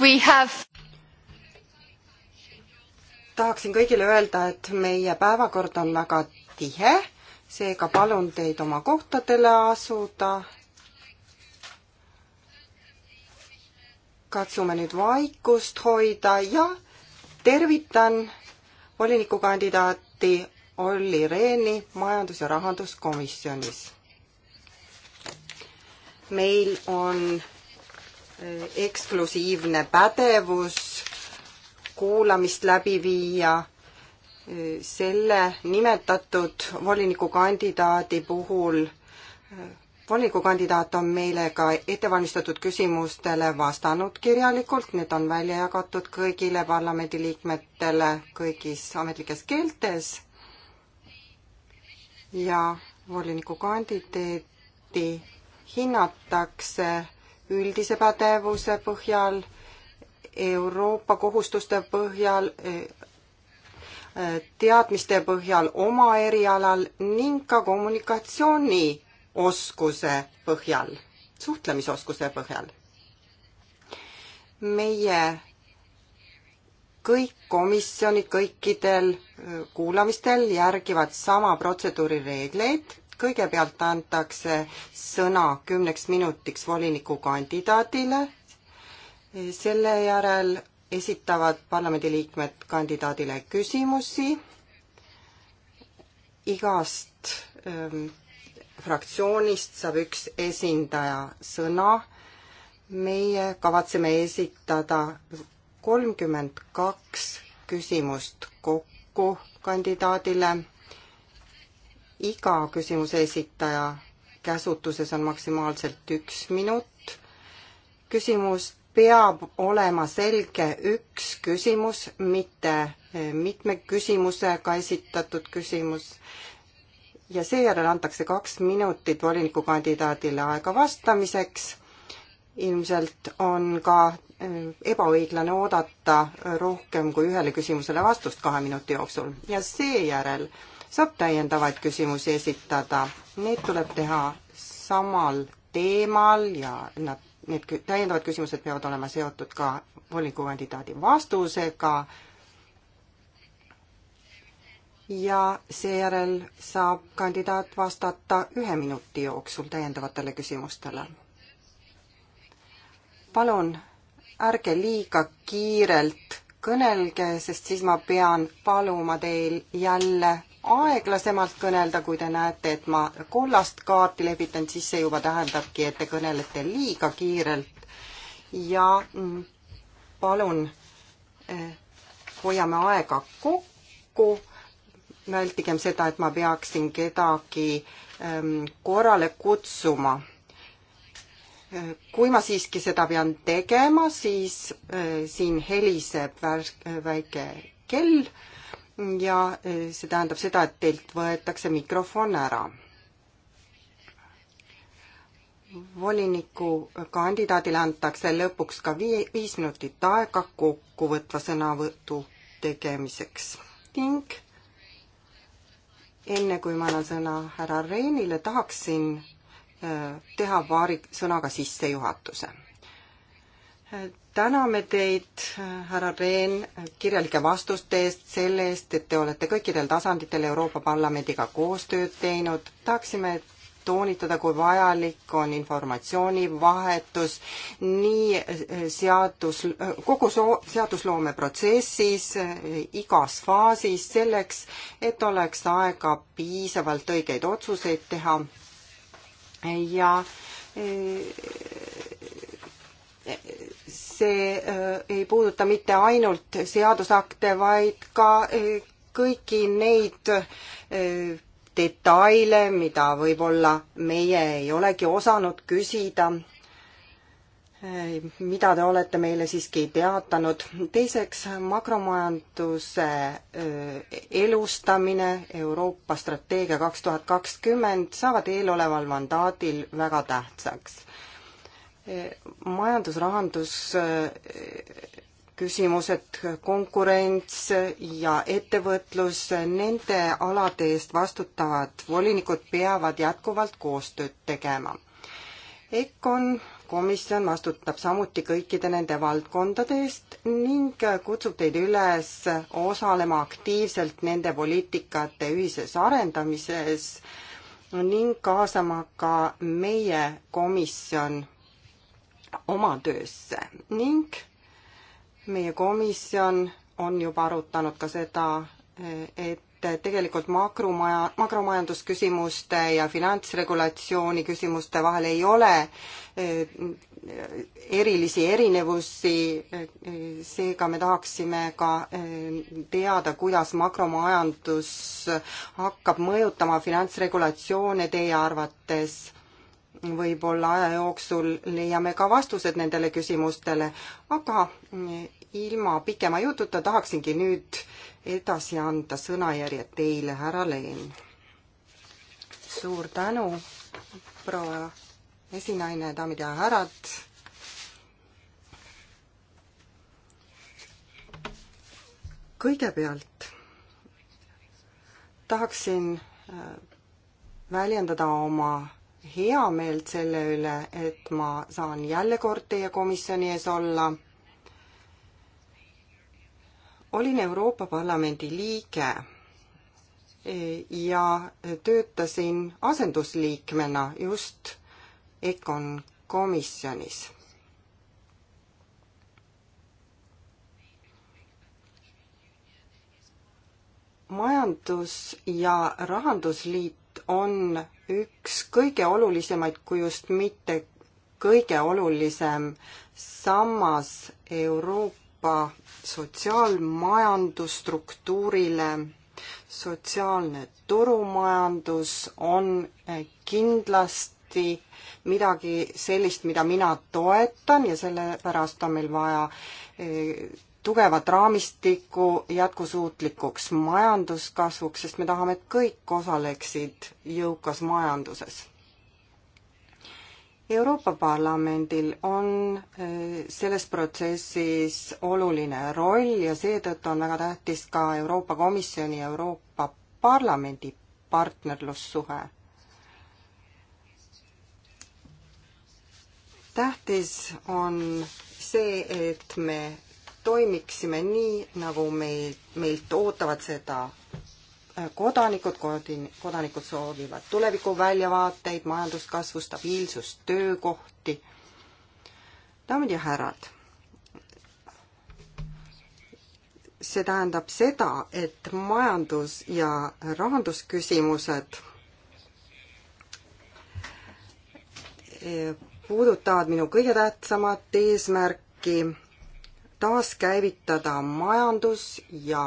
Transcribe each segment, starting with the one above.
Have... tahaksin kõigile öelda, et meie päevakord on väga tihe, seega palun teid oma kohtadele asuda. katsume nüüd vaikust hoida ja tervitan volinikukandidaati Olli Rehni majandus- ja rahanduskomisjonis. meil on eksklusiivne pädevus kuulamist läbi viia selle nimetatud volinikukandidaadi puhul volinikukandidaat on meile ka ettevalmistatud küsimustele vastanud kirjalikult, need on välja jagatud kõigile parlamendiliikmetele kõigis ametlikes keeltes ja volinikukandidaati hinnatakse üldise pädevuse põhjal, Euroopa kohustuste põhjal, eh, eh, teadmiste põhjal oma erialal ning ka kommunikatsioonioskuse põhjal, suhtlemisoskuse põhjal. meie kõik komisjonid kõikidel eh, kuulamistel järgivad sama protseduuri reegleid kõigepealt antakse sõna kümneks minutiks volinikukandidaadile, selle järel esitavad parlamendiliikmed kandidaadile küsimusi igast ähm, fraktsioonist saab üks esindaja sõna. meie kavatseme esitada kolmkümmend kaks küsimust kokku kandidaadile iga küsimuse esitaja käsutuses on maksimaalselt üks minut. küsimus peab olema selge üks küsimus, mitte eh, mitme küsimusega esitatud küsimus. ja seejärel antakse kaks minutit volinikukandidaadile aega vastamiseks. ilmselt on ka eh, ebaõiglane oodata rohkem kui ühele küsimusele vastust kahe minuti jooksul ja seejärel äh, saab täiendavaid küsimusi esitada. Need tuleb teha samal teemal ja nad, need täiendavad küsimused peavad olema seotud ka volikogu kandidaadi vastusega. ja seejärel saab kandidaat vastata ühe minuti jooksul täiendavatele küsimustele. palun ärge liiga kiirelt kõnelge, sest siis ma pean paluma teil jälle aeglasemalt kõnelda, kui te näete, et ma kollast kaarti levitan, siis see juba tähendabki, et te kõnelete liiga kiirelt ja mm, palun eh, hoiame aega kokku, vältigem seda, et ma peaksin kedagi ehm, korrale kutsuma. Eh, kui ma siiski seda pean tegema, siis eh, siin heliseb väike kell ja eh, see tähendab seda, et teilt võetakse mikrofon ära. voliniku kandidaadile antakse lõpuks ka vii-, viis minutit aega kokkuvõtva sõnavõtu tegemiseks ning enne, kui ma annan sõna härra Reinile, tahaksin eh, teha paari sõnaga sissejuhatuse eh, täname teid, härra Rehn, kirjalike vastuste eest, selle eest, et te olete kõikidel tasanditel Euroopa Parlamendiga koostööd teinud. tahaksime toonitada, kui vajalik on informatsioonivahetus nii seadus, kogu seadusloome protsessis, igas faasis, selleks, et oleks aega piisavalt õigeid otsuseid teha ja eh, see äh, ei puuduta mitte ainult seadusakte, vaid ka äh, kõiki neid äh, detaile, mida võib-olla meie ei olegi osanud küsida, mida te olete meile siiski teatanud. teiseks, makromajanduse elustamine Euroopa strateegia kaks tuhat kakskümmend saavad eeloleval mandaadil väga tähtsaks majandus-rahandus küsimused, konkurents ja ettevõtlus, nende alade eest vastutavad volinikud peavad jätkuvalt koostööd tegema. EKOn komisjon vastutab samuti kõikide nende valdkondade eest ning kutsub teid üles osalema aktiivselt nende poliitikate ühises arendamises ning kaasama ka meie komisjon oma töösse ning meie komisjon on juba arutanud ka seda, et tegelikult makromaja, makromajandusküsimuste ja finantsregulatsiooni küsimuste vahel ei ole eh, erilisi erinevusi, eh, seega me tahaksime ka eh, teada, kuidas makromajandus hakkab mõjutama finantsregulatsioone teie arvates võib-olla aja jooksul leiame ka vastused nendele küsimustele, aga ilma pikema jututa tahaksingi nüüd edasi anda sõnajärje teile, härra Leen. suur tänu, proua esinaine, daamid ja härrad. kõigepealt tahaksin äh, väljendada oma heameelt selle üle, et ma saan jälle kord teie komisjoni ees olla. olin Euroopa Parlamendi liige ja töötasin asendusliikmena just EKON komisjonis. majandus- ja rahandusliit on üks kõige olulisemaid, kui just mitte kõige olulisem sammas Euroopa sotsiaalmajandusstruktuurile. sotsiaalne turumajandus on eh, kindlasti midagi sellist, mida mina toetan ja sellepärast on meil vaja eh, tugevat raamistikku jätkusuutlikuks majanduskasvuks, sest me tahame, et kõik osaleksid jõukas majanduses. Euroopa Parlamendil on äh, selles protsessis oluline roll ja seetõttu on väga tähtis ka Euroopa Komisjoni ja Euroopa Parlamendi partnerlussuhe. tähtis on see, et me toimiksime nii, nagu meil, meilt ootavad seda äh, kodanikud, kodanikud soovivad tulevikuväljavaateid, majanduskasvu, stabiilsust, töökohti. daamid ja härrad see tähendab seda, et majandus- ja rahandusküsimused eh, puudutavad minu kõige tähtsamat eesmärki taaskäivitada majandus ja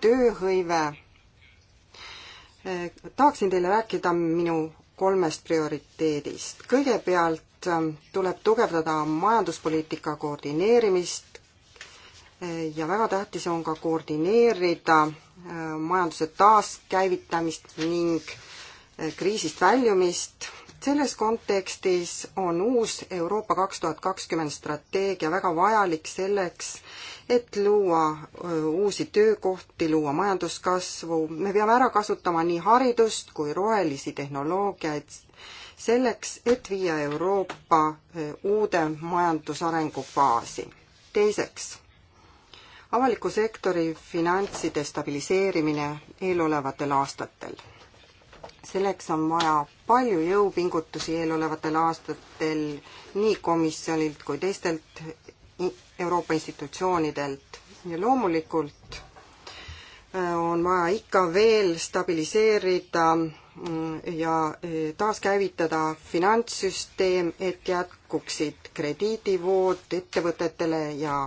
tööhõive. Eh, tahaksin teile rääkida minu kolmest prioriteedist. kõigepealt eh, tuleb tugevdada majanduspoliitika koordineerimist eh, ja väga tähtis on ka koordineerida majanduse taaskäivitamist ning kriisist väljumist selles kontekstis on uus Euroopa kaks tuhat kakskümmend strateegia väga vajalik selleks, et luua uusi töökohti, luua majanduskasvu, me peame ära kasutama nii haridust kui rohelisi tehnoloogiaid selleks, et viia Euroopa uude majandusarengu faasi. teiseks, avaliku sektori finantside stabiliseerimine eelolevatel aastatel. selleks on vaja palju jõupingutusi eelolevatel aastatel nii komisjonilt kui teistelt Euroopa institutsioonidelt ja loomulikult äh, on vaja ikka veel stabiliseerida mm, ja äh, taaskäivitada finantssüsteem, et jätkuksid krediidivood ettevõtetele ja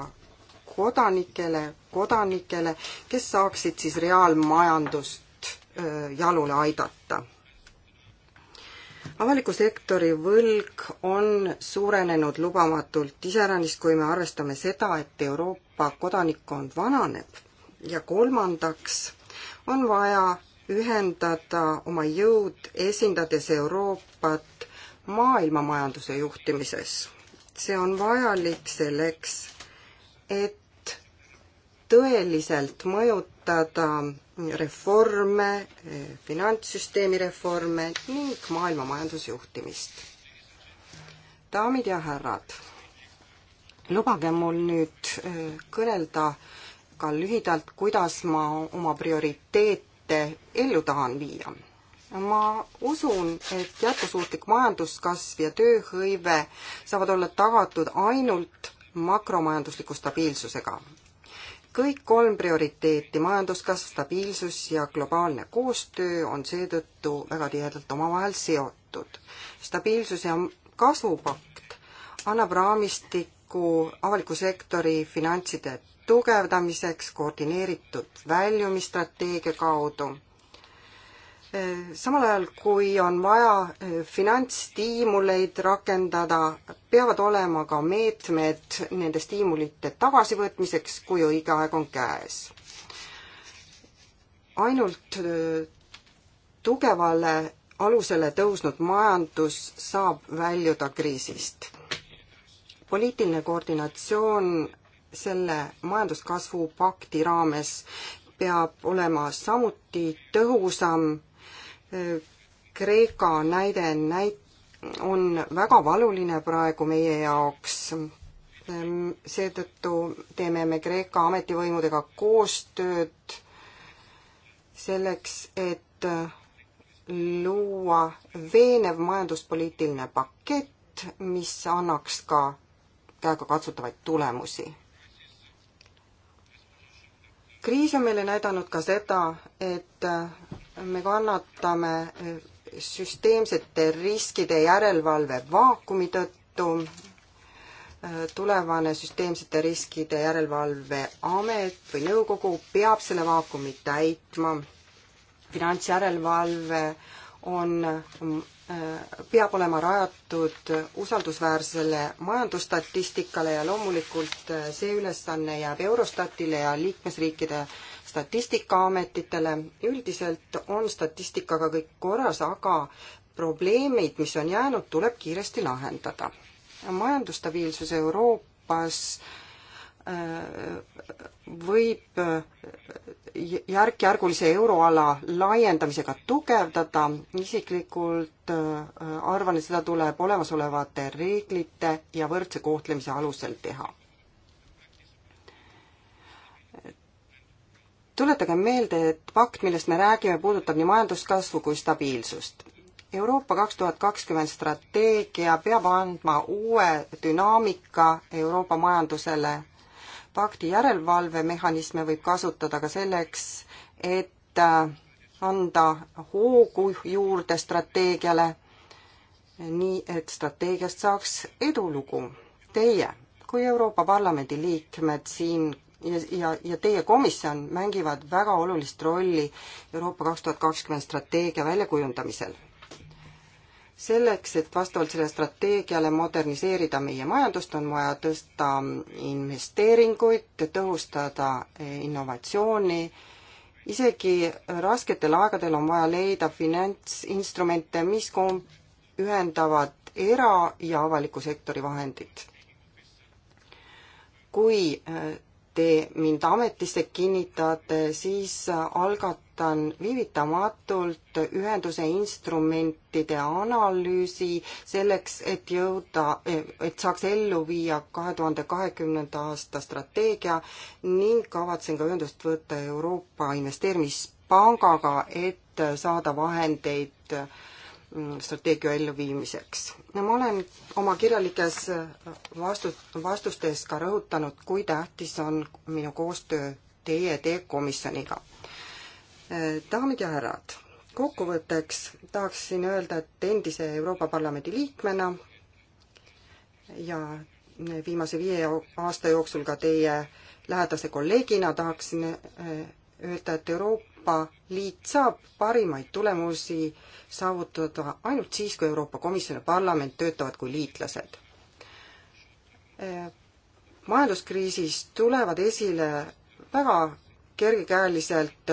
kodanikele, kodanikele, kes saaksid siis reaalmajandust äh, jalule aidata avaliku sektori võlg on suurenenud lubamatult, iseäranis kui me arvestame seda, et Euroopa kodanikkond vananeb ja kolmandaks on vaja ühendada oma jõud, esindades Euroopat maailmamajanduse juhtimises. see on vajalik selleks, et tõeliselt mõjutada toetada reforme, eh, finantssüsteemi reforme ning maailma majandusjuhtimist. daamid ja härrad, lubage mul nüüd eh, kõnelda ka lühidalt, kuidas ma oma prioriteete ellu tahan viia ma usun, et jätkusuutlik majanduskasv ja tööhõive saavad olla tagatud ainult makromajandusliku stabiilsusega kõik kolm prioriteeti, majanduskasv, stabiilsus ja globaalne koostöö on seetõttu väga tihedalt omavahel seotud. stabiilsus ja kasvupakt annab raamistiku avaliku sektori finantside tugevdamiseks koordineeritud väljumisstrateegia kaudu samal ajal, kui on vaja eh, finantsstiimuleid rakendada, peavad olema ka meetmed nende stiimulite tagasivõtmiseks, kui õige aeg on käes. ainult eh, tugevale alusele tõusnud majandus saab väljuda kriisist. poliitiline koordinatsioon selle majanduskasvu pakti raames peab olema samuti tõhusam Kreeka näide näit-, on väga valuline praegu meie jaoks. seetõttu teeme me Kreeka ametivõimudega koostööd selleks, et luua veenev majanduspoliitiline pakett, mis annaks ka käegakatsutavaid tulemusi kriis on meile näidanud ka seda, et me kannatame süsteemsete riskide järelevalve vaakumi tõttu. tulevane süsteemsete riskide järelevalve amet või nõukogu peab selle vaakumi täitma. finantsjärelevalve on, peab olema rajatud usaldusväärsele majandusstatistikale ja loomulikult see ülesanne jääb Eurostatile ja liikmesriikide äh, statistikaametitele. üldiselt on statistikaga kõik korras, aga probleemid, mis on jäänud, tuleb kiiresti lahendada. majandusstabiilsus Euroopas äh, võib äh, järk-järgulise euroala laiendamisega tugevdada, isiklikult äh, arvan, et seda tuleb olemasolevate reeglite ja võrdse kohtlemise alusel teha tuletage meelde, et pakt, millest me räägime, puudutab nii majanduskasvu kui stabiilsust. Euroopa kaks tuhat kakskümmend strateegia peab andma uue dünaamika Euroopa majandusele. pakti järelevalvemehhanisme võib kasutada ka selleks, et äh, anda hoogu juurde strateegiale, nii et strateegiast saaks edulugu. Teie kui Euroopa Parlamendi liikmed siin ja, ja, ja teie komisjon mängivad väga olulist rolli Euroopa kaks tuhat kakskümmend strateegia väljakujundamisel. selleks, et vastavalt sellele strateegiale moderniseerida meie majandust, on vaja tõsta investeeringuid, tõhustada eh, innovatsiooni, isegi rasketel aegadel on vaja leida finantsinstrumente, mis kom-, ühendavad era- ja avaliku sektori vahendid. kui eh, te mind ametisse kinnitate, siis algatan viivitamatult ühenduse instrumentide analüüsi selleks, et jõuda, et saaks ellu viia kahe tuhande kahekümnenda aasta strateegia ning kavatsen ka ühendust võtta Euroopa Investeerimispangaga, et saada vahendeid äh, Mm, strateegia elluviimiseks. ma olen oma kirjalikes äh, vastu-, vastustes ka rõhutanud, kui tähtis on minu koostöö teie teekomisjoniga. Äh, daamid ja härrad, kokkuvõtteks tahaksin öelda, et endise Euroopa Parlamendi liikmena ja viimase viie aasta jooksul ka teie lähedase kolleegina tahaksin äh, öelda, et Euroopa Euroopa Liit saab parimaid tulemusi saavutada ainult siis, kui Euroopa Komisjon ja parlament töötavad kui liitlased. Eh, majanduskriisis tulevad esile väga kergekäeliselt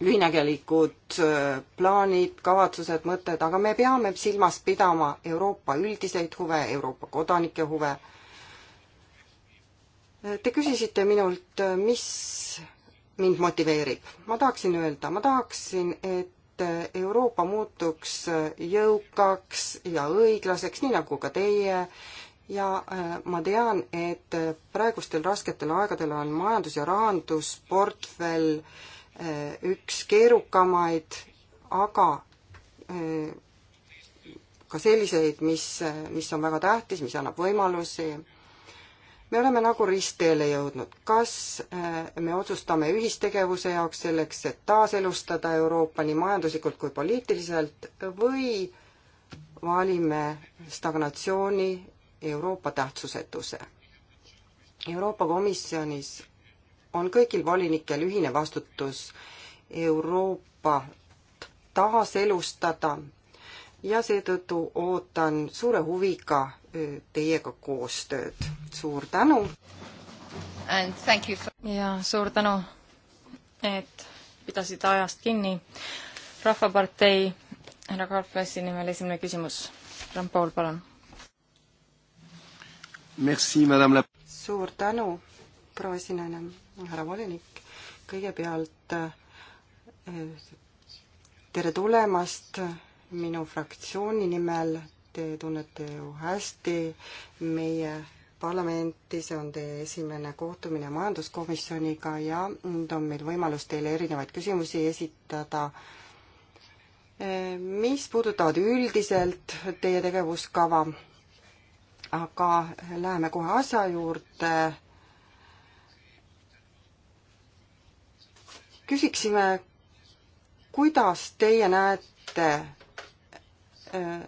lühinägelikud eh, eh, plaanid, kavatsused, mõtted, aga me peame silmas pidama Euroopa üldiseid huve, Euroopa kodanike huve. Te küsisite minult, mis mind motiveerib. ma tahaksin öelda, ma tahaksin, et Euroopa muutuks jõukaks ja õiglaseks, nii nagu ka teie, ja äh, ma tean, et praegustel rasketel aegadel on majandus- ja rahandusportfell äh, üks keerukamaid, aga äh, ka selliseid, mis, mis on väga tähtis, mis annab võimalusi me oleme nagu ristteele jõudnud. kas äh, me otsustame ühistegevuse jaoks selleks, et taaselustada Euroopa nii majanduslikult kui poliitiliselt või valime stagnatsiooni Euroopa tähtsusetuse? Euroopa Komisjonis on kõigil volinikel ühine vastutus Euroopat taaselustada ja seetõttu ootan suure huviga teiega koostööd. suur tänu! For... ja suur tänu, et pidasid ajast kinni. rahvapartei härra Karl Klassi nimel esimene küsimus. Jean-Paul, palun. La... suur tänu, proua esinaine, härra volinik. kõigepealt tere tulemast minu fraktsiooni nimel, te tunnete ju hästi meie parlamenti, see on teie esimene kohtumine majanduskomisjoniga ja nüüd on meil võimalus teile erinevaid küsimusi esitada, mis puudutavad üldiselt teie tegevuskava, aga läheme kohe asja juurde küsiksime, kuidas teie näete Äh,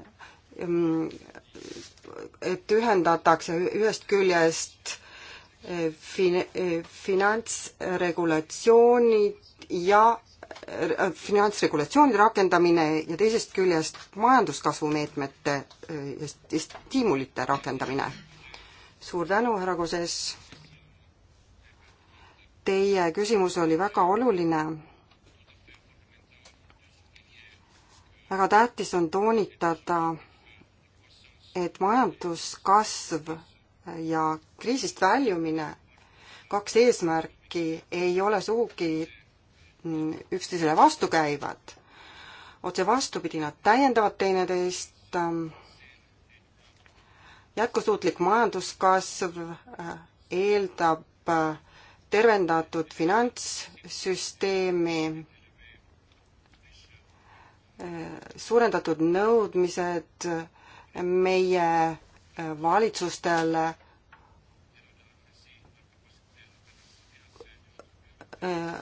mm, et ühendatakse ühest küljest äh, fin-, äh, finantsregulatsioonid ja finantsregulatsioonide rakendamine ja teisest küljest majanduskasvu meetmete ja stiimulite rakendamine. suur tänu, härra Koses. Teie küsimus oli väga oluline väga tähtis on toonitada, et majanduskasv ja kriisist väljumine, kaks eesmärki, ei ole sugugi üksteisele vastukäivad. otse vastupidi, nad täiendavad teineteist, ähm, jätkusuutlik majanduskasv äh, eeldab äh, tervendatud finantssüsteemi suurendatud nõudmised meie valitsustele äh,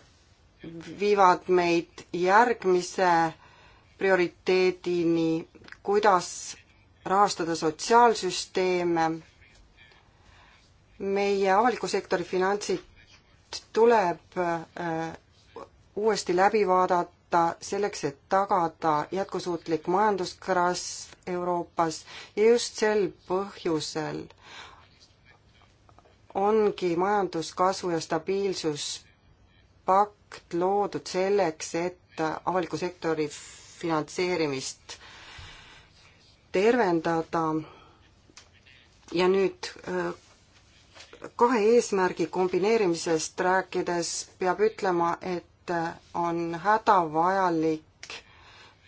viivad meid järgmise prioriteedini, kuidas rahastada sotsiaalsüsteeme. meie avaliku sektori finantsid tuleb äh, uuesti läbi vaadata, võtta selleks, et tagada jätkusuutlik majanduskasv Euroopas ja just sel põhjusel ongi majanduskasvu ja stabiilsuspakt loodud selleks, et avaliku sektori finantseerimist tervendada ja nüüd äh, kahe eesmärgi kombineerimisest rääkides peab ütlema, et et on hädavajalik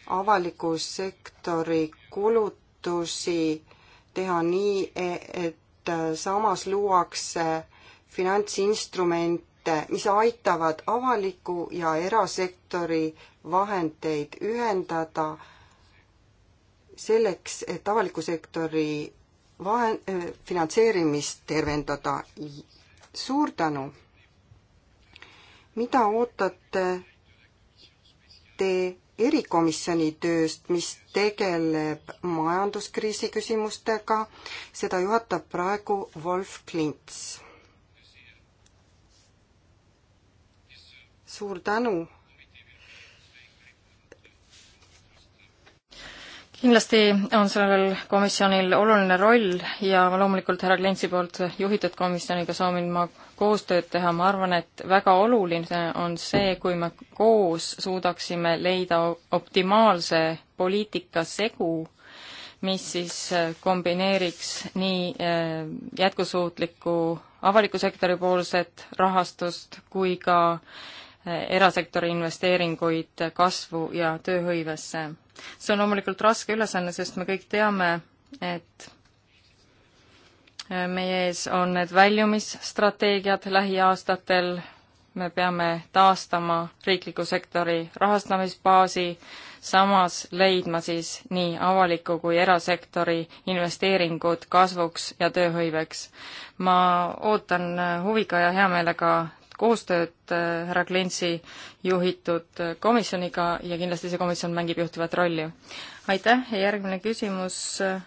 avaliku sektori kulutusi teha nii, et samas luuakse finantsinstrumente, mis aitavad avaliku ja erasektori vahendeid ühendada selleks, et avaliku sektori vahe, finantseerimist tervendada. suur tänu! mida ootate te erikomisjoni tööst, mis tegeleb majanduskriisi küsimustega, seda juhatab praegu Wolf Klints. suur tänu. kindlasti on sellel komisjonil oluline roll ja loomulikult härra Klintsi poolt juhitud komisjoniga soovin ma koostööd teha, ma arvan, et väga oluline on see, kui me koos suudaksime leida optimaalse poliitika segu, mis siis äh, kombineeriks nii äh, jätkusuutlikku avaliku sektori poolset rahastust kui ka äh, erasektori investeeringuid kasvu ja tööhõivesse. see on loomulikult raske ülesanne, sest me kõik teame, et meie ees on need väljumisstrateegiad lähiaastatel, me peame taastama riikliku sektori rahastamisbaasi, samas leidma siis nii avaliku kui erasektori investeeringud kasvuks ja tööhõiveks. ma ootan huviga ja hea meelega koostööd äh, härra Klintsi juhitud komisjoniga ja kindlasti see komisjon mängib juhtivat rolli. aitäh ja järgmine küsimus äh,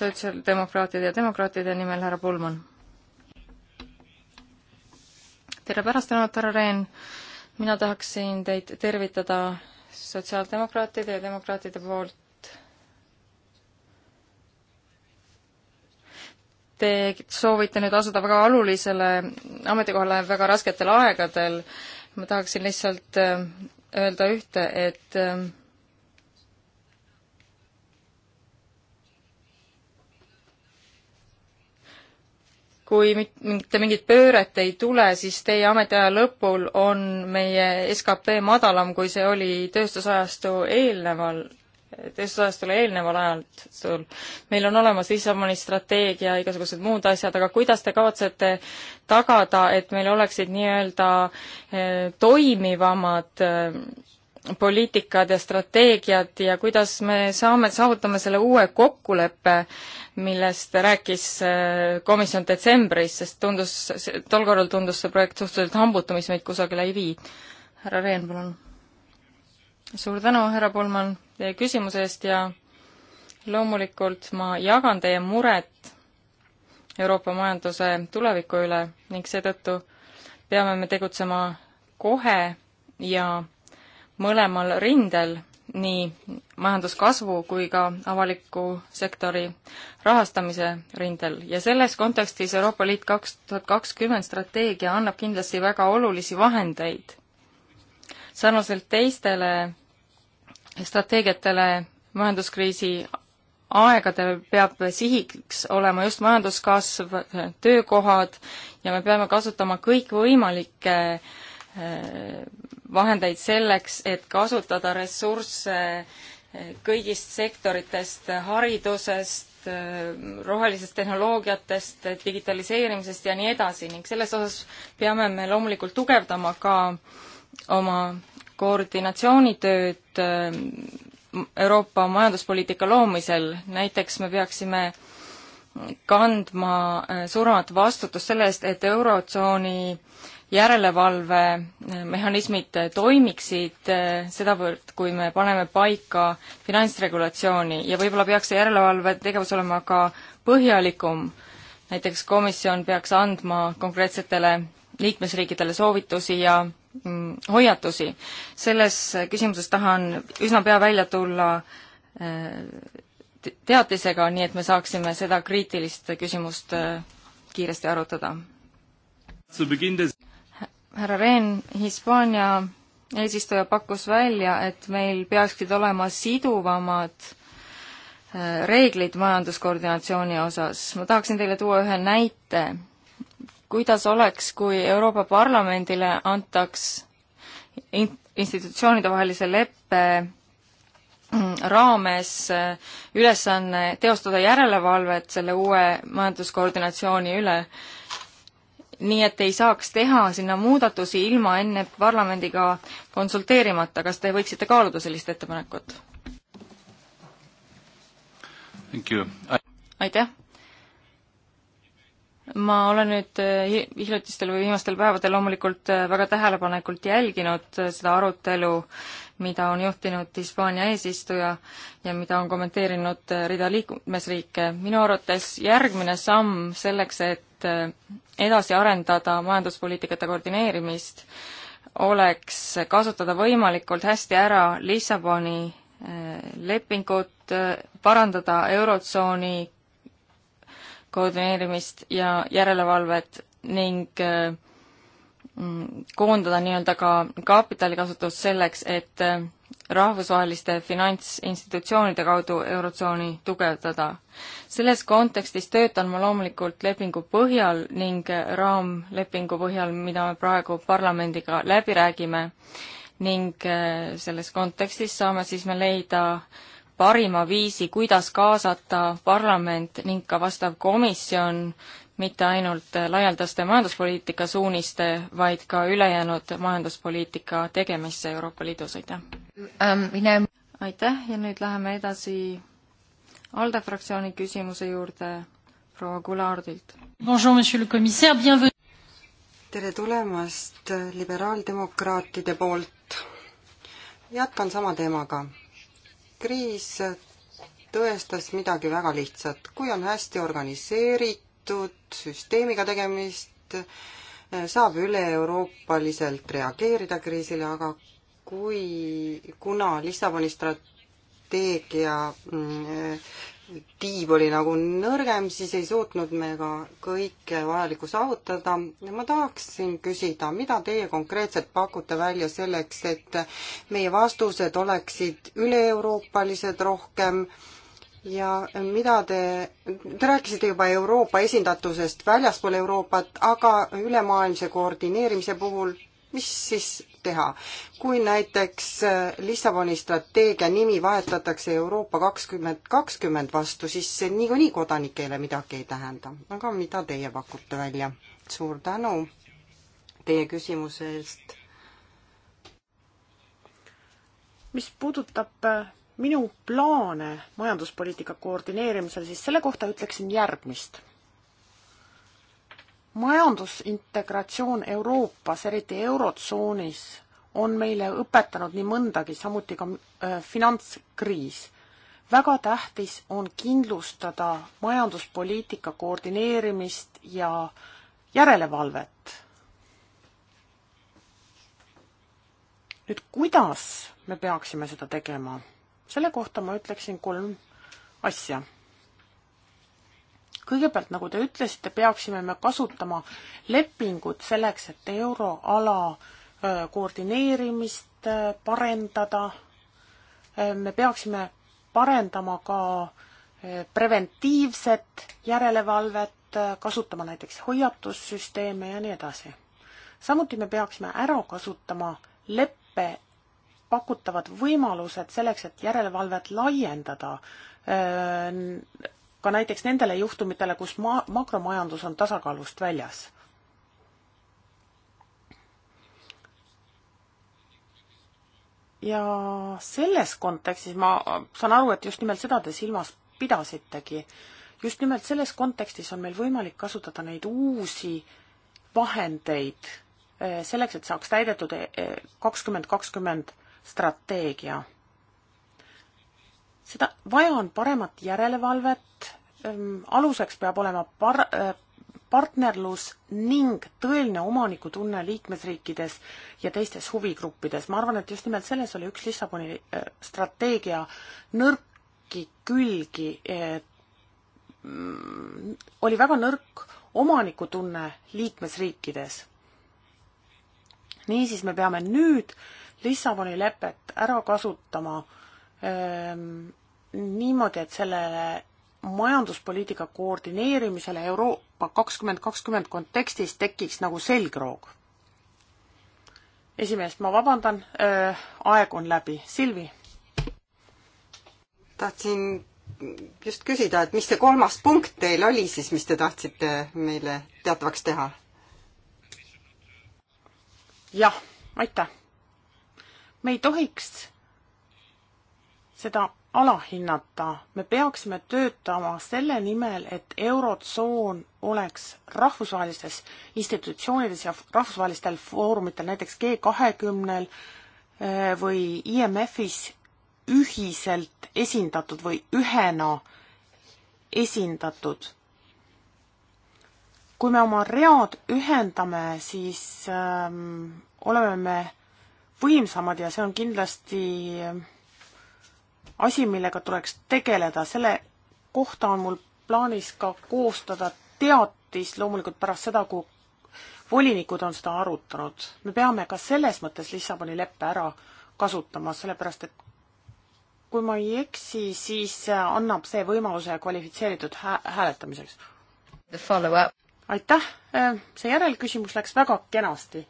sotsiaaldemokraatide ja demokraatide nimel härra Pulman. tere pärastlõunat, härra Rehn. mina tahaksin teid tervitada sotsiaaldemokraatide ja demokraatide poolt. Te soovite nüüd asuda väga olulisele ametikohale väga rasketel aegadel. ma tahaksin lihtsalt äh, öelda ühte, et äh, kui mitte mingit pööret ei tule, siis teie ametiaja lõpul on meie skp madalam, kui see oli tööstusajastu eelneval, tööstusajastule eelneval ajal. meil on olemas Lissaboni strateegia, igasugused muud asjad, aga kuidas te kavatsete tagada, et meil oleksid nii-öelda eh, toimivamad eh, poliitikad ja strateegiad ja kuidas me saame, saavutame selle uue kokkuleppe, millest rääkis äh, komisjon detsembris, sest tundus, tol korral tundus see projekt suhteliselt hambutu, mis meid kusagile ei vii. härra Rehn, palun. suur tänu, härra Polman, teie küsimuse eest ja loomulikult ma jagan teie muret Euroopa majanduse tuleviku üle ning seetõttu peame me tegutsema kohe ja mõlemal rindel, nii majanduskasvu kui ka avaliku sektori rahastamise rindel ja selles kontekstis Euroopa Liit kaks tuhat kakskümmend strateegia annab kindlasti väga olulisi vahendeid. sarnaselt teistele strateegiatele majanduskriisi aegadel peab sihiks olema just majanduskasv, töökohad ja me peame kasutama kõikvõimalikke äh, vahendeid selleks, et kasutada ressursse kõigist sektoritest, haridusest, rohelisest tehnoloogiatest, digitaliseerimisest ja nii edasi ning selles osas peame me loomulikult tugevdama ka oma koordinatsioonitööd mm, Euroopa majanduspoliitika loomisel, näiteks me peaksime kandma äh, suuremat vastutust selle eest, et Eurotsooni järelevalvemehhanismid toimiksid eh, sedavõrd, kui me paneme paika finantsregulatsiooni ja võib-olla peaks see järelevalve tegevus olema ka põhjalikum. näiteks komisjon peaks andma konkreetsetele liikmesriikidele soovitusi ja mm, hoiatusi. selles küsimuses tahan üsna pea välja tulla eh, teatisega, nii et me saaksime seda kriitilist küsimust eh, kiiresti arutada härra Rehn, Hispaania eesistuja pakkus välja, et meil peaksid olema siduvamad äh, reeglid majanduskoordinatsiooni osas. ma tahaksin teile tuua ühe näite. kuidas oleks, kui Euroopa Parlamendile antaks institutsioonidevahelise leppe mm, raames äh, ülesanne teostada järelevalvet selle uue majanduskoordinatsiooni üle nii et ei saaks teha sinna muudatusi ilma enne parlamendiga konsulteerimata, kas te võiksite kaaluda sellist ettepanekut? aitäh! ma olen nüüd eh, hiljutistel või viimastel päevadel loomulikult eh, väga tähelepanekult jälginud eh, seda arutelu, mida on juhtinud Hispaania eesistuja ja mida on kommenteerinud rida liikmesriike. minu arvates järgmine samm selleks, et et eh, edasi arendada majanduspoliitikate koordineerimist, oleks kasutada võimalikult hästi ära Lissaboni eh, lepingut, eh, parandada Eurotsooni koordineerimist ja järelevalvet ning mm, koondada nii-öelda ka kapitalikasutust selleks, et rahvusvaheliste finantsinstitutsioonide kaudu Eurotsooni tugevdada. selles kontekstis töötan ma loomulikult lepingu põhjal ning raamlepingu põhjal, mida me praegu parlamendiga läbi räägime ning äh, selles kontekstis saame siis me leida parima viisi, kuidas kaasata parlament ning ka vastav komisjon mitte ainult laialdaste majanduspoliitika suuniste, vaid ka ülejäänud majanduspoliitika tegemisse Euroopa Liidus, aitäh um,! aitäh ja nüüd läheme edasi ALDE fraktsiooni küsimuse juurde proua Gulardilt. tere tulemast liberaaldemokraatide poolt. jätkan sama teemaga. kriis tõestas midagi väga lihtsat, kui on hästi organiseeritud, koordineeritud süsteemiga tegemist, saab üle-euroopaliselt reageerida kriisile, aga kui, kuna Lissaboni strateegia mm, tiib oli nagu nõrgem, siis ei suutnud me ka kõike vajalikku saavutada. ma tahaksin küsida, mida teie konkreetselt pakute välja selleks, et meie vastused oleksid üle-euroopalised rohkem äh, ja mida te, te rääkisite juba Euroopa esindatusest väljaspool Euroopat, aga ülemaailmse koordineerimise puhul, mis siis teha? kui näiteks äh, Lissaboni strateegia nimi vahetatakse Euroopa kakskümmend kakskümmend vastu, siis see niikuinii kodanikele midagi ei tähenda. aga mida teie pakute välja? suur tänu teie küsimuse eest. mis puudutab äh, minu plaane majanduspoliitika koordineerimisel, siis selle kohta ütleksin järgmist. majandusintegratsioon Euroopas, eriti Eurotsoonis, on meile õpetanud nii mõndagi, samuti ka äh, finantskriis. väga tähtis on kindlustada majanduspoliitika koordineerimist ja järelevalvet. nüüd kuidas me peaksime seda tegema? selle kohta ma ütleksin kolm asja. kõigepealt, nagu te ütlesite, peaksime me kasutama lepingut selleks, et euroala äh, koordineerimist äh, parendada. Äh, me peaksime parendama ka preventiivset järelevalvet, kasutama näiteks hoiatussüsteeme ja nii edasi. samuti me peaksime ära kasutama leppe pakutavad võimalused selleks, et järelevalvet laiendada äh, ka näiteks nendele juhtumitele, kus ma-, makromajandus on tasakaalust väljas? ja selles kontekstis ma saan aru, et just nimelt seda te silmas pidasitegi. just nimelt selles kontekstis on meil võimalik kasutada neid uusi vahendeid äh, selleks, et saaks täidetud äh, kakskümmend kakskümmend strateegia. seda, vaja on paremat järelevalvet, aluseks peab olema par-, partnerlus ning tõeline omanikutunne liikmesriikides ja teistes huvigruppides. ma arvan, et just nimelt selles oli üks Lissaboni strateegia nõrki külgi, mm, oli väga nõrk omanikutunne liikmesriikides. niisiis me peame nüüd äh, Lissaboni lepet ära kasutama ähm, niimoodi, et sellele majanduspoliitika koordineerimisele Euroopa kakskümmend kakskümmend kontekstis tekiks nagu selgroog. esimeest ma vabandan äh,, aeg on läbi. Silvi? tahtsin just küsida, et mis see kolmas punkt teil oli siis, mis te tahtsite meile teatavaks teha? jah, aitäh me ei tohiks seda alahinnata, me peaksime töötama selle nimel, et Eurotsoon oleks rahvusvahelistes institutsioonides ja rahvusvahelistel foorumitel, näiteks G kahekümnel eh, või IMF-is ühiselt esindatud või ühena esindatud. kui me oma read ühendame, siis ähm, oleme me võimsamad ja see on kindlasti asi, millega tuleks tegeleda, selle kohta on mul plaanis ka koostada teatis loomulikult pärast seda, kui volinikud on seda arutanud. me peame ka selles mõttes Lissaboni leppe ära kasutama, sellepärast et kui ma ei eksi, siis annab see võimaluse kvalifitseeritud hä hääletamiseks. aitäh, see järelküsimus läks väga kenasti.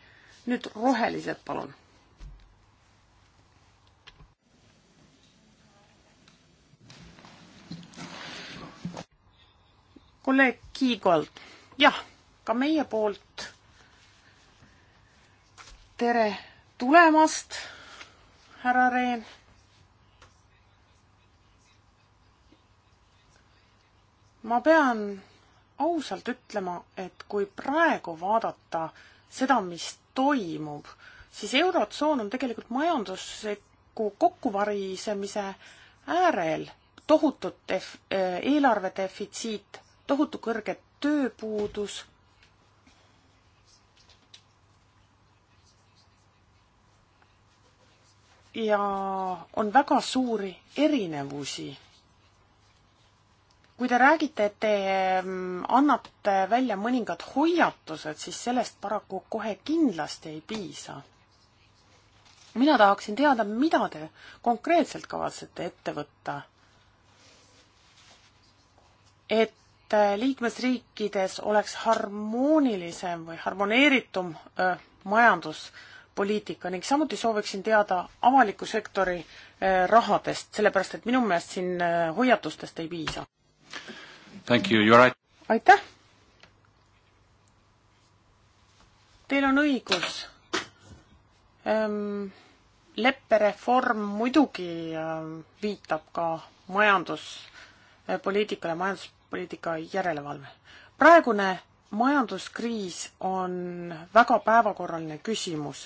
nüüd rohelised, palun kolleeg Kiigolt, jah, ka meie poolt tere tulemast, härra Rehn. ma pean ausalt ütlema, et kui praegu vaadata seda, mis toimub, siis Eurotsoon on tegelikult majandusliku kokkuvarisemise äärel tohutut def-, eelarve defitsiit tohutu kõrge tööpuudus. ja on väga suuri erinevusi kui te räägite, et te mm, annate välja mõningad hoiatused, siis sellest paraku kohe kindlasti ei piisa. mina tahaksin teada, mida te konkreetselt kavatsete ette võtta, et et äh, liikmesriikides oleks harmoonilisem või harmoneeritum öö, äh, majanduspoliitika ning samuti sooviksin teada avaliku sektori öö, äh, rahadest, sellepärast et minu meelest siin öö, hoiatustest ei piisa. You, right. aitäh! Teil on õigus ähm,. leppereform muidugi ähm, viitab ka majanduspoliitikale, majandus poliitika järelevalve. praegune majanduskriis on väga päevakorraline küsimus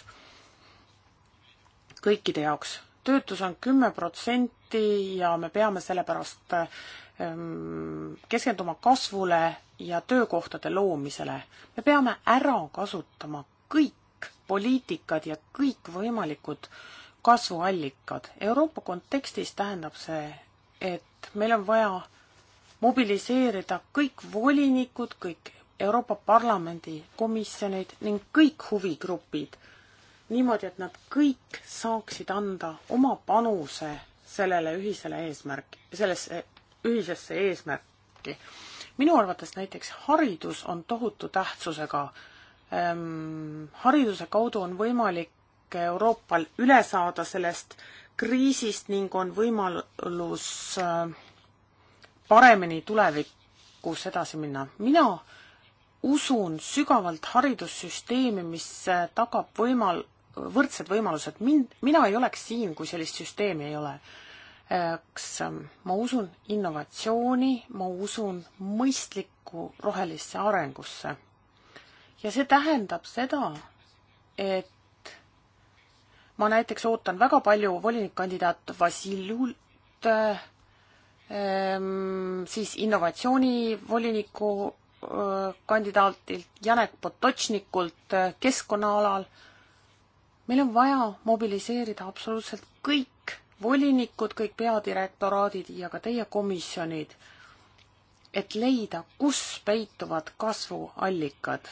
kõikide jaoks. töötus on kümme protsenti ja me peame sellepärast ehm, keskenduma kasvule ja töökohtade loomisele. me peame ära kasutama kõik poliitikad ja kõikvõimalikud kasvuallikad. Euroopa kontekstis tähendab see, et meil on vaja mobiliseerida kõik volinikud, kõik Euroopa Parlamendi komisjonid ning kõik huvigrupid niimoodi, et nad kõik saaksid anda oma panuse sellele ühisele eesmärki, sellesse ühisesse eesmärki. minu arvates näiteks haridus on tohutu tähtsusega ähm,. hariduse kaudu on võimalik Euroopal üle saada sellest kriisist ning on võimalus äh, paremini tulevikus edasi minna. mina usun sügavalt haridussüsteemi, mis äh, tagab võimal-, võrdsed võimalused. mind, mina ei oleks siin, kui sellist süsteemi ei ole kas ähm, ma usun innovatsiooni, ma usun mõistlikku rohelisse arengusse. ja see tähendab seda, et ma näiteks ootan väga palju volinikkandidaat Vassiljult äh, Ehm, siis innovatsioonivoliniku eh, kandidaatilt Janek Potočnikult eh, keskkonnaalal. meil on vaja mobiliseerida absoluutselt kõik volinikud, kõik peadirektoraadid ja ka teie komisjonid, et leida, kus peituvad kasvuallikad.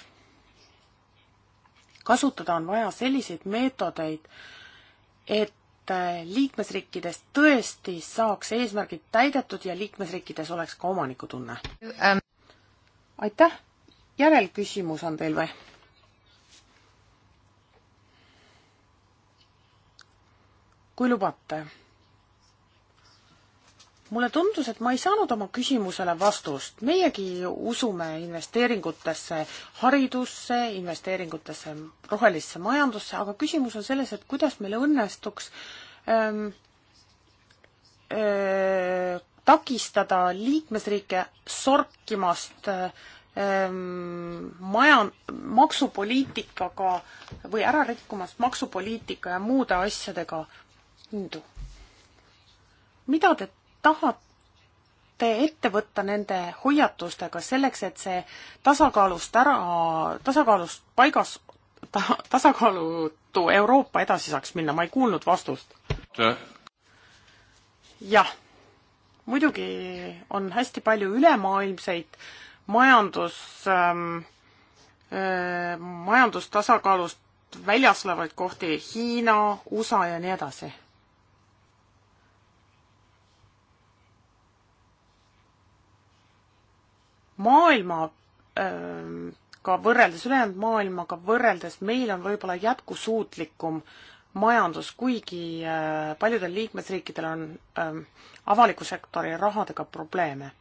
kasutada on vaja selliseid meetodeid, et Äh, liikmesriikides tõesti saaks eesmärgid täidetud ja liikmesriikides oleks ka omanikutunne. Ähm. aitäh, järelküsimus on teil või? kui lubate mulle tundus, et ma ei saanud oma küsimusele vastust. meiegi usume investeeringutesse haridusse, investeeringutesse rohelisse majandusse, aga küsimus on selles, et kuidas meil õnnestuks ähm, äh, takistada liikmesriike sorkimast ähm, maja, maksupoliitikaga või ära rikkumast maksupoliitika ja muude asjadega hindu. mida te tahate ette võtta nende hoiatustega selleks, et see tasakaalust ära, tasakaalust paigas ta,, tasakaalutu Euroopa edasi saaks minna, ma ei kuulnud vastust. jah, muidugi on hästi palju ülemaailmseid majandus ähm,, äh, majandustasakaalust väljas olevaid kohti, Hiina, USA ja nii edasi maailmaga ähm, võrreldes, ülejäänud maailmaga võrreldes meil on võib-olla jätkusuutlikum majandus, kuigi äh, paljudel liikmesriikidel on ähm, avaliku sektori rahadega probleeme.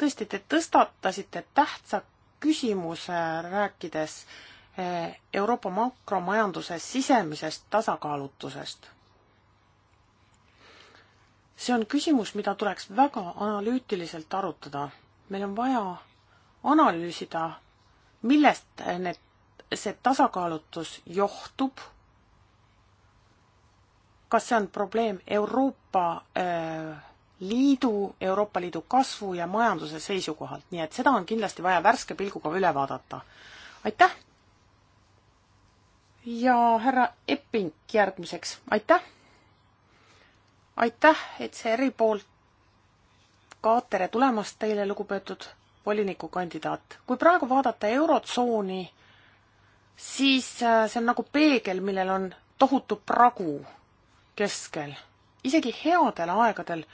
tõesti, te tõstatasite tähtsa küsimuse, rääkides äh, Euroopa makromajanduse sisemisest tasakaalutusest. see on küsimus, mida tuleks väga analüütiliselt arutada meil on vaja analüüsida, millest need, see tasakaalutus johtub, kas see on probleem Euroopa öö, äh, Liidu, Euroopa Liidu kasvu ja majanduse seisukohalt, nii et seda on kindlasti vaja värske pilguga üle vaadata. aitäh! ja härra Epping järgmiseks, aitäh! aitäh, et see eri poolt ka tere tulemast teile, lugupeetud volinikukandidaat. kui praegu vaadata Eurotsooni, siis äh, see on nagu peegel, millel on tohutu pragu keskel. isegi headel aegadel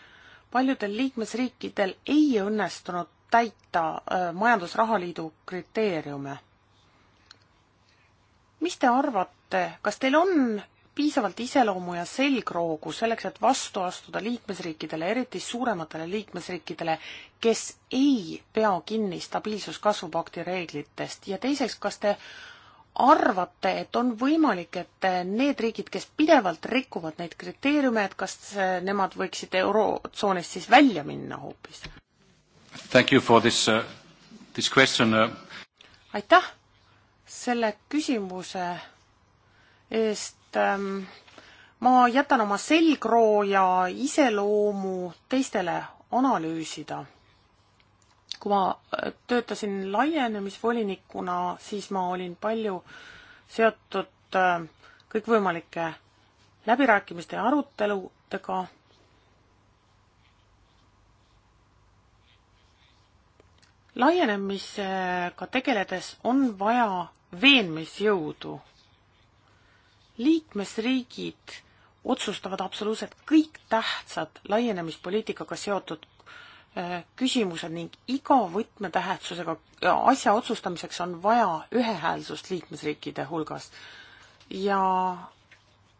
paljudel liikmesriikidel ei õnnestunud täita äh, majandusrahaliidu kriteeriume. mis te arvate, kas teil on piisavalt iseloomu ja selgroogu selleks, et vastu astuda liikmesriikidele, eriti suurematele liikmesriikidele, kes ei pea kinni stabiilsuskasvupakti reeglitest ja teiseks, kas te arvate, et on võimalik, et need riigid, kes pidevalt rikuvad neid kriteeriume, et kas nemad võiksid Eurotsoonist siis välja minna hoopis? Thank you for this uh,, this question uh.... aitäh selle küsimuse eest. Ähm, ma jätan oma selgroo ja iseloomu teistele analüüsida. kui ma äh, töötasin laienemisvolinikuna, siis ma olin palju seotud äh, kõikvõimalike läbirääkimiste ja aruteludega laienemisega tegeledes on vaja veenmisjõudu liikmesriigid otsustavad absoluutselt kõik tähtsad laienemispoliitikaga seotud äh, küsimused ning iga võtmetähtsusega äh, asja otsustamiseks on vaja ühehäälsust liikmesriikide hulgas. ja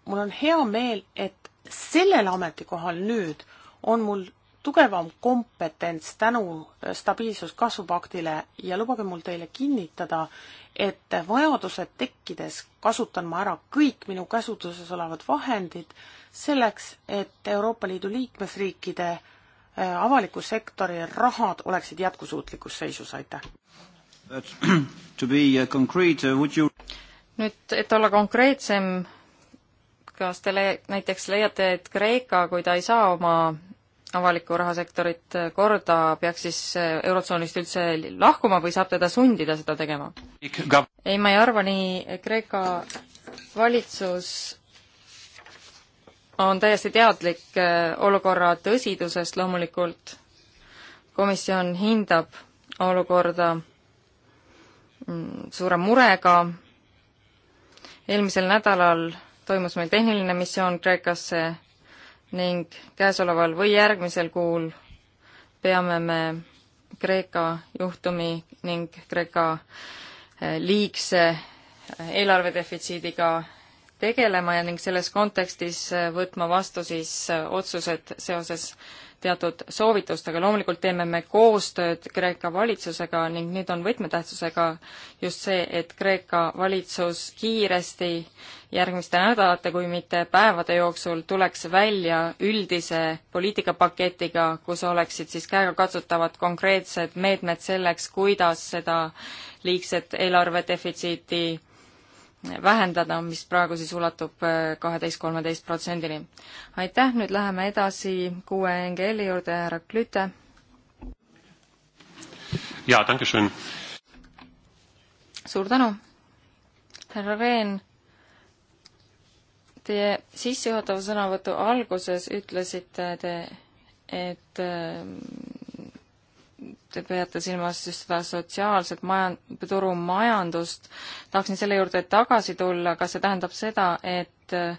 mul on hea meel, et sellel ametikohal nüüd on mul tugevam kompetents tänu äh, stabiilsuskasvupaktile ja lubage mul teile kinnitada, et vajadused tekkides kasutan ma ära kõik minu käsutuses olevad vahendid selleks, et Euroopa Liidu liikmesriikide äh, avaliku sektori rahad oleksid jätkusuutlikus seisus, aitäh! Uh, uh, you... nüüd, et olla konkreetsem, kas te le-, näiteks leiate, et Kreeka, kui ta ei saa oma avalikku rahasektorit korda, peaks siis Eurotsoonist üldse lahkuma või saab teda sundida seda tegema? ei, ma ei arva nii, Kreeka valitsus on täiesti teadlik eh, olukorra tõsidusest loomulikult, komisjon hindab olukorda mm, suure murega, eelmisel nädalal toimus meil tehniline missioon Kreekasse ning käesoleval või järgmisel kuul peame me Kreeka juhtumi ning Kreeka eh, liigse eh, eelarvedefitsiidiga tegelema ja ning selles kontekstis eh, võtma vastu siis otsused seoses teatud soovitustega, loomulikult teeme me koostööd Kreeka valitsusega ning nüüd on võtmetähtsusega just see, et Kreeka valitsus kiiresti järgmiste nädalate, kui mitte päevade jooksul tuleks välja üldise poliitikapaketiga, kus oleksid siis käegakatsutavad konkreetsed meetmed selleks, kuidas seda liigset eelarvedefitsiiti vähendada, mis praegu siis ulatub äh, kaheteist, kolmeteist protsendini. aitäh, nüüd läheme edasi kuue NGL-i juurde, härra Klüte. jaa, tänkeschön. suur tänu. härra Rehn, teie sissejuhatava sõnavõtu alguses ütlesite te, et ähm, te peate silmas just seda sotsiaalset majan-, turumajandust, tahaksin selle juurde tagasi tulla, kas see tähendab seda, et eh,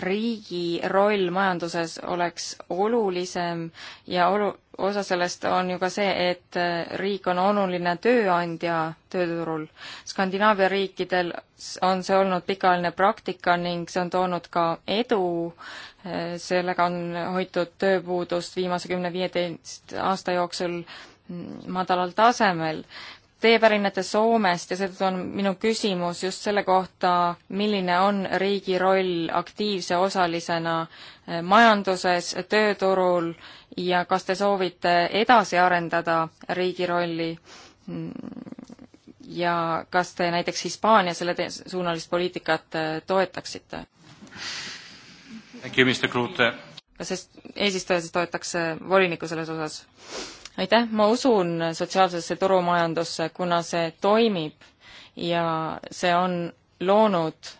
riigi roll majanduses oleks olulisem ja olu-, osa sellest on ju ka see, et eh, riik on oluline tööandja tööturul. Skandinaavia riikidel on see olnud pikaajaline praktika ning see on toonud ka edu sellega on hoitud tööpuudust viimase kümne-viieteist aasta jooksul madalal tasemel. Teie pärinete Soomest ja seetõttu on minu küsimus just selle kohta, milline on riigi roll aktiivse osalisena eh, majanduses, tööturul ja kas te soovite edasi arendada riigi rolli mm, ja kas te näiteks Hispaania selle suunalist poliitikat eh, toetaksite? kas eesistujas toetakse volinikku selles osas? aitäh, ma usun sotsiaalsesse turumajandusse, kuna see toimib ja see on loonud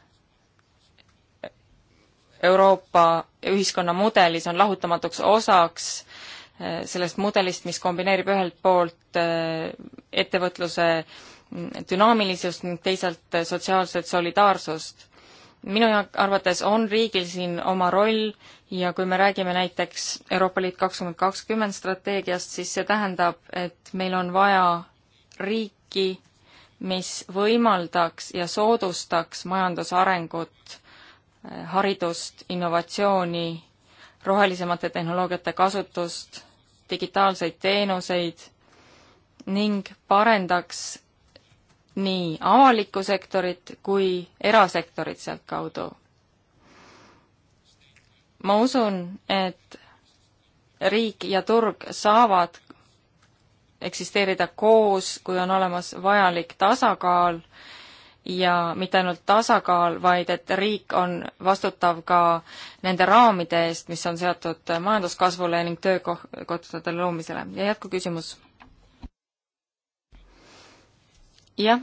Euroopa ühiskonna mudelis on lahutamatuks osaks eh, sellest mudelist, mis kombineerib ühelt poolt eh, ettevõtluse mm, dünaamilisust ning teisalt eh, sotsiaalset solidaarsust minu arvates on riigil siin oma roll ja kui me räägime näiteks Euroopa Liit kakskümmend kakskümmend strateegiast, siis see tähendab, et meil on vaja riiki, mis võimaldaks ja soodustaks majandusarengut, eh, haridust, innovatsiooni, rohelisemate tehnoloogiate kasutust, digitaalseid teenuseid ning parendaks nii avalikku sektorit kui erasektorit sealtkaudu. ma usun, et riik ja turg saavad eksisteerida koos, kui on olemas vajalik tasakaal ja mitte ainult tasakaal, vaid et riik on vastutav ka nende raamide eest, mis on seatud majanduskasvule ning töökohtade loomisele. ja jätkuküsimus jah,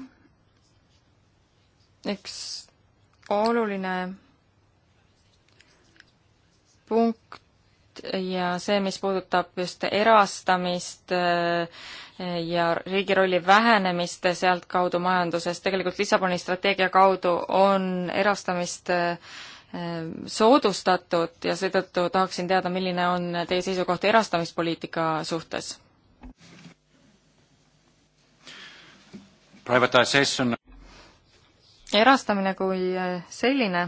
üks oluline punkt ja see, mis puudutab just erastamist äh, ja riigi rolli vähenemist sealtkaudu majanduses, tegelikult Lissaboni strateegia kaudu on erastamist äh, soodustatud ja seetõttu tahaksin teada, milline on teie seisukoht erastamispoliitika suhtes? privatisation. erastamine kui eh, selline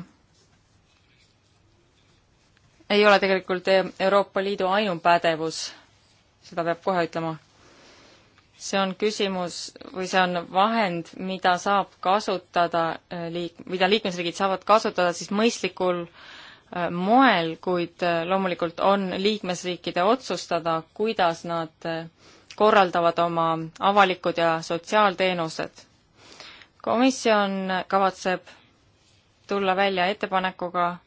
ei ole tegelikult eh, Euroopa Liidu ainupädevus, seda peab kohe ütlema. see on küsimus või see on vahend, mida saab kasutada eh, liik-, mida liikmesriigid saavad kasutada siis mõistlikul moel, kuid loomulikult on liikmesriikide otsustada, kuidas nad korraldavad oma avalikud ja sotsiaalteenused. komisjon kavatseb tulla välja ettepanekuga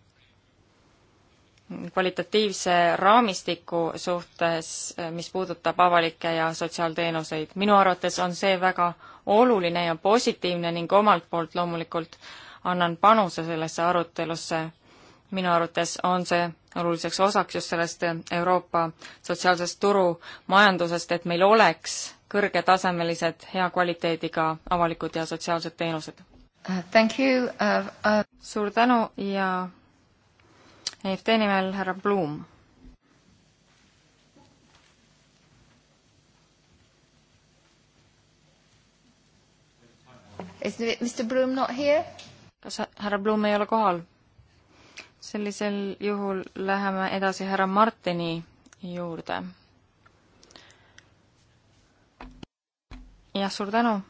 kvalitatiivse raamistiku suhtes, mis puudutab avalikke ja sotsiaalteenuseid. minu arvates on see väga oluline ja positiivne ning omalt poolt loomulikult annan panuse sellesse arutelusse. minu arvates on see oluliseks osaks just sellest Euroopa sotsiaalsest turumajandusest, et meil oleks kõrgetasemelised, hea kvaliteediga avalikud ja sotsiaalsed teenused uh,. Thank you uh,. Uh... suur tänu ja EFT nimel härra Blum. Is Mr Bloom not here? kas härra Blum ei ole kohal? sellisel juhul läheme edasi härra Martini juurde. jah, suur tänu.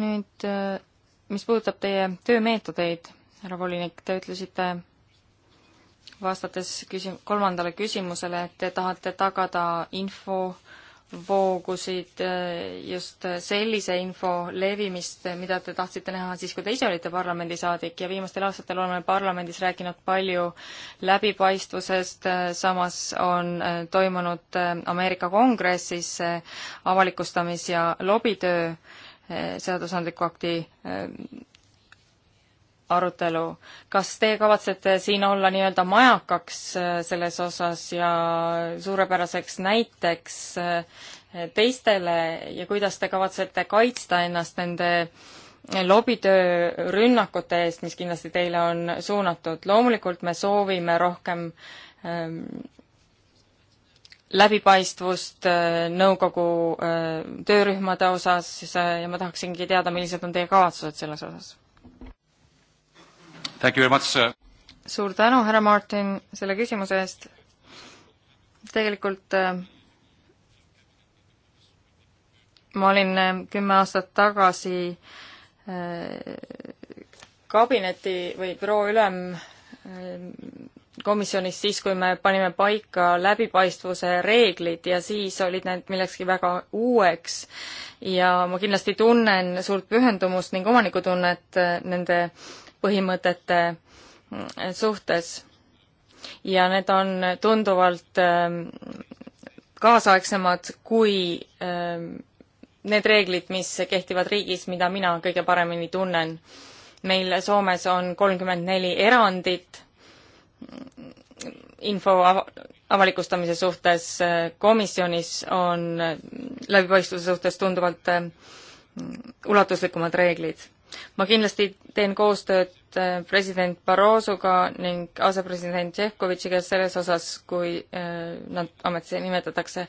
nüüd, äh, mis puudutab teie töömeetodeid, härra volinik, te ütlesite vastates küsim-, kolmandale küsimusele, et te tahate tagada info äh, voogusid, äh, just sellise info levimist, äh, mida te tahtsite näha siis, kui te ise olite parlamendisaadik ja viimastel aastatel oleme parlamendis rääkinud palju läbipaistvusest, äh, samas on toimunud Ameerika Kongressis avalikustamis- ja lobitöö seadusandliku akti arutelu. kas te kavatsete siin olla nii-öelda majakaks äh, selles osas ja suurepäraseks näiteks äh, teistele ja kuidas te kavatsete kaitsta ennast nende lobitöö rünnakute eest, mis kindlasti teile on suunatud. loomulikult me soovime rohkem ähm, läbipaistvust äh, nõukogu äh, töörühmade osas äh, ja ma tahaksingi teada, millised on teie kavatsused selles osas? suur tänu, härra Martin, selle küsimuse eest. tegelikult äh, ma olin äh, kümme aastat tagasi äh, kabineti või büroo ülem komisjonis siis, kui me panime paika läbipaistvuse reeglid ja siis olid need millekski väga uueks ja ma kindlasti tunnen suurt pühendumust ning omanikutunnet nende põhimõtete suhtes. ja need on tunduvalt ähm, kaasaegsemad kui ähm, need reeglid, mis kehtivad riigis, mida mina kõige paremini tunnen. meil Soomes on kolmkümmend neli erandit äh, info avalikustamise suhtes, äh, komisjonis on äh, läbipaistvuse suhtes tunduvalt ulatuslikumad reeglid ma kindlasti teen koostööd äh, president Barrosoga ning asepresident Tšehkovitšiga selles osas, kui äh, nad ametisse nimetatakse.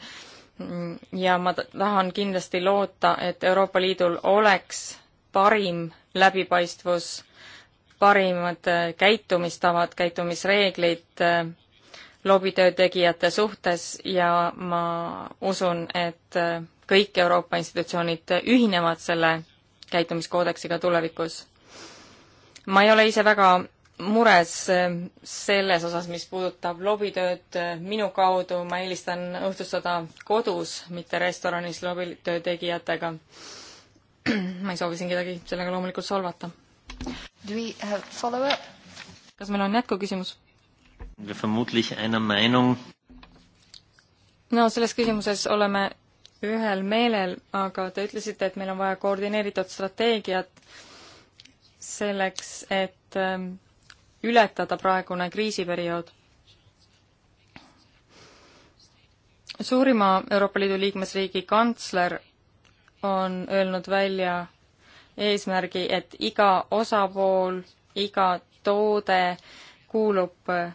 Mm, ja ma tahan kindlasti loota, et Euroopa Liidul oleks parim läbipaistvus, parimad äh, käitumistavad, käitumisreeglid lobitöö tegijate suhtes ja ma usun, et kõik Euroopa institutsioonid ühinevad selle käitumiskoodeksiga tulevikus. ma ei ole ise väga mures eh, selles osas, mis puudutab lobitööd eh, minu kaudu, ma eelistan õhtustada kodus, mitte restoranis lobitöö tegijatega. ma ei soovi siin kedagi sellega loomulikult solvata. kas meil on jätkuküsimus? no selles küsimuses oleme ühel meelel, aga te ütlesite, et meil on vaja koordineeritud strateegiat selleks, et ähm, ületada praegune kriisiperiood. suurima Euroopa Liidu liikmesriigi kantsler on öelnud välja eesmärgi, et iga osapool, iga toode kuulub äh,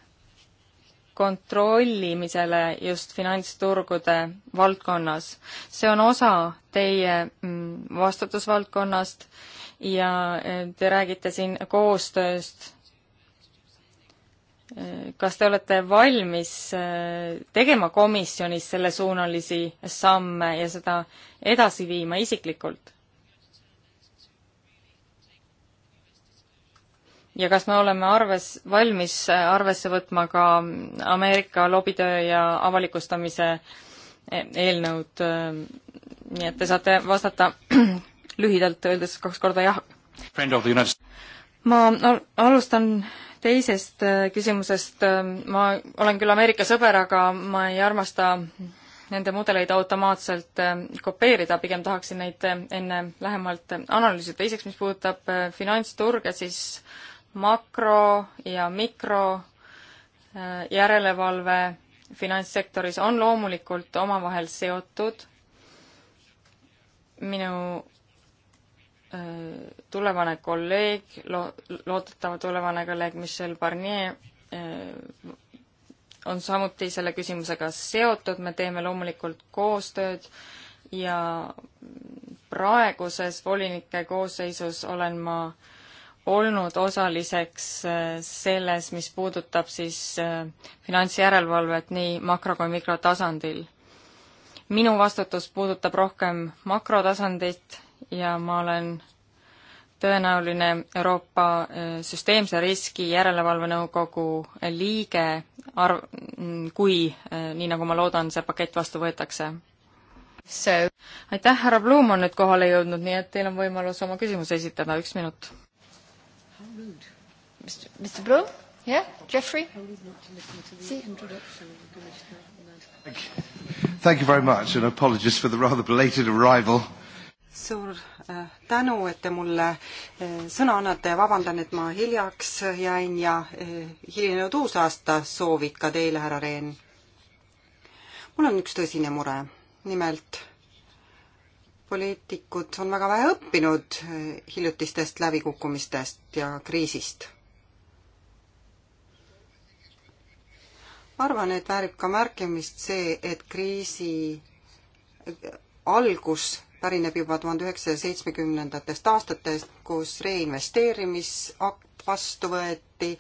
kontrollimisele just finantsturgude valdkonnas. see on osa teie mm, vastutusvaldkonnast ja eh, te räägite siin koostööst. Eh, kas te olete valmis eh, tegema komisjonis sellesuunalisi samme ja seda edasi viima isiklikult? ja kas me oleme arves, valmis äh, arvesse võtma ka Ameerika lobitöö ja avalikustamise e-, eelnõud, äh, nii et te saate vastata lühidalt öeldes kaks korda jah. ma alustan teisest äh, küsimusest, ma olen küll Ameerika sõber, aga ma ei armasta nende mudeleid automaatselt kopeerida, pigem tahaksin neid enne lähemalt analüüsida. teiseks, mis puudutab finantsturge, siis äh, makro- ja mikrojärelevalve äh, finantssektoris on loomulikult omavahel seotud. minu äh, tulevane kolleeg, lo-, loodetav tulevane kolleeg Michel Barnier äh, on samuti selle küsimusega seotud, me teeme loomulikult koostööd ja praeguses volinike koosseisus olen ma äh, olnud osaliseks äh, selles, mis puudutab siis äh, finantsjärelevalvet nii makro- kui mikrotasandil. minu vastutus puudutab rohkem makrotasandit ja ma olen tõenäoline Euroopa äh, Süsteemse Riski Järelevalvenõukogu liige, arv-, mm, kui, nii nagu ma loodan, see pakett vastu võetakse So. aitäh, härra Blum on nüüd kohale jõudnud, nii et teil on võimalus oma küsimuse esitada, üks minut rude. Mr. Mr. Bloom? Yeah? Jeffrey? See? Thank you. Thank you very much and apologies for the rather belated arrival. suur äh, tänu, et te mulle äh, sõna annate ja vabandan, et ma hiljaks jäin ja äh, hilinenud uusaasta soovid ka teile, härra Rehn. mul on üks tõsine mure, nimelt poliitikud on väga vähe õppinud eh, hiljutistest läbikukkumistest ja kriisist. ma arvan, et väärib ka märkimist see, et kriisi eh, algus pärineb juba tuhande üheksasaja seitsmekümnendatest aastatest, kus reinvesteerimisakt vastu võeti.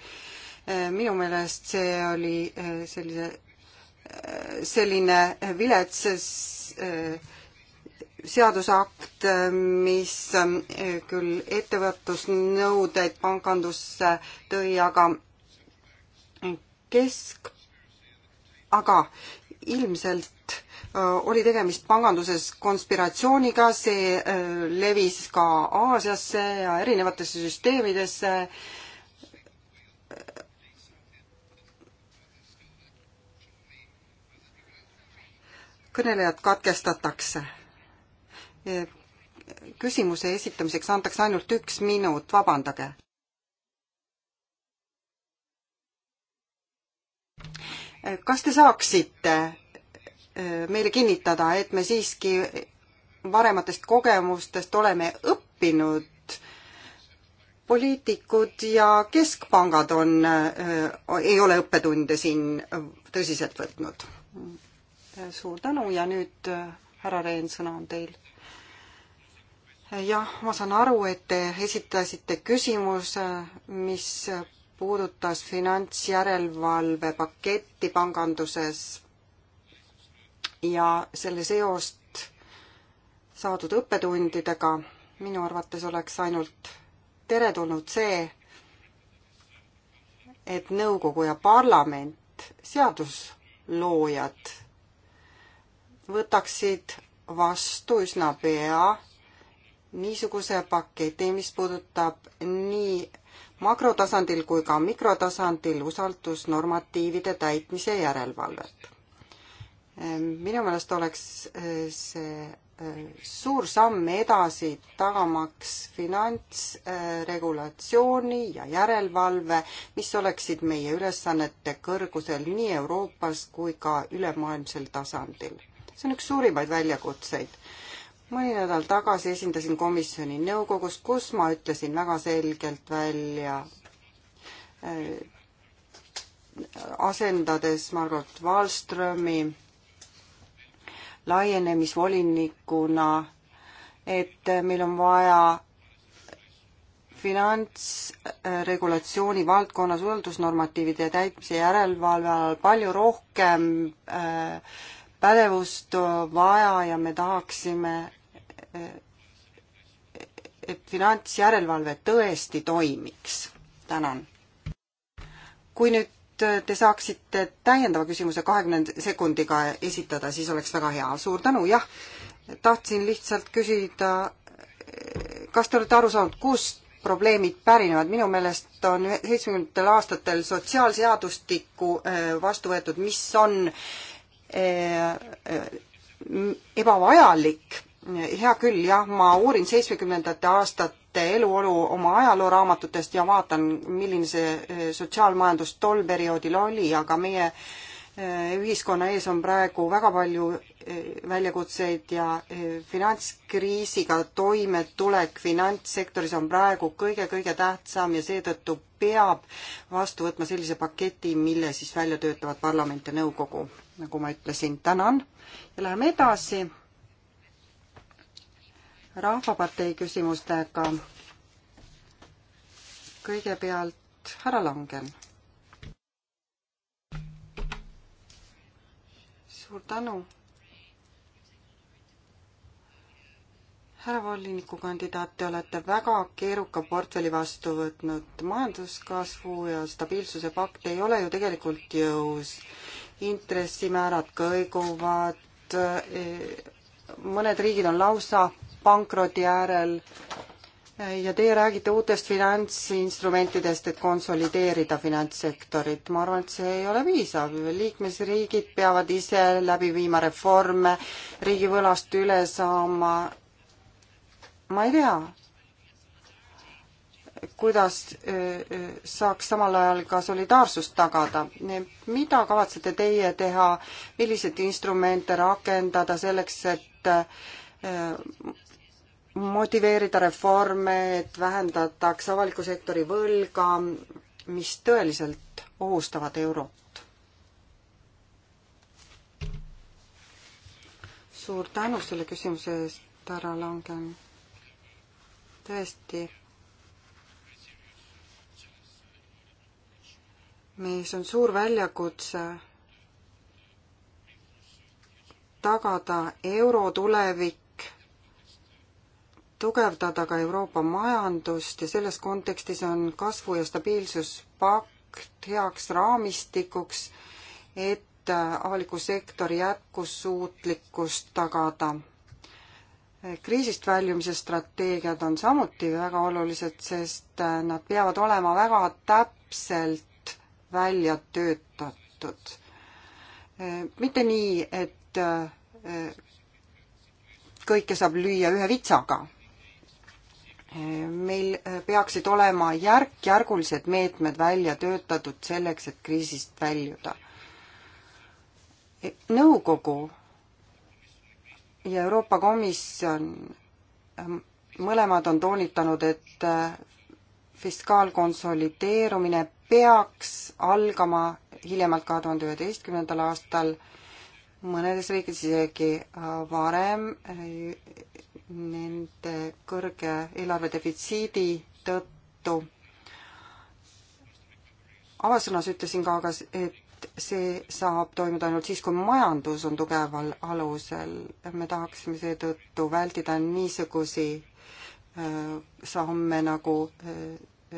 Eh, minu meelest see oli sellise, selline vilets seadusakt, mis ähm, küll ettevõtlusnõudeid pangandusse tõi, aga kesk, aga ilmselt äh, oli tegemist panganduses konspiratsiooniga, see äh, levis ka Aasiasse ja erinevatesse süsteemidesse. kõnelejad katkestatakse küsimuse esitamiseks antakse ainult üks minut, vabandage. kas te saaksite äh, meile kinnitada, et me siiski varematest kogemustest oleme õppinud poliitikud ja keskpangad on äh,, ei ole õppetunde siin tõsiselt võtnud. suur tänu ja nüüd äh, härra Rehn, sõna on teil jah, ma saan aru, et te esitasite küsimuse, mis puudutas finantsjärelevalve paketti panganduses ja selle seost saadud õppetundidega. minu arvates oleks ainult teretulnud see, et nõukogu ja parlament, seadusloojad, võtaksid vastu üsna pea niisuguse paketi, mis puudutab nii makrotasandil kui ka mikrotasandil usaldusnormatiivide täitmise järelevalvet. minu meelest oleks eh, see eh, suur samm edasi, tagamaks finantsregulatsiooni eh, ja järelevalve, mis oleksid meie ülesannete kõrgusel nii Euroopas kui ka ülemaailmsel tasandil. see on üks suurimaid väljakutseid mõni nädal tagasi esindasin komisjoni nõukogus, kus ma ütlesin väga selgelt välja äh, asendades Margot Wallströmi laienemisvolinikuna, et meil on vaja finantsregulatsiooni valdkonnas usaldusnormatiivide täitmise järelevalve all palju rohkem äh, pädevust vaja ja me tahaksime, et finantsjärelevalve tõesti toimiks. tänan. kui nüüd te saaksite täiendava küsimuse kahekümne sekundiga esitada, siis oleks väga hea. suur tänu, jah. tahtsin lihtsalt küsida, kas te olete aru saanud, kust probleemid pärinevad, minu meelest on seitsmekümnendatel aastatel sotsiaalseadustikku äh, vastu võetud, mis on äh, äh, ebavajalik hea küll, jah, ma uurin seitsmekümnendate aastate eluolu oma ajalooraamatutest ja vaatan, milline see eh, sotsiaalmajandus tol perioodil oli, aga meie eh, ühiskonna ees on praegu väga palju eh, väljakutseid ja finantskriisiga toimetulek finantssektoris on praegu kõige-kõige tähtsam ja seetõttu peab vastu võtma sellise paketi, mille siis välja töötavad parlament ja nõukogu. nagu ma ütlesin, tänan ja läheme edasi Rahvapartei küsimustega. kõigepealt härra Langen. suur tänu. härra volinikukandidaat, te olete väga keeruka portfelli vastu võtnud. majanduskasvu ja stabiilsuse pakt ei ole ju tegelikult jõus. intressimäärad kõiguvad, eh, mõned riigid on lausa pankroti äärel ja teie räägite uutest finantsinstrumentidest, et konsolideerida finantssektorit. ma arvan, et see ei ole piisav. liikmesriigid peavad ise läbi viima reforme, riigivõlast üle saama. ma ei tea, kuidas saaks samal ajal ka solidaarsust tagada. mida kavatsete teie teha, milliseid instrumente rakendada selleks, et motiveerida reforme, et vähendatakse avaliku sektori võlga, mis tõeliselt ohustavad eurot. suur tänu selle küsimuse eest, härra Langen. tõesti. mees on suur väljakutse tagada euro tulevik tugevdada ka Euroopa majandust ja selles kontekstis on kasvu- ja stabiilsuspakt heaks raamistikuks, et avaliku sektori jätkussuutlikkust tagada. kriisist väljumise strateegiad on samuti väga olulised, sest nad peavad olema väga täpselt välja töötatud. mitte nii, et kõike saab lüüa ühe vitsaga meil äh, peaksid olema järk-järgulised meetmed välja töötatud selleks, et kriisist väljuda. nõukogu ja Euroopa Komisjon äh, mõlemad on toonitanud, et äh, fiskaalkonsolideerumine peaks algama hiljemalt kahe tuhande üheteistkümnendal aastal, mõnedes riikides isegi varem nende kõrge eelarvedefitsiidi tõttu. avasõnas ütlesin ka, aga et see saab toimuda ainult siis, kui majandus on tugeval alusel. me tahaksime seetõttu vältida niisugusi äh, samme nagu äh,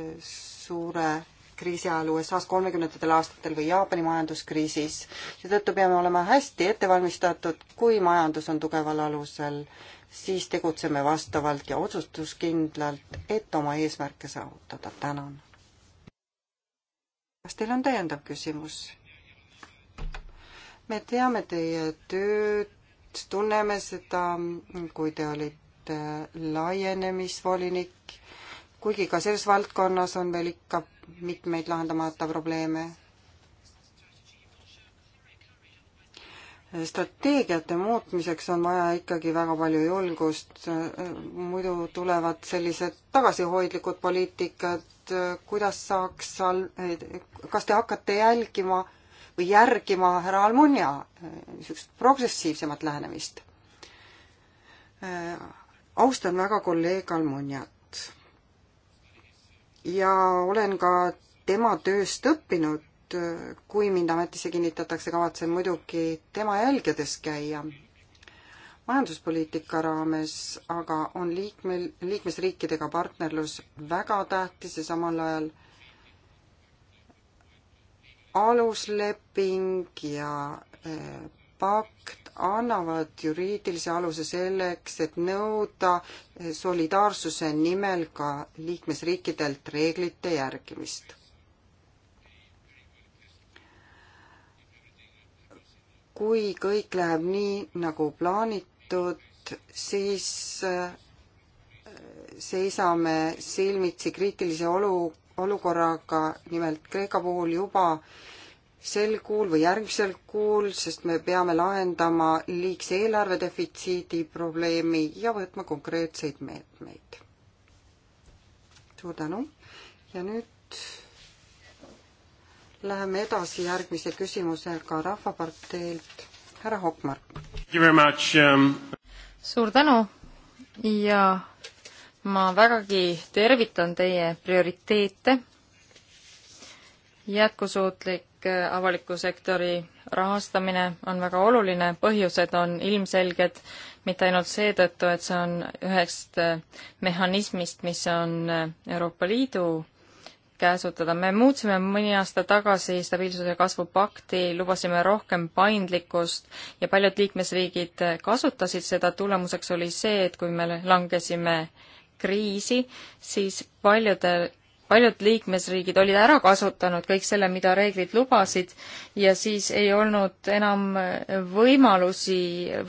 äh, suure kriisi ajal USA-s kolmekümnendatel aastatel või Jaapani majanduskriisis. seetõttu peame olema hästi ette valmistatud, kui majandus on tugeval alusel siis tegutseme vastavalt ja otsustuskindlalt, et oma eesmärke saavutada. tänan. kas teil on täiendav küsimus? me teame teie tööd, tunneme seda, kui te olite laienemisvolinik, kuigi ka selles valdkonnas on veel ikka mitmeid lahendamata probleeme strateegiate muutmiseks on vaja ikkagi väga palju julgust, muidu tulevad sellised tagasihoidlikud poliitikad, kuidas saaks sal-, kas te hakkate jälgima või järgima härra Almunia niisugust progressiivsemat lähenemist? austan väga kolleeg Almuniat ja olen ka tema tööst õppinud Äh, kui mind ametisse kinnitatakse, kavatsen muidugi tema jälgedes käia. majanduspoliitika raames aga on liikmel, liikmesriikidega partnerlus väga tähtis ja samal ajal alusleping ja äh, pakt annavad juriidilise aluse selleks, et nõuda äh, solidaarsuse nimel ka liikmesriikidelt reeglite järgimist kui kõik läheb nii, nagu plaanitud, siis äh, seisame silmitsi kriitilise olu, olukorraga, nimelt Kreeka puhul juba sel kuul või järgmisel kuul, sest me peame lahendama liigse eelarvedefitsiidi probleemi ja võtma konkreetseid meetmeid. suur tänu ja nüüd Läheme edasi järgmise küsimusega Rahvaparteilt, härra Hokmar. Um, suur tänu ja ma vägagi tervitan teie prioriteete, jätkusuutlik äh, avaliku sektori rahastamine on väga oluline, põhjused on ilmselged, mitte ainult seetõttu, et see on ühest äh, mehhanismist, mis on äh, Euroopa Liidu käsutada. me muutsime mõni aasta tagasi stabiilsuse kasvupakti, lubasime rohkem paindlikkust ja paljud liikmesriigid kasutasid seda. tulemuseks oli see, et kui me langesime kriisi, siis paljudel paljud liikmesriigid olid ära kasutanud kõik selle, mida reeglid lubasid ja siis ei olnud enam võimalusi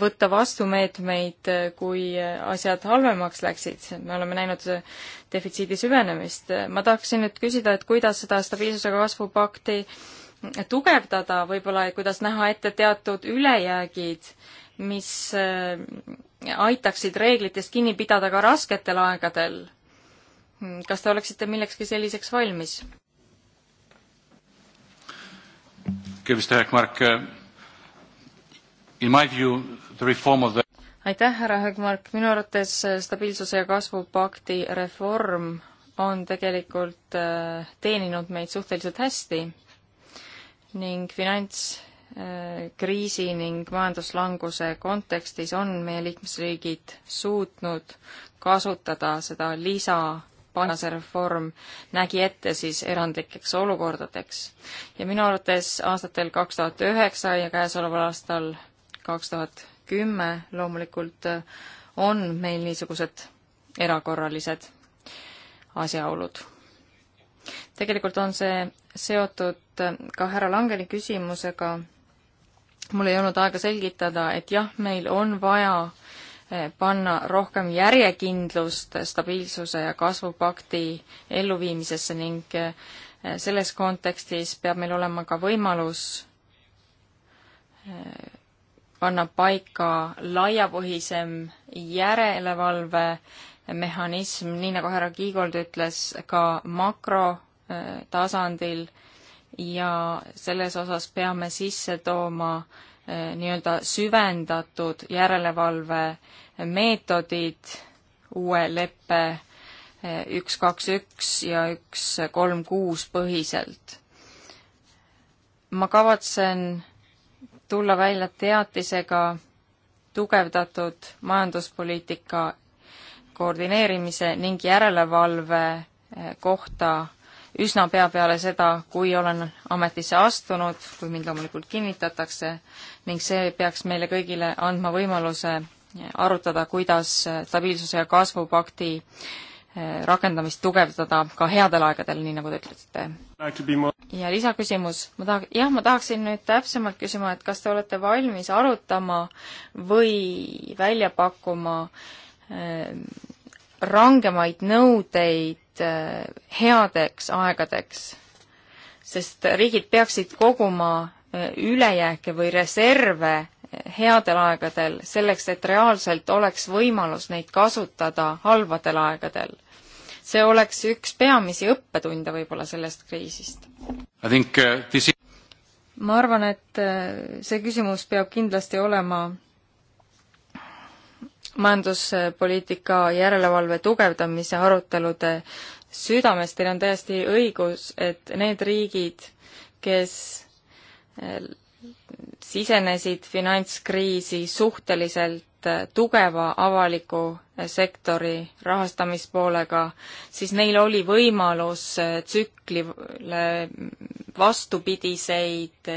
võtta vastumeetmeid, kui asjad halvemaks läksid. me oleme näinud defitsiidi süvenemist. ma tahaksin nüüd küsida, et kuidas seda stabiilsusega kasvupakti tugevdada võib-olla ja kuidas näha ette teatud ülejäägid, mis aitaksid reeglitest kinni pidada ka rasketel aegadel Hmm, kas te oleksite millekski selliseks valmis? Uh, aitäh, härra Högmark, minu arvates äh, stabiilsuse ja kasvupakti reform on tegelikult äh, teeninud meid suhteliselt hästi ning finantskriisi äh, ning majanduslanguse kontekstis on meie liikmesriigid suutnud kasutada seda lisa pagase reform nägi ette siis erandlikeks olukordadeks. ja minu arvates aastatel kaks tuhat üheksa ja käesoleval aastal kaks tuhat kümme loomulikult äh, on meil niisugused erakorralised asjaolud. tegelikult on see seotud äh, ka härra Langeli küsimusega, mul ei olnud aega selgitada, et jah, meil on vaja panna rohkem järjekindlust stabiilsuse ja kasvupakti elluviimisesse ning eh, selles kontekstis peab meil olema ka võimalus eh, panna paika laiapõhisem järelevalve mehhanism, nii nagu härra Kiigold ütles, ka makrotasandil eh, ja selles osas peame sisse tooma äh, Eh, nii-öelda süvendatud järelevalvemeetodid uue leppe eh, üks, kaks, üks ja üks, kolm, kuus põhiselt. ma kavatsen tulla välja teatisega tugevdatud majanduspoliitika koordineerimise ning järelevalve eh, kohta üsna pea peale seda, kui olen ametisse astunud, kui mind loomulikult kinnitatakse ning see peaks meile kõigile andma võimaluse arutada, kuidas stabiilsuse ja kasvupakti eh, rakendamist tugevdada ka headel aegadel, nii nagu te ütlesite. ja lisaküsimus, ma taha-, jah, ma tahaksin nüüd täpsemalt küsima, et kas te olete valmis arutama või välja pakkuma äh, rangemaid nõudeid Äh, headeks aegadeks, sest riigid peaksid koguma äh, ülejääke või reserve äh, headel aegadel, selleks et reaalselt oleks võimalus neid kasutada halbadel aegadel. see oleks üks peamisi õppetunde võib-olla sellest kriisist. Uh, is... ma arvan, et see küsimus peab kindlasti olema majanduspoliitika järelevalve tugevdamise arutelude südames, teil on täiesti õigus, et need riigid, kes eh, sisenesid finantskriisi suhteliselt eh, tugeva avaliku eh, sektori rahastamispoolega, siis neil oli võimalus tsüklile vastupidiseid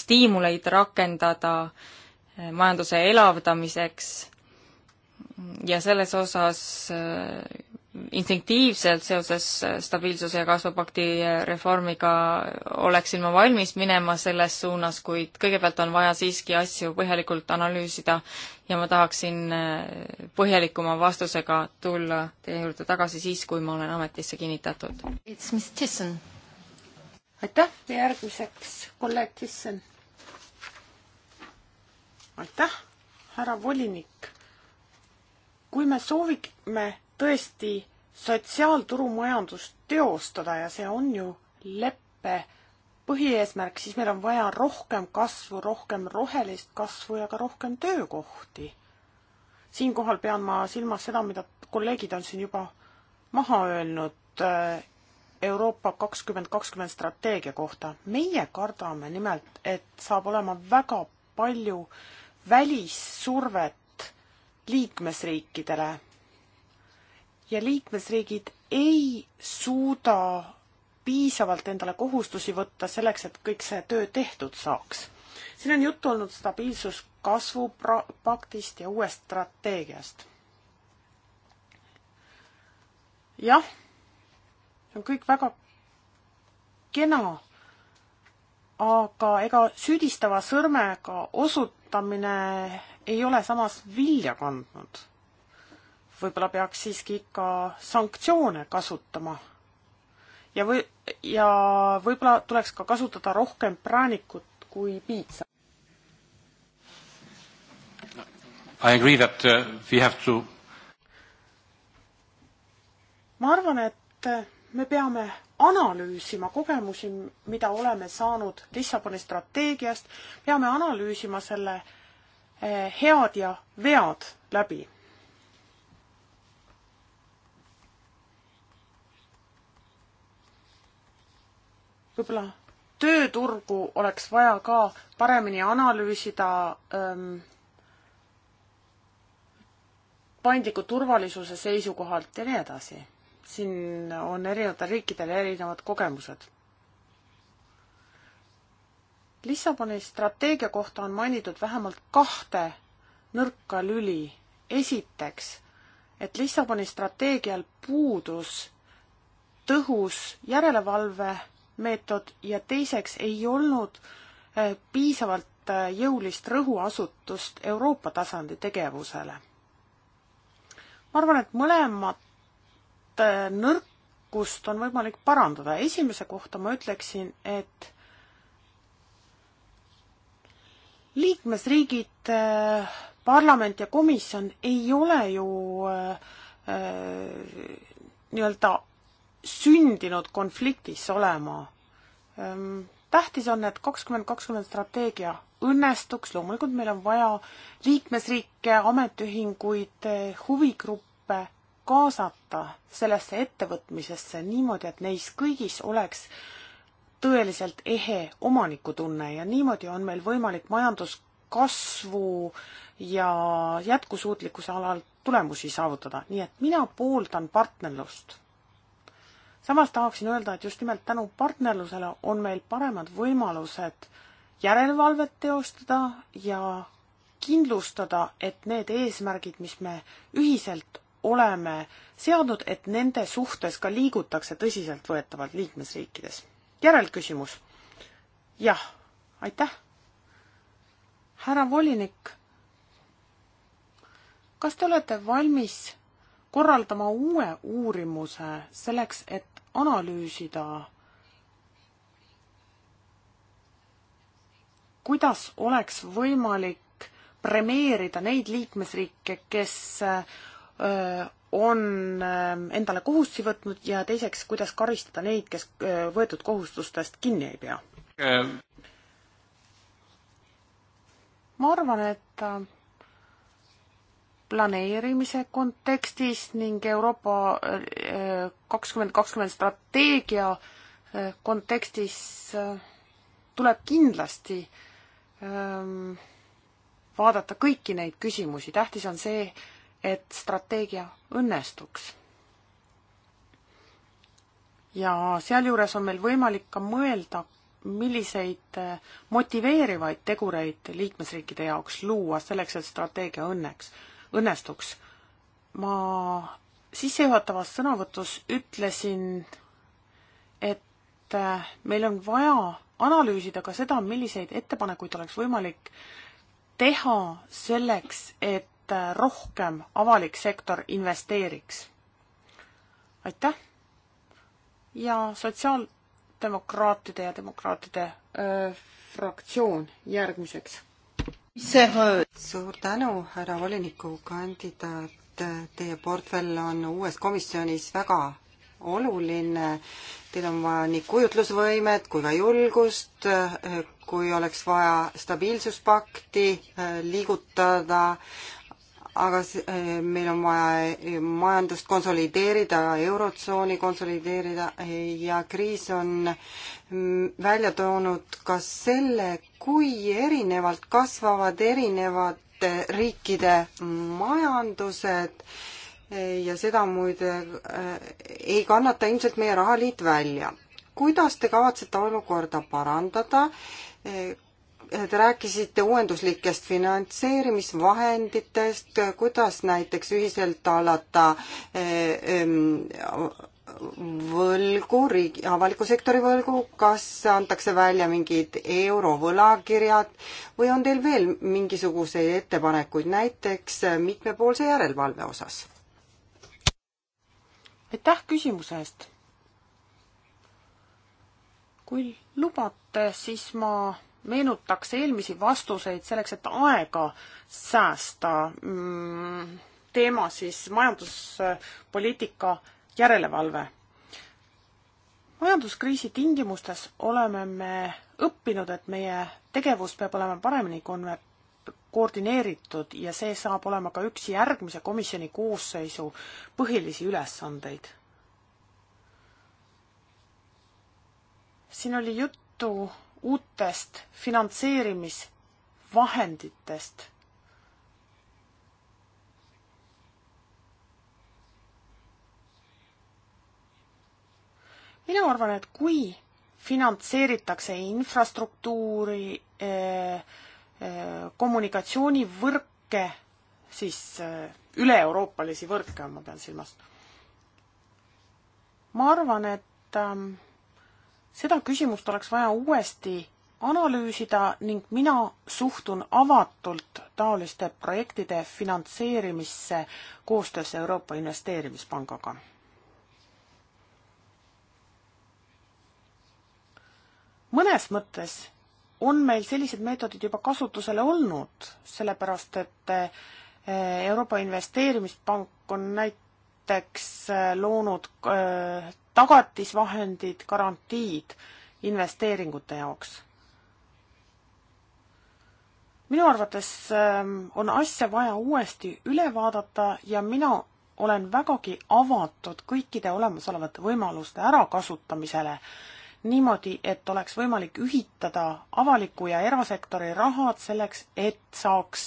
stiimuleid rakendada äh, majanduse elavdamiseks ja selles osas äh, instinktiivselt seoses äh, stabiilsuse ja kasvupakti äh, reformiga oleksin ma valmis minema selles suunas, kuid kõigepealt on vaja siiski asju põhjalikult analüüsida ja ma tahaksin põhjalikuma vastusega tulla teie juurde tagasi siis, kui ma olen ametisse kinnitatud. aitäh, järgmiseks kolleeg Tissen aitäh, härra volinik. kui me soovime tõesti sotsiaalturumajandust teostada ja see on ju leppe põhieesmärk, siis meil on vaja rohkem kasvu, rohkem rohelist kasvu ja ka rohkem töökohti. siinkohal pean ma silmas seda, mida kolleegid on siin juba maha öelnud äh, Euroopa kakskümmend kakskümmend strateegia kohta. meie kardame nimelt, et saab olema väga palju välissurvet liikmesriikidele ja liikmesriigid ei suuda piisavalt endale kohustusi võtta selleks, et kõik see töö tehtud saaks. siin on juttu olnud stabiilsuskasvu paktist ja uuest strateegiast. jah, see on kõik väga kena, aga ega süüdistava sõrmega osut-, kasutamine ei ole samas vilja kandnud. võib-olla peaks siiski ikka sanktsioone kasutama. ja või, ja võib-olla tuleks ka kasutada rohkem präänikut kui piitsa. I agree that uh, we have to ma arvan, et me peame analüüsima kogemusi, mida oleme saanud Lissaboni strateegiast, peame analüüsima selle eh, head ja vead läbi. võib-olla tööturgu oleks vaja ka paremini analüüsida ähm, paindliku turvalisuse seisukohalt ja nii edasi siin on erinevatel riikidel erinevad kogemused. Lissaboni strateegia kohta on mainitud vähemalt kahte nõrka lüli. esiteks, et Lissaboni strateegial puudus tõhus järelevalvemeetod ja teiseks ei olnud eh, piisavalt eh, jõulist rõhuasutust Euroopa tasandi tegevusele. ma arvan, et mõlemad Äh, nõrkust on võimalik parandada. esimese kohta ma ütleksin, et liikmesriigid, äh, parlament ja komisjon ei ole ju äh, nii-öelda sündinud konfliktis olema. Ähm, tähtis on, et kakskümmend kakskümmend strateegia õnnestuks, loomulikult meil on vaja liikmesriike, ametiühinguid, huvigruppe kaasata sellesse ettevõtmisesse niimoodi, et neis kõigis oleks tõeliselt ehe omanikutunne ja niimoodi on meil võimalik majanduskasvu ja jätkusuutlikkuse alal tulemusi saavutada, nii et mina pooldan partnerlust. samas tahaksin öelda, et just nimelt tänu partnerlusele on meil paremad võimalused järelevalvet teostada ja kindlustada, et need eesmärgid, mis me ühiselt oleme seadnud, et nende suhtes ka liigutakse tõsiseltvõetavalt liikmesriikides. järelküsimus. jah, aitäh. härra volinik, kas te olete valmis korraldama uue uurimuse selleks, et analüüsida, kuidas oleks võimalik premeerida neid liikmesriike, kes Äh, on ähm, endale kohustusi võtnud ja teiseks, kuidas karistada neid, kes äh, võetud kohustustest kinni ei pea ähm.? ma arvan, et äh, planeerimise kontekstis ning Euroopa kakskümmend kakskümmend strateegia kontekstis tuleb kindlasti ähm, vaadata kõiki neid küsimusi, tähtis on see, et strateegia õnnestuks. ja sealjuures on meil võimalik ka mõelda, milliseid äh, motiveerivaid tegureid liikmesriikide jaoks luua selleks, et strateegia õnneks, õnnestuks. ma sissejuhatavas sõnavõtus ütlesin, et äh, meil on vaja analüüsida ka seda, milliseid ettepanekuid oleks võimalik teha selleks, et et äh, rohkem avalik sektor investeeriks. aitäh ja sotsiaaldemokraatide ja demokraatide öö, äh, fraktsioon järgmiseks. suur tänu, härra volinikukandidaat, teie portfell on uues komisjonis väga oluline. Teil on vaja nii kujutlusvõimet kui ka julgust, kui oleks vaja stabiilsuspakti äh, liigutada, aga äh, meil on vaja äh, majandust konsolideerida, Eurotsooni konsolideerida äh, ja kriis on mm, välja toonud ka selle, kui erinevalt kasvavad erinevate riikide majandused ja seda muide ei kannata ilmselt meie rahaliit välja. kuidas te kavatsete olukorda parandada? Te rääkisite uuenduslikest finantseerimisvahenditest, kuidas näiteks ühiselt alata eh, võlgu, riigi, avaliku sektori võlgu, kas antakse välja mingid eurovõlakirjad või on teil veel mingisuguseid ettepanekuid näiteks mitmepoolse järelevalve osas? aitäh küsimuse eest! kui lubate, siis ma meenutaks eelmisi vastuseid selleks, et aega säästa mm, teema siis majanduspoliitika järelevalve. majanduskriisi tingimustes oleme me õppinud, et meie tegevus peab olema paremini konver-, koordineeritud ja see saab olema ka üks järgmise komisjoni koosseisu põhilisi ülesandeid. siin oli juttu uutest finantseerimisvahenditest. mina arvan, et kui finantseeritakse infrastruktuuri, eh, eh, kommunikatsioonivõrke, siis eh, üle-euroopalisi võrke ma pean silmas. ma arvan, et ähm, seda küsimust oleks vaja uuesti analüüsida ning mina suhtun avatult taoliste projektide finantseerimisse koostöös Euroopa Investeerimispangaga. mõnes mõttes on meil sellised meetodid juba kasutusele olnud, sellepärast et eh, Euroopa Investeerimispank on näiteks eh, loonud eh, tagatisvahendid, garantiid investeeringute jaoks. minu arvates ähm, on asja vaja uuesti üle vaadata ja mina olen vägagi avatud kõikide olemasolevate võimaluste ärakasutamisele niimoodi, et oleks võimalik ühitada avaliku ja erasektori rahad selleks, et saaks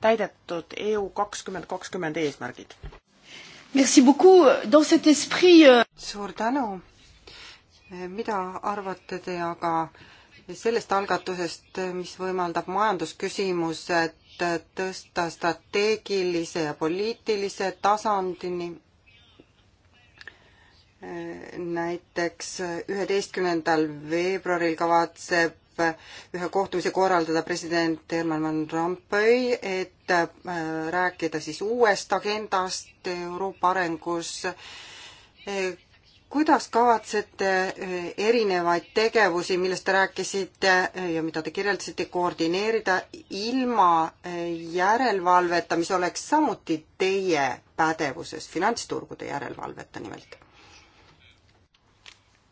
täidetud EU kakskümmend kakskümmend eesmärgid. Merci beaucoup dans cet esprit euh, suur tänu. mida arvate te aga sellest algatusest, mis võimaldab majandusküsimused tõsta strateegilise ja poliitilise tasandini? näiteks üheteistkümnendal veebruaril kavatseb ühe kohtumise korraldada president Herman Van Rompuy, et äh, rääkida siis uuest agendast Euroopa arengus kuidas kavatsete eh, erinevaid tegevusi, millest te rääkisite eh, ja mida te kirjeldasite, koordineerida ilma eh, järelevalveta, mis oleks samuti teie pädevuses, finantsturgude järelevalveta nimelt?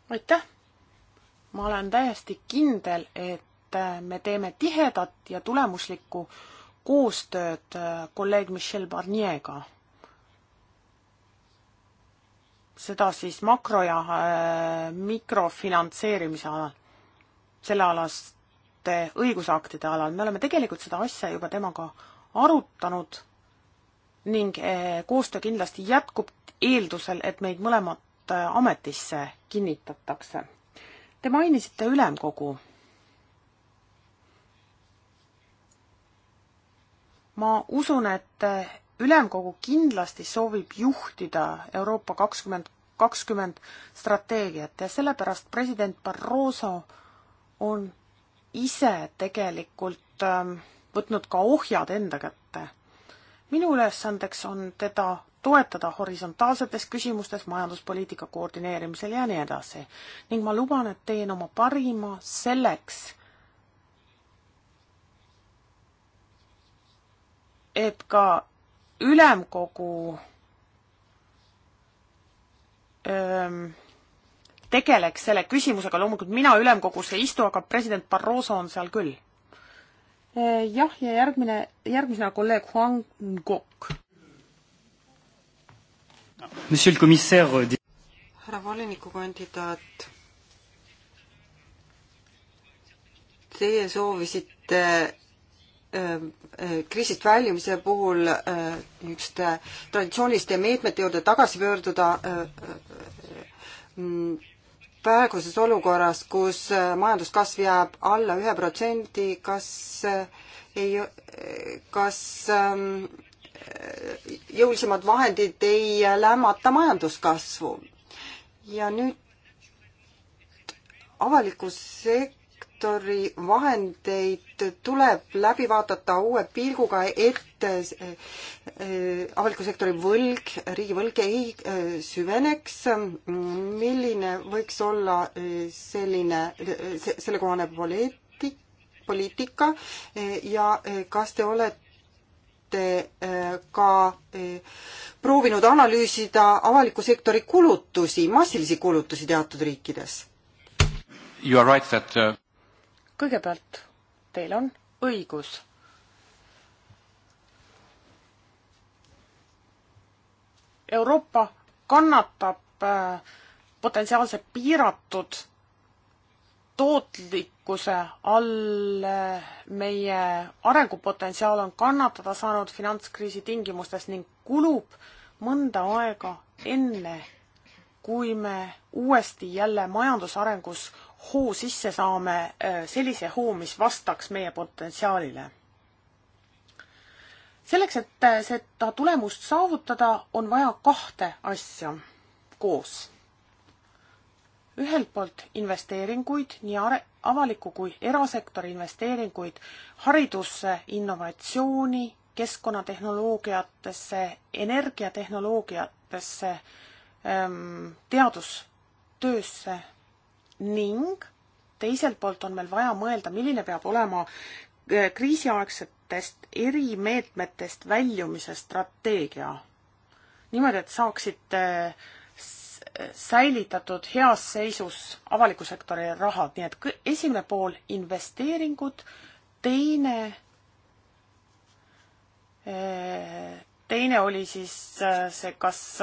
aitäh! ma olen täiesti kindel, et me teeme tihedat ja tulemuslikku koostööd kolleeg Michel Barnier'ga seda siis makro- ja äh, mikrofinantseerimise alal, sellealaste õigusaktide alal, me oleme tegelikult seda asja juba temaga arutanud ning äh, koostöö kindlasti jätkub eeldusel, et meid mõlemat äh, ametisse kinnitatakse. Te mainisite ülemkogu. ma usun, et äh, ülemkogu kindlasti soovib juhtida Euroopa kakskümmend kakskümmend strateegiat ja sellepärast president Barroso on ise tegelikult ähm, võtnud ka ohjad enda kätte. minu ülesandeks on teda toetada horisontaalsetes küsimustes majanduspoliitika koordineerimisel ja nii edasi. ning ma luban, et teen oma parima selleks, et ka ülemkogu öö, ähm, tegeleks selle küsimusega, loomulikult mina ülemkogus ei istu, aga president Barroso on seal küll. Äh, jah, ja järgmine, järgmisena kolleeg Huang Ngok. Euh, härra volinikukandidaat, teie soovisite Ähm, äh, kriisist väljumise puhul niisuguste äh, äh, traditsiooniliste meetmete juurde tagasi pöörduda mm, praeguses olukorras, kus majanduskasv jääb alla ühe protsendi, kas ei, kas ähm, jõulisemad vahendid ei lämmata majanduskasvu? ja nüüd avalikus sek-, sektori vahendeid tuleb läbi vaadata uue pilguga, et äh, avaliku sektori võlg, riigivõlg ei äh, süveneks. milline võiks olla äh, selline, sellekohane poliitik, poliitika ja kas te olete ka proovinud analüüsida avaliku sektori kulutusi, massilisi kulutusi teatud riikides? you are right that uh kõigepealt teil on õigus. Euroopa kannatab äh, potentsiaalselt piiratud tootlikkuse all meie arengupotentsiaal on kannatada saanud finantskriisi tingimustes ning kulub mõnda aega enne, kui me uuesti jälle majandusarengus hoo sisse saame, äh, sellise hoo, mis vastaks meie potentsiaalile. selleks, et äh, seda tulemust saavutada, on vaja kahte asja koos. ühelt poolt investeeringuid, nii avaliku kui erasektori investeeringuid haridusse, innovatsiooni, keskkonnatehnoloogiatesse, energiatehnoloogiatesse, ähm, teadustöösse ning teiselt poolt on meil vaja mõelda, milline peab olema äh, kriisiaegsetest erimeetmetest väljumise strateegia. niimoodi, et saaksid äh, säilitatud heas seisus avaliku sektori rahad, nii et esimene pool investeeringud, teine, äh, teine oli siis see kas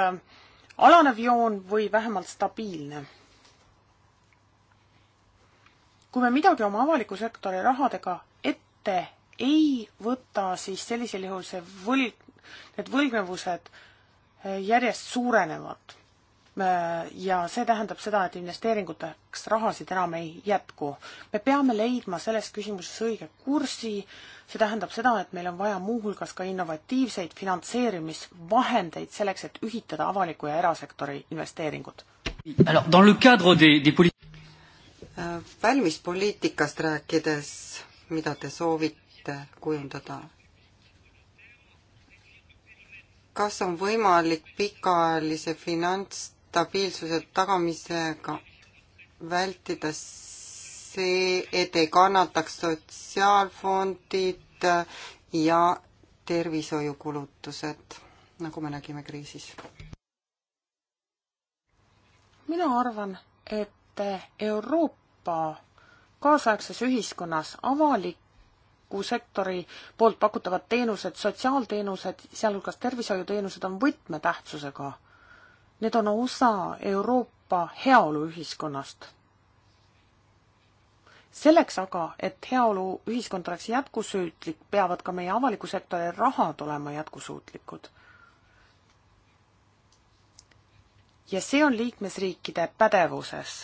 alanev joon või vähemalt stabiilne kui me midagi oma avaliku sektori rahadega ette ei võta, siis sellisel juhul see võlg, need võlgnevused eh, järjest suurenevad. ja see tähendab seda, et investeeringuteks rahasid enam ei jätku. me peame leidma selles küsimuses õige kursi, see tähendab seda, et meil on vaja muuhulgas ka innovatiivseid finantseerimisvahendeid selleks, et ühitada avaliku ja erasektori investeeringud. Alors dans le cadre des, des välmispoliitikast rääkides, mida te soovite kujundada? kas on võimalik pikaajalise finantsstabiilsuse tagamisega vältida see, et ei kannataks sotsiaalfondid ja tervishoiukulutused, nagu me nägime kriisis? mina arvan, et Euroopa Euroopa kaasaegses ühiskonnas avaliku sektori poolt pakutavad teenused, sotsiaalteenused, sealhulgas tervishoiuteenused on võtmetähtsusega. Need on osa Euroopa heaoluühiskonnast. selleks aga, et heaoluühiskond oleks jätkusuutlik, peavad ka meie avaliku sektori rahad olema jätkusuutlikud ja see on liikmesriikide pädevuses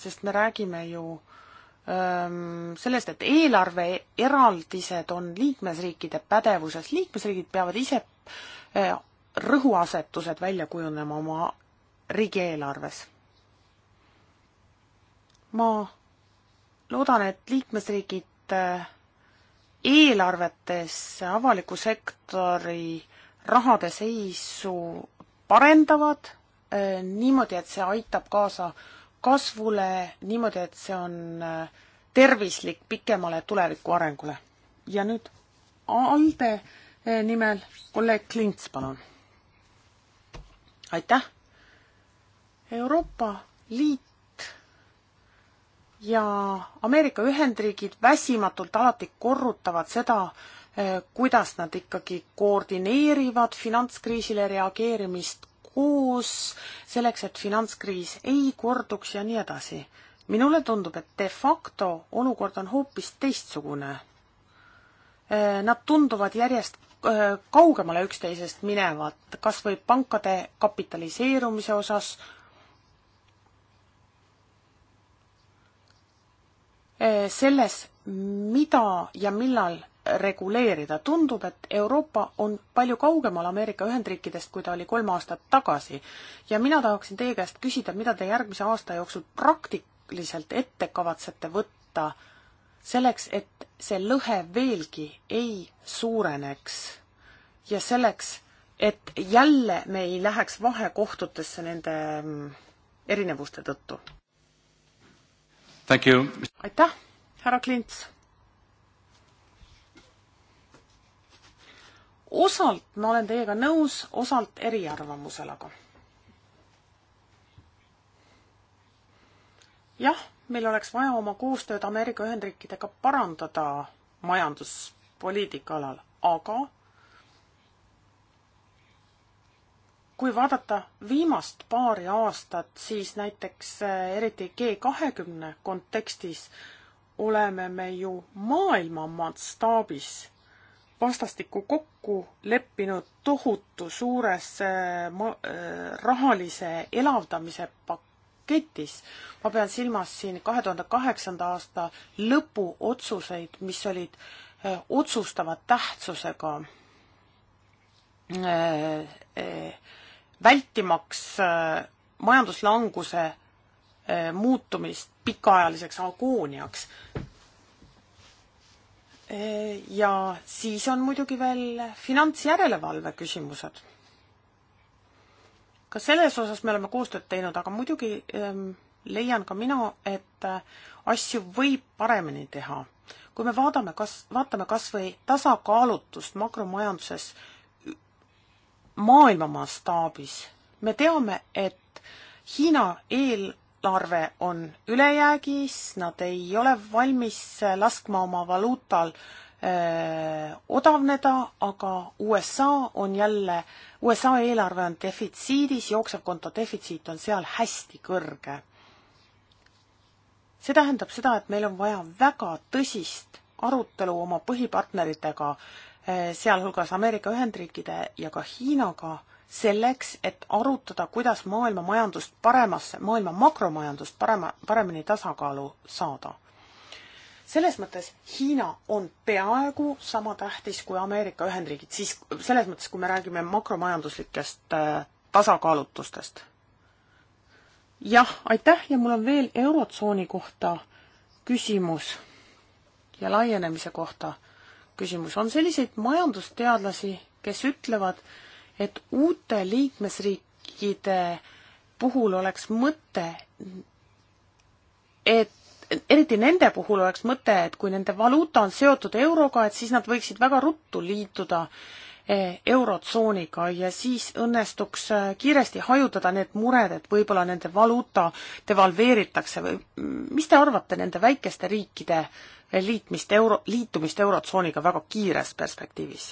sest me räägime ju öö, ähm, sellest, et eelarveeraldised on liikmesriikide pädevuses, liikmesriigid peavad ise äh, rõhuasetused välja kujunema oma riigieelarves. ma loodan, et liikmesriigid äh, eelarvetes avaliku sektori rahade seisu parendavad äh, niimoodi, et see aitab kaasa äh, kasvule niimoodi, et see on äh, tervislik pikemale tuleviku arengule. ja nüüd ALDE äh, nimel kolleeg Klints, palun. aitäh. Euroopa Liit ja Ameerika Ühendriigid väsimatult alati korrutavad seda, äh, kuidas nad ikkagi koordineerivad finantskriisile reageerimist, uus, selleks et finantskriis ei korduks ja nii edasi. minule tundub, et de facto olukord on hoopis teistsugune. Äh, nad tunduvad järjest äh, kaugemale üksteisest minevat, kas või pankade kapitaliseerumise osas, äh, selles, mida ja millal reguleerida. tundub, et Euroopa on palju kaugemal Ameerika Ühendriikidest, kui ta oli kolm aastat tagasi. ja mina tahaksin teie käest küsida, mida te järgmise aasta jooksul praktiliselt ette kavatsete võtta selleks, et see lõhe veelgi ei suureneks ja selleks, et jälle me ei läheks vahekohtutesse nende mm, erinevuste tõttu. aitäh, härra Klints! osalt ma olen teiega nõus, osalt eriarvamusel aga. jah, meil oleks vaja oma koostööd Ameerika Ühendriikidega parandada majanduspoliitika alal, aga kui vaadata viimast paari aastat, siis näiteks eh, eriti G kahekümne kontekstis oleme me ju maailma mastaabis vastastikku kokku leppinud tohutu suures äh, ma-, äh, rahalise elavdamise paketis. ma pean silmas siin kahe tuhande kaheksanda aasta lõpuotsuseid, mis olid äh, otsustava tähtsusega vältimaks majanduslanguse muutumist pikaajaliseks agooniaks. Eh, ja siis on muidugi veel finantsjärelevalve küsimused. ka selles osas me oleme koostööd teinud, aga muidugi ähm, leian ka mina, et eh, asju võib paremini teha. kui me vaadame, kas, vaatame kas või tasakaalutust makromajanduses maailma mastaabis, me teame, et Hiina eel arve on ülejäägis, nad ei ole valmis laskma oma valuutal öö, äh, odavneda, aga USA on jälle, USA eelarve on defitsiidis, jooksev konto defitsiit on seal hästi kõrge. see tähendab seda, et meil on vaja väga tõsist arutelu oma põhipartneritega, äh, sealhulgas Ameerika Ühendriikide ja ka Hiinaga selleks, et arutada, kuidas maailma majandust paremasse, maailma makromajandust parema, paremini tasakaalu saada. selles mõttes Hiina on peaaegu sama tähtis kui Ameerika Ühendriigid, siis selles mõttes, kui me räägime makromajanduslikest äh, tasakaalutustest. jah, aitäh ja mul on veel Eurotsooni kohta küsimus ja laienemise kohta küsimus. on selliseid majandusteadlasi, kes ütlevad, et uute liikmesriikide puhul oleks mõte, et eriti nende puhul oleks mõte, et kui nende valuuta on seotud euroga, et siis nad võiksid väga ruttu liituda eh, eurotsooniga ja siis õnnestuks eh, kiiresti hajutada need mured, et võib-olla nende valuuta devalveeritakse või mm, mis te arvate nende väikeste riikide eh, liitmist euro, liitumist eurotsooniga väga kiires perspektiivis?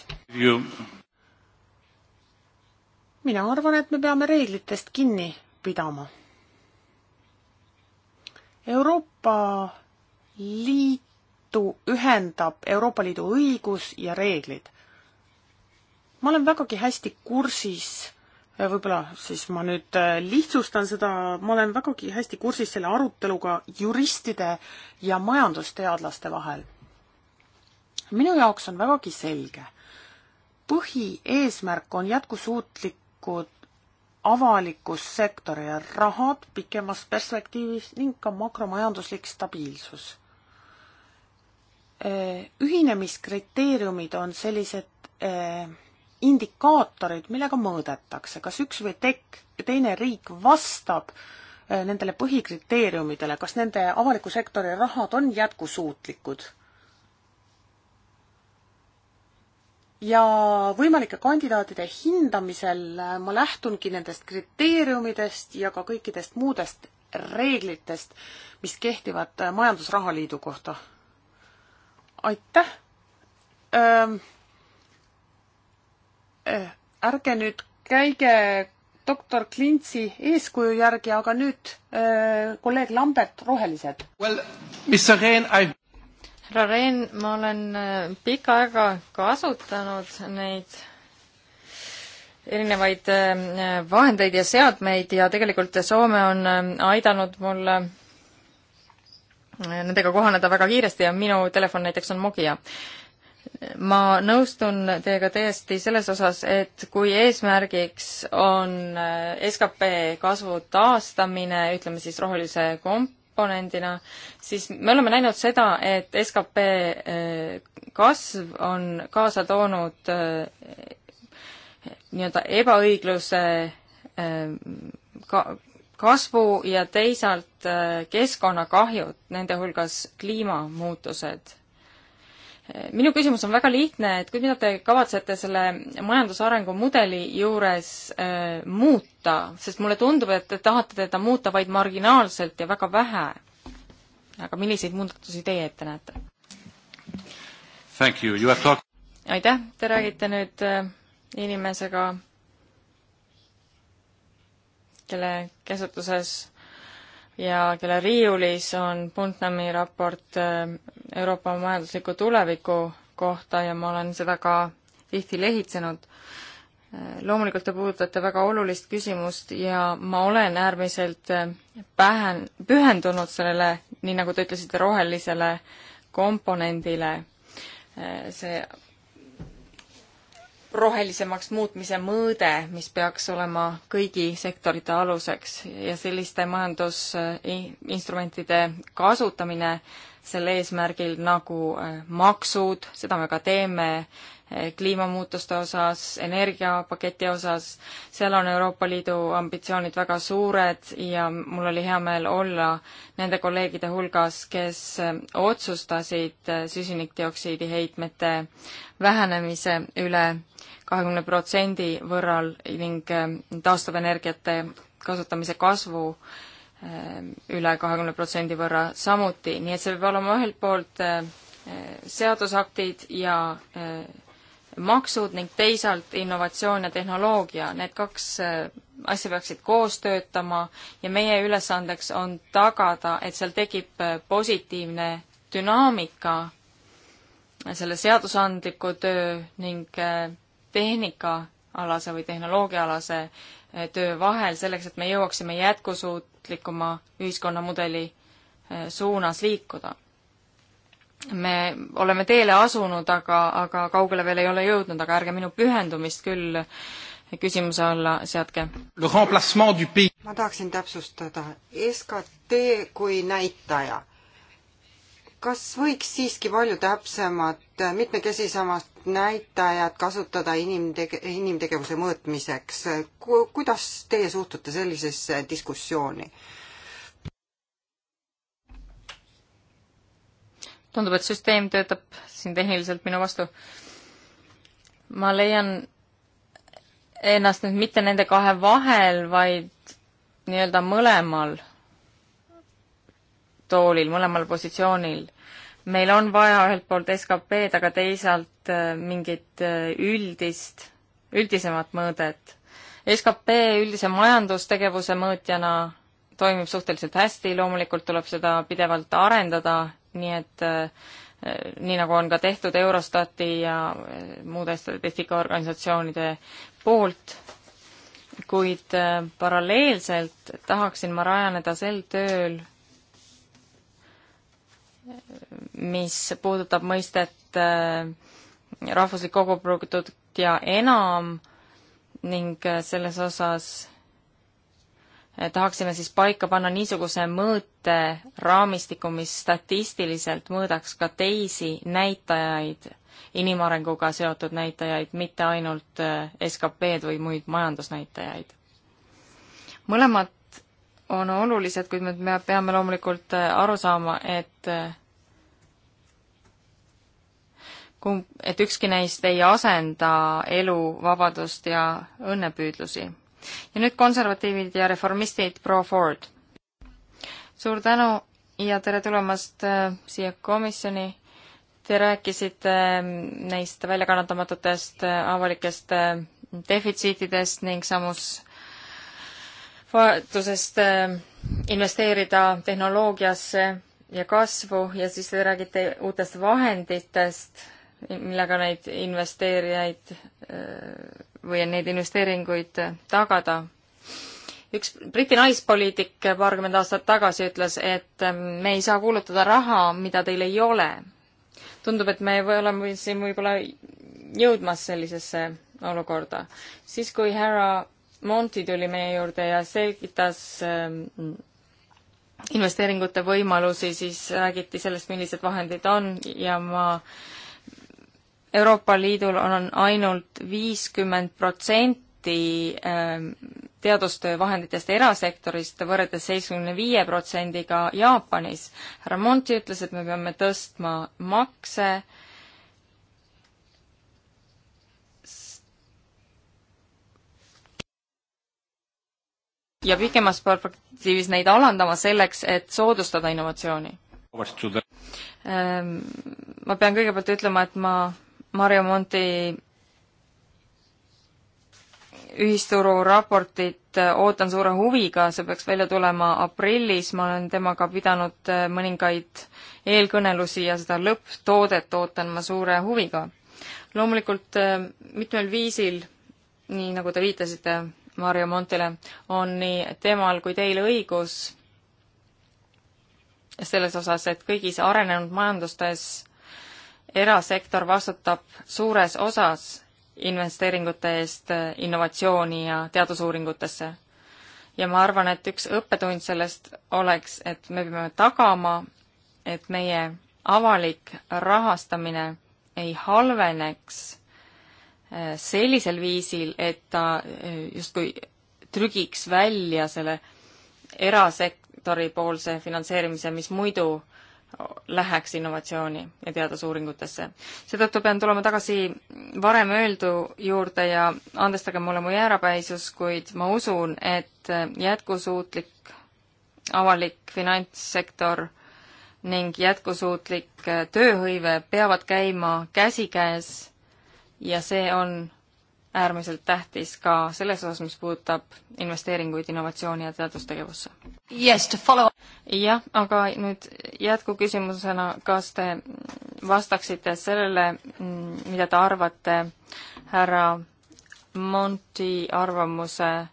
mina arvan, et me peame reeglitest kinni pidama. Euroopa Liitu ühendab Euroopa Liidu õigus ja reeglid. ma olen vägagi hästi kursis, võib-olla siis ma nüüd äh, lihtsustan seda, ma olen vägagi hästi kursis selle aruteluga juristide ja majandusteadlaste vahel. minu jaoks on vägagi selge põhieesmärk on jätkusuutlik avalikud, avalikus sektori rahad pikemas perspektiivis ning ka makromajanduslik stabiilsus. ühinemiskriteeriumid on sellised indikaatorid, millega mõõdetakse, kas üks või tek-, teine riik vastab nendele põhikriteeriumidele, kas nende avaliku sektori rahad on jätkusuutlikud ja võimalike kandidaatide hindamisel äh, ma lähtungi nendest kriteeriumidest ja ka kõikidest muudest reeglitest, mis kehtivad äh, Majandusrahaliidu kohta. aitäh! Ähm, äh, ärge nüüd käige doktor Klintsi eeskuju järgi, aga nüüd öö, kolleeg Lambert, Rohelised well,. I härra Rein, ma olen äh, pikka aega kasutanud neid erinevaid ähm, äh, vahendeid ja seadmeid ja tegelikult Soome on ähm, aidanud mul äh, nendega kohaneda väga kiiresti ja minu telefon näiteks on Nokia. ma nõustun teiega täiesti selles osas, et kui eesmärgiks on skp kasvu taastamine, ütleme siis rohelise komp-, komponendina, siis me oleme näinud seda, et skp eh, kasv on kaasa toonud eh, nii-öelda ebaõigluse eh, ka-, kasvu ja teisalt keskkonnakahjud, nende hulgas kliimamuutused minu küsimus on väga lihtne, et mida te kavatsete selle majandusarengu mudeli juures äh, muuta, sest mulle tundub, et te tahate teda muuta vaid marginaalselt ja väga vähe. aga milliseid muudatusi teie ette näete? Talk... aitäh, te räägite nüüd äh, inimesega, kelle käsutuses ja kelle riiulis on Puntnami raport äh, Euroopa majandusliku tuleviku kohta ja ma olen seda ka tihti lehitsenud. Äh, loomulikult te puudutate väga olulist küsimust ja ma olen äärmiselt äh, pähen-, pühendunud sellele, nii nagu te ütlesite, rohelisele komponendile. see rohelisemaks muutmise mõõde, mis peaks olema kõigi sektorite aluseks ja selliste majandusinstrumentide kasutamine sel eesmärgil nagu äh, maksud, seda me ka teeme, kliimamuutuste osas, energiapaketi osas, seal on Euroopa Liidu ambitsioonid väga suured ja mul oli hea meel olla nende kolleegide hulgas, kes otsustasid süsinikdioksiidi heitmete vähenemise üle kahekümne protsendi võrral ning äh, taastuvenergiate kasutamise kasvu äh, üle kahekümne protsendi võrra samuti, nii et see peab olema ühelt poolt äh, seadusaktid ja maksud ning teisalt innovatsioon ja tehnoloogia, need kaks äh, asja peaksid koos töötama ja meie ülesandeks on tagada, et seal tekib äh, positiivne dünaamika äh, selle seadusandliku töö ning tehnikaalase või tehnoloogiaalase töö vahel, selleks et me jõuaksime jätkusuutlikuma ühiskonnamudeli suunas liikuda me oleme teele asunud, aga, aga kaugele veel ei ole jõudnud, aga ärge minu pühendumist küll küsimuse alla seadke. ma tahaksin täpsustada, SKT kui näitaja, kas võiks siiski palju täpsemat, mitmekesisemat näitajat kasutada inimtege-, inimtegevuse mõõtmiseks Ku,, kuidas teie suhtute sellisesse diskussiooni? tundub, et süsteem töötab siin tehniliselt minu vastu. ma leian ennast nüüd mitte nende kahe vahel, vaid nii-öelda mõlemal toolil, mõlemal positsioonil. meil on vaja ühelt poolt SKP-d, aga teisalt äh, mingit äh, üldist, üldisemat mõõdet. SKP üldise majandustegevuse mõõtjana toimib suhteliselt hästi, loomulikult tuleb seda pidevalt arendada nii et äh, nii nagu on ka tehtud Eurostati ja äh, muude statistikaorganisatsioonide poolt, kuid äh, paralleelselt tahaksin ma rajaneda sel tööl, mis puudutab mõistet rahvuslik koguprodukt ja enam ning selles osas tahaksime siis paika panna niisuguse mõõteraamistiku, mis statistiliselt mõõdaks ka teisi näitajaid, inimarenguga seotud näitajaid, mitte ainult äh, SKP-d või muid majandusnäitajaid. mõlemad on olulised, kuid me peame loomulikult äh, aru saama, et äh, kumb, et ükski neist ei asenda elu, vabadust ja õnnepüüdlusi ja nüüd konservatiivid ja reformistid, proua Ford. suur tänu ja tere tulemast äh, siia komisjoni. Te rääkisite ähm, neist väljakannatamatutest äh, avalikest äh, defitsiitidest ning samus vajadusest investeerida tehnoloogiasse ja kasvu ja siis te räägite uutest vahenditest, millega neid investeerijaid või neid investeeringuid tagada. üks Briti naispoliitik paarkümmend aastat tagasi ütles, et ähm, me ei saa kuulutada raha, mida teil ei ole. tundub, et me või oleme siin võib-olla jõudmas sellisesse olukorda. siis, kui härra Monti tuli meie juurde ja selgitas ähm, investeeringute võimalusi, siis räägiti sellest, millised vahendid on ja ma äh, Euroopa Liidul on ainult viiskümmend protsenti ähm, teadustöö vahenditest erasektorist võrreldes seitsmekümne viie protsendiga Jaapanis. härra Monti ütles, et me peame tõstma makse, ja pikemas perspektiivis neid alandama selleks, et soodustada innovatsiooni. Ähm, ma pean kõigepealt ütlema, et ma Marju Monti ühisturu raportit äh, ootan suure huviga, see peaks välja tulema aprillis, ma olen temaga pidanud äh, mõningaid eelkõnelusi ja seda lõpptoodet ootan ma suure huviga. loomulikult äh, mitmel viisil, nii nagu te viitasite Mario Montile, on nii temal kui teil õigus selles osas, et kõigis arenenud majandustes erasektor vastutab suures osas investeeringute eest eh, innovatsiooni ja teadusuuringutesse. ja ma arvan, et üks õppetund sellest oleks, et me peame tagama, et meie avalik rahastamine ei halveneks eh, sellisel viisil, et ta eh, justkui trügiks välja selle erasektori poolse finantseerimise, mis muidu äh, läheks innovatsiooni ja teadusuuringutesse. seetõttu pean tulema tagasi varem öeldu juurde ja andestage mulle mu jäärapäisus, kuid ma usun, et jätkusuutlik avalik finantssektor ning jätkusuutlik tööhõive peavad käima käsikäes ja see on äärmiselt tähtis ka selles osas, mis puudutab investeeringuid innovatsiooni ja teadustegevusse. jah, aga nüüd jätkuküsimusena, kas te vastaksite sellele, mm, mida te arvate härra Monti arvamuse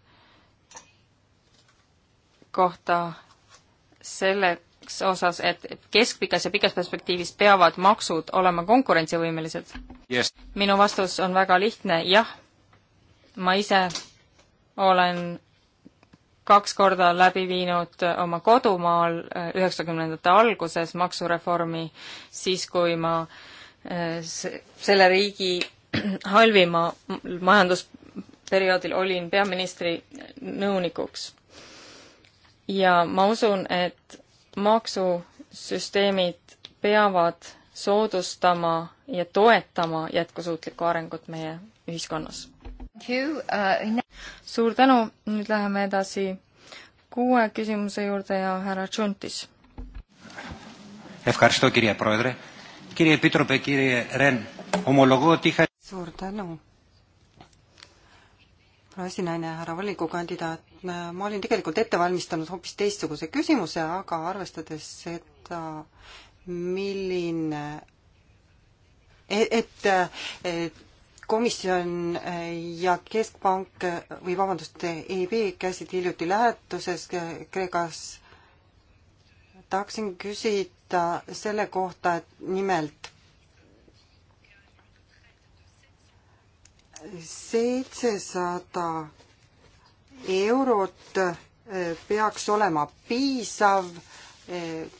kohta selleks osas, et keskpikas ja pikas perspektiivis peavad maksud olema konkurentsivõimelised yes.? minu vastus on väga lihtne, jah ma ise olen kaks korda läbi viinud oma kodumaal eh, üheksakümnendate alguses maksureformi, siis kui ma eh, selle riigi halvima majandusperioodil olin peaministri nõunikuks. ja ma usun, et maksusüsteemid peavad soodustama ja toetama jätkusuutlikku arengut meie ühiskonnas Uh, suur tänu, nüüd läheme edasi kuue küsimuse juurde ja härra Tšuntis. suur tänu naisinaine härra volikogu kandidaat, ma olin tegelikult ette valmistanud hoopis teistsuguse küsimuse, aga arvestades seda, milline et, et, et komisjon ja Keskpank või vabandust, EIB käisid hiljuti lähetuses Kreekas. tahaksin küsida selle kohta, et nimelt seitsesada eurot peaks olema piisav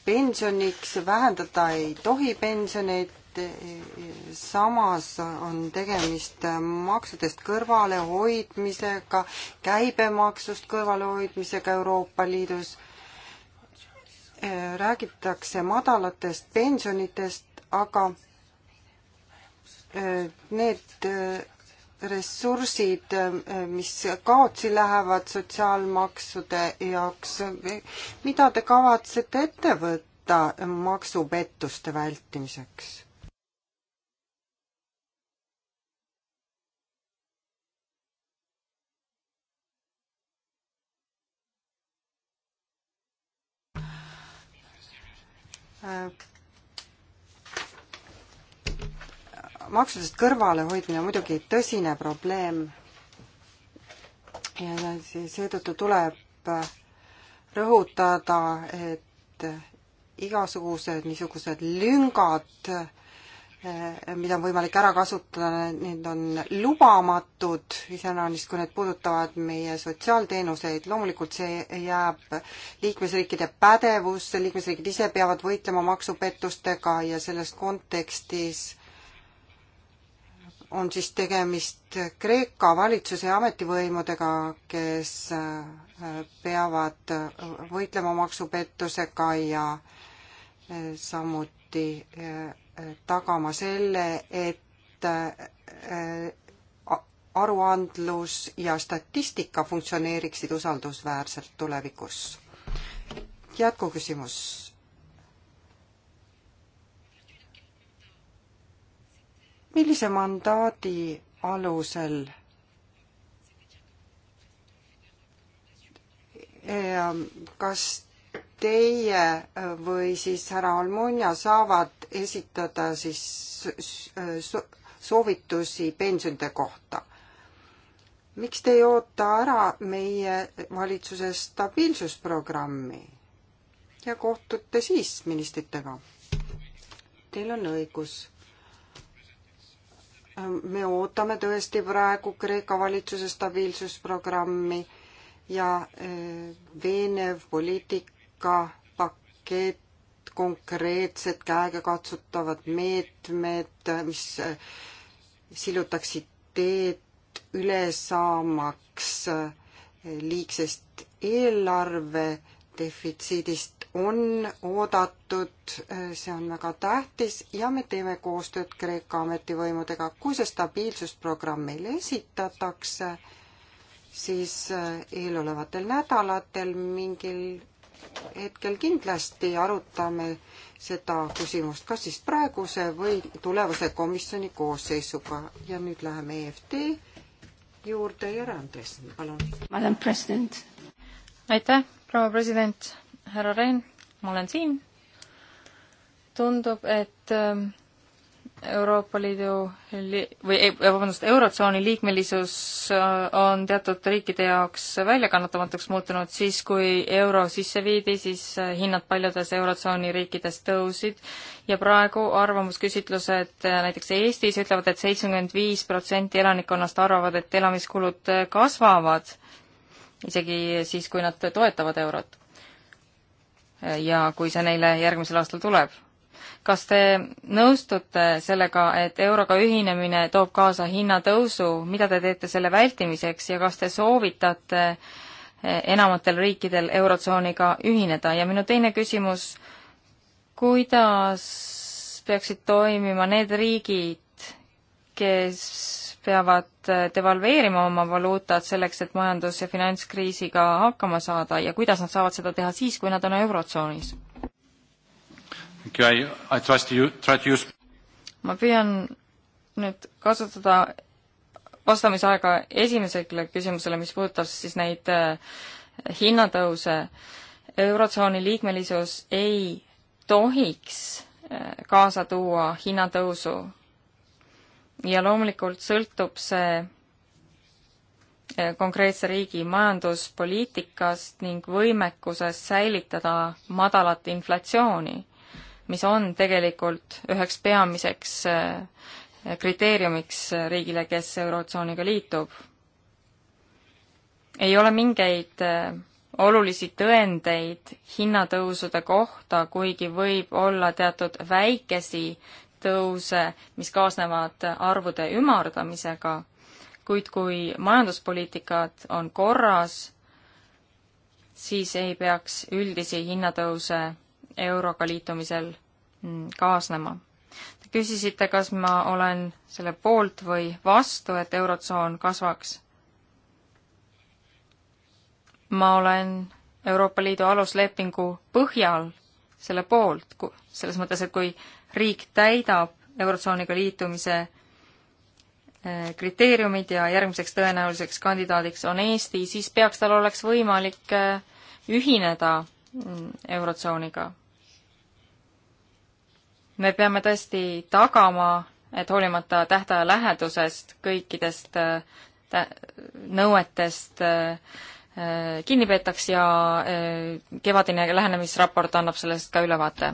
pensioniks, vähendada ei tohi pensioneid et eh, samas on tegemist maksudest kõrvalehoidmisega, käibemaksust kõrvalehoidmisega Euroopa Liidus. Eh, räägitakse madalatest pensionitest, aga eh, need ressursid, mis kaotsi lähevad sotsiaalmaksude jaoks, mida te kavatsete ette võtta maksupettuste vältimiseks? Äh, maksudest kõrvalehoidmine on muidugi tõsine probleem ja seetõttu tuleb rõhutada, et igasugused niisugused lüngad äh, Eh, mida on võimalik ära kasutada, need on lubamatud, iseenesest kui need puudutavad meie sotsiaalteenuseid, loomulikult see jääb liikmesriikide pädevusse, liikmesriigid ise peavad võitlema maksupettustega ja selles kontekstis on siis tegemist Kreeka valitsuse ja ametivõimudega, kes eh, peavad võitlema maksupettusega ja eh, samuti tagama selle, et äh, aruandlus ja statistika funktsioneeriksid usaldusväärselt tulevikus. jätkuküsimus. millise mandaadi alusel äh, kas teie äh, või siis härra Almunia saavad esitada siis soovitusi pensionide kohta. miks te ei oota ära meie valitsuse stabiilsusprogrammi ja kohtute siis ministritega? Teil on õigus. me ootame tõesti praegu Kreeka valitsuse stabiilsusprogrammi ja äh, veenev poliitik palgapakett, konkreetsed käegakatsutavad meetmed, mis sillutaksid teed üle saamaks liigsest eelarve defitsiidist on oodatud, see on väga tähtis ja me teeme koostööd Kreeka ametivõimudega. kui see stabiilsusprogramm meile esitatakse, siis eelolevatel nädalatel mingil hetkel kindlasti arutame seda küsimust, kas siis praeguse või tulevase komisjoni koosseisuga ja nüüd läheme EFT juurde ja Randes, palun. Madam President. aitäh, proua president, härra Rein, ma olen siin. tundub, et äh, Euroopa Liidu li-, või ei, eh, vabandust, Eurotsooni liikmelisus äh, on teatud riikide jaoks väljakannatamatuks muutunud, siis kui euro sisse viidi, siis äh, hinnad paljudes Eurotsooni riikides tõusid ja praegu arvamusküsitlused äh, näiteks Eestis ütlevad et, et seitsekümmend viis protsenti elanikkonnast arvavad, et elamiskulud kasvavad, isegi siis, kui nad toetavad eurot. ja kui see neile järgmisel aastal tuleb kas te nõustute sellega, et euroga ühinemine toob kaasa hinnatõusu, mida te teete selle vältimiseks ja kas te soovitate eh, enamatel riikidel Eurotsooniga ühineda ja minu teine küsimus, kuidas peaksid toimima need riigid, kes peavad eh, devalveerima oma valuutat selleks, et majandus- ja finantskriisiga hakkama saada ja kuidas nad saavad seda teha siis, kui nad on Eurotsoonis? I, I trust you, try to use ma püüan nüüd kasutada vastamisaega esimesele küsimusele, mis puudutas siis neid äh, hinnatõuse. eurotsooni liikmelisus ei tohiks äh, kaasa tuua hinnatõusu. ja loomulikult sõltub see äh, konkreetse riigi majanduspoliitikast ning võimekusest säilitada madalat inflatsiooni mis on tegelikult üheks peamiseks eh, kriteeriumiks riigile, kes Eurotsooniga liitub. ei ole mingeid eh, olulisi tõendeid hinnatõusude kohta, kuigi võib olla teatud väikesi tõuse, mis kaasnevad arvude ümardamisega, kuid kui majanduspoliitikad on korras, siis ei peaks üldisi hinnatõuse euroga liitumisel mm, kaasnema. Te küsisite, kas ma olen selle poolt või vastu, et Eurotsoon kasvaks. ma olen Euroopa Liidu aluslepingu põhjal selle poolt, selles mõttes, et kui riik täidab Eurotsooniga liitumise eh, kriteeriumid ja järgmiseks tõenäoliseks kandidaadiks on Eesti, siis peaks tal oleks võimalik eh, ühineda mm, Eurotsooniga me peame tõesti tagama, et hoolimata tähtaja lähedusest kõikidest nõuetest äh, kinni peetaks ja äh, kevadine lähenemisraport annab sellest ka ülevaate.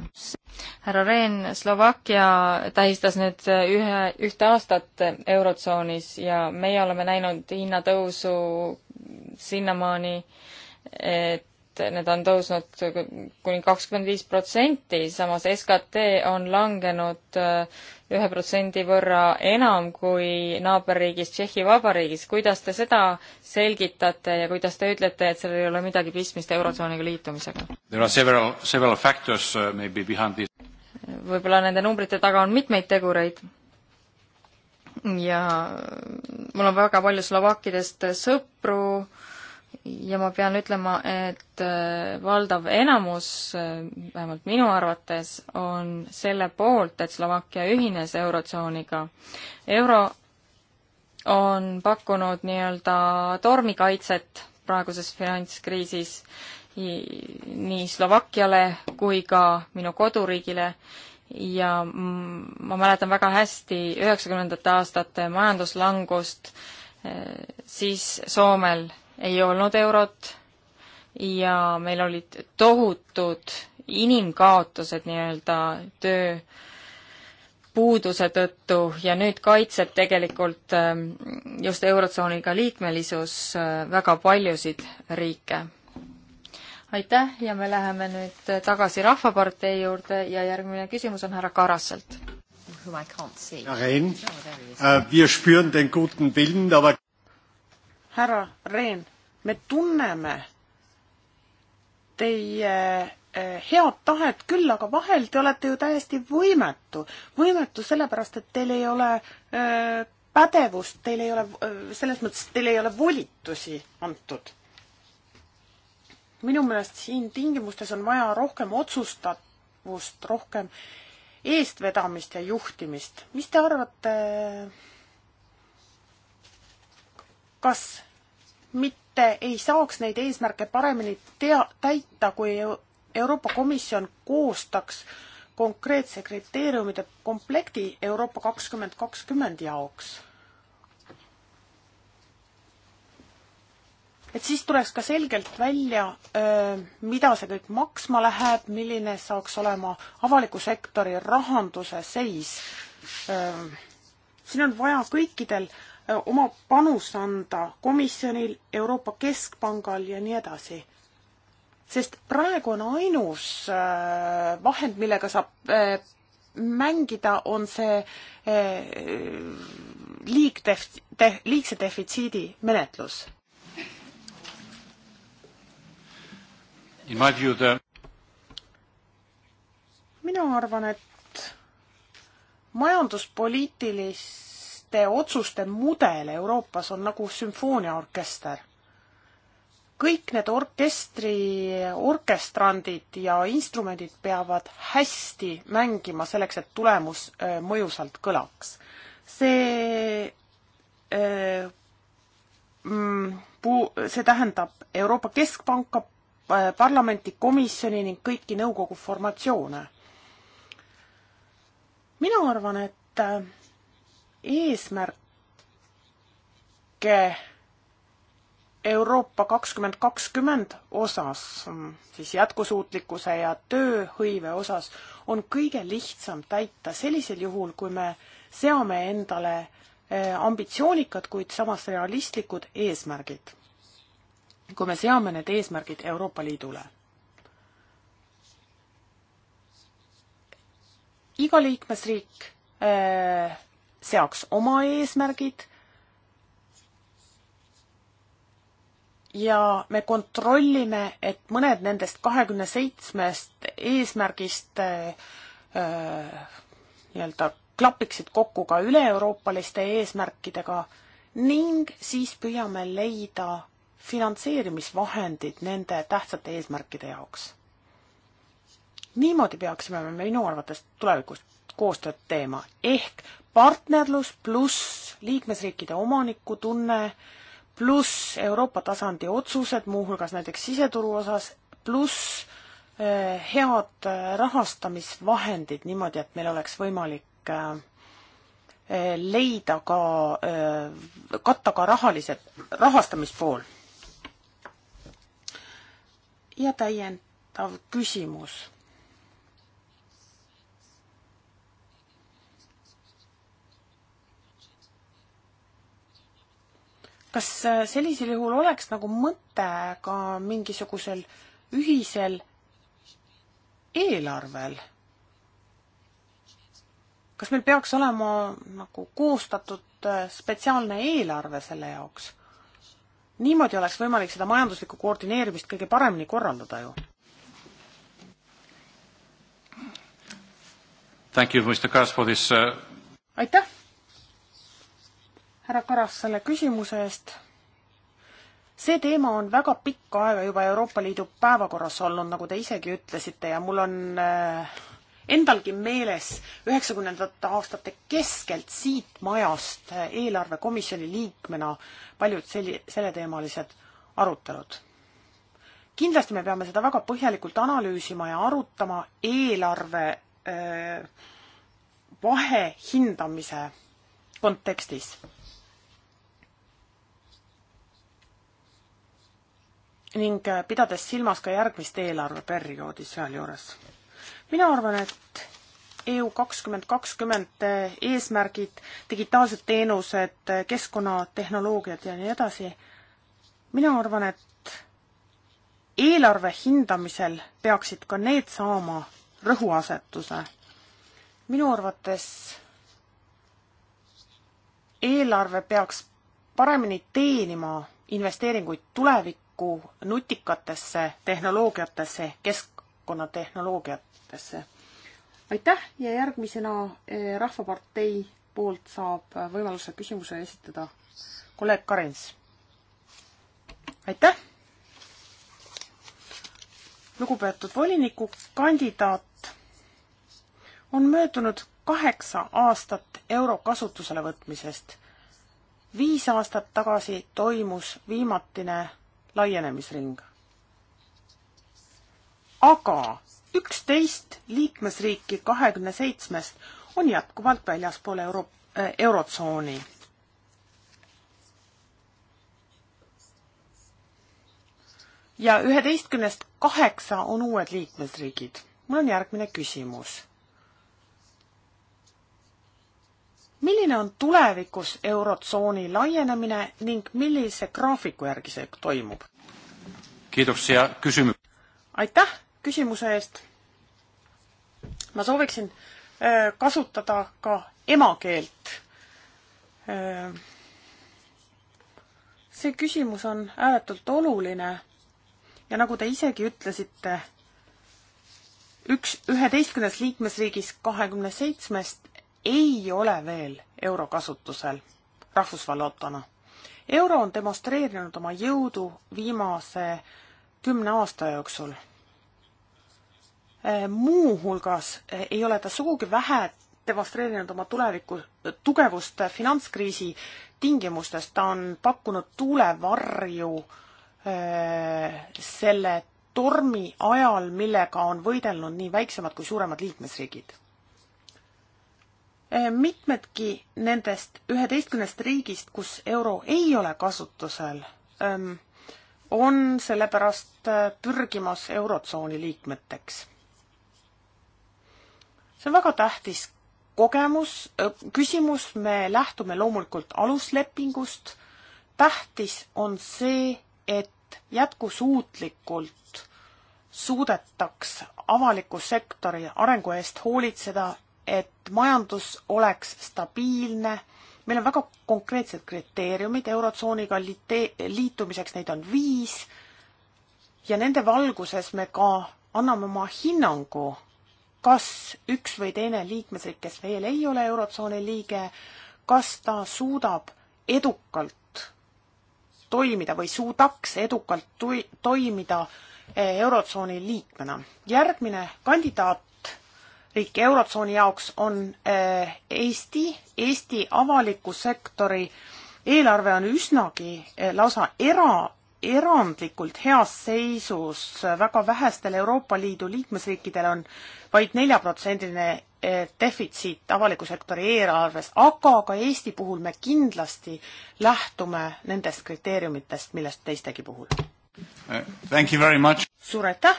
härra Rehn, Slovakkia tähistas nüüd äh, ühe, ühte aastat Eurotsoonis ja meie oleme näinud hinnatõusu sinnamaani, et need on tõusnud kuni kakskümmend viis protsenti, samas SKT on langenud äh, ühe protsendi võrra enam kui naaberriigis Tšehhi Vabariigis. kuidas te seda selgitate ja kuidas te ütlete, et sellel ei ole midagi pistmist Eurotsooniga liitumisega? Uh, võib-olla nende numbrite taga on mitmeid tegureid ja mul on väga palju slovakkidest sõpru, ja ma pean ütlema, et äh, valdav enamus, äh, vähemalt minu arvates, on selle poolt, et Slovakkia ühines Eurotsooniga. euro on pakkunud nii-öelda tormikaitset praeguses finantskriisis nii Slovakkiale kui ka minu koduriigile ja ma mäletan väga hästi üheksakümnendate aastate majanduslangust, äh, siis Soomel ei olnud eurot ja meil olid tohutud inimkaotused nii-öelda tööpuuduse tõttu ja nüüd kaitseb tegelikult ähm, just Eurotsooniga liikmelisus äh, väga paljusid riike. aitäh ja me läheme nüüd tagasi Rahvapartei juurde ja järgmine küsimus on härra Karaselt. Oh, äh, härra Rehn, härra Rehn me tunneme teie eh, head tahet küll, aga vahel te olete ju täiesti võimetu. võimetu sellepärast, et teil ei ole öö, eh, pädevust, teil ei ole, eh, selles mõttes, et teil ei ole volitusi antud. minu meelest siin tingimustes on vaja rohkem otsustavust, rohkem eestvedamist ja juhtimist. mis te arvate, kas mit-, ei saaks neid eesmärke paremini tea-, täita, kui Euroopa Komisjon koostaks konkreetse kriteeriumide komplekti Euroopa kakskümmend kakskümmend jaoks. et siis tuleks ka selgelt välja, mida see kõik maksma läheb, milline saaks olema avaliku sektori rahanduse seis. siin on vaja kõikidel oma panus anda komisjonil, Euroopa Keskpangal ja nii edasi. sest praegu on ainus äh, vahend, millega saab äh, mängida, on see äh, liigdef-, liigse defitsiidi menetlus. The... mina arvan, et majanduspoliitilist poliitiliste otsuste mudel Euroopas on nagu sümfooniaorkester. kõik need orkestri, orkestrandid ja instrumendid peavad hästi mängima selleks, et tulemus äh, mõjusalt kõlaks. see öö, äh, mm, puu, see tähendab Euroopa Keskpanka, äh, parlamenti, komisjoni ning kõiki nõukogu formatsioone. mina arvan, et eesmärke Euroopa kakskümmend kakskümmend osas, siis jätkusuutlikkuse ja tööhõive osas, on kõige lihtsam täita sellisel juhul, kui me seame endale eh, ambitsioonikad, kuid samas realistlikud eesmärgid. kui me seame need eesmärgid Euroopa Liidule. iga liikmesriik eh, seaks oma eesmärgid ja me kontrollime, et mõned nendest kahekümne seitsmest eesmärgist äh, nii-öelda klapiksid kokku ka üle-euroopaliste eesmärkidega ning siis püüame leida finantseerimisvahendid nende tähtsate eesmärkide jaoks. niimoodi peaksime me minu arvates tulevikus koostööd teema, ehk partnerlus pluss liikmesriikide omanikutunne, pluss Euroopa tasandi otsused, muuhulgas näiteks siseturu osas, pluss eh, head eh, rahastamisvahendid niimoodi, et meil oleks võimalik eh, leida ka, katta ka rahalised, rahastamispool. ja täiendav küsimus kas äh, sellisel juhul oleks nagu mõte ka mingisugusel ühisel eelarvel? kas meil peaks olema nagu koostatud äh, spetsiaalne eelarve selle jaoks? niimoodi oleks võimalik seda majanduslikku koordineerimist kõige paremini korraldada ju. Thank you, Mr Karas, for this uh... aitäh härra Karas, selle küsimuse eest. see teema on väga pikka aega juba Euroopa Liidu päevakorras olnud, nagu te isegi ütlesite ja mul on äh, endalgi meeles üheksakümnendate aastate keskelt siit majast äh, eelarvekomisjoni liikmena paljud selli-, selleteemalised arutelud. kindlasti me peame seda väga põhjalikult analüüsima ja arutama eelarve öö, äh, vahe hindamise kontekstis. ning äh, pidades silmas ka järgmist eelarveperioodi sealjuures. mina arvan, et EU kakskümmend kakskümmend äh, eesmärgid, digitaalsed teenused, äh, keskkonnatehnoloogiad ja nii edasi, mina arvan, et eelarve hindamisel peaksid ka need saama rõhuasetuse. minu arvates eelarve peaks paremini teenima investeeringuid tulevikku, usku nagu nutikatesse tehnoloogiatesse, keskkonnatehnoloogiatesse. aitäh ja järgmisena eh, Rahvapartei poolt saab eh, võimaluse küsimuse esitada kolleeg Karins. aitäh! lugupeetud volinikukandidaat, on möödunud kaheksa aastat euro kasutusele võtmisest. viis aastat tagasi toimus viimatine laienemisring. aga üksteist liikmesriiki kahekümne seitsmest on jätkuvalt väljaspool euro, äh, eurotsooni. ja üheteistkümnest kaheksa on uued liikmesriigid. mul on järgmine küsimus milline on tulevikus Eurotsooni laienemine ning millise graafiku järgi see toimub? kiitoksia küsimus. aitäh küsimuse eest. ma sooviksin öö, äh, kasutada ka emakeelt. Äh, see küsimus on ääretult oluline ja nagu te isegi ütlesite, üks, üheteistkümnes liikmesriigis kahekümne seitsmest ei ole veel euro kasutusel rahvusvaluutana. euro on demonstreerinud oma jõudu viimase kümne aasta jooksul. Eh, muuhulgas eh, ei ole ta sugugi vähe demonstreerinud oma tuleviku eh, tugevust finantskriisi tingimustes, ta on pakkunud tuulevarju selle tormi ajal, millega on võidelnud nii väiksemad kui suuremad liikmesriigid. Eh, mitmedki nendest üheteistkümnest riigist, kus euro ei ole kasutusel, ehm, on sellepärast eh, pürgimas Eurotsooni liikmeteks. see on väga tähtis kogemus, küsimus, me lähtume loomulikult aluslepingust, tähtis on see, et jätkusuutlikult suudetaks avaliku sektori arengu eest hoolitseda et majandus oleks stabiilne, meil on väga konkreetsed kriteeriumid Eurotsooniga liitumiseks, neid on viis, ja nende valguses me ka anname oma hinnangu, kas üks või teine liikmesriik, kes veel ei ole Eurotsooni liige, kas ta suudab edukalt toimida või suudaks edukalt toimida eh, Eurotsooni liikmena. järgmine kandidaat riik Eurotsooni jaoks on eh, Eesti, Eesti avaliku sektori eelarve on üsnagi eh, lausa era, erandlikult heas seisus, väga vähestel Euroopa Liidu liikmesriikidel on vaid neljaprotsendiline eh, defitsiit avaliku sektori eelarves, aga ka Eesti puhul me kindlasti lähtume nendest kriteeriumitest, millest teistegi puhul. Uh, suur aitäh!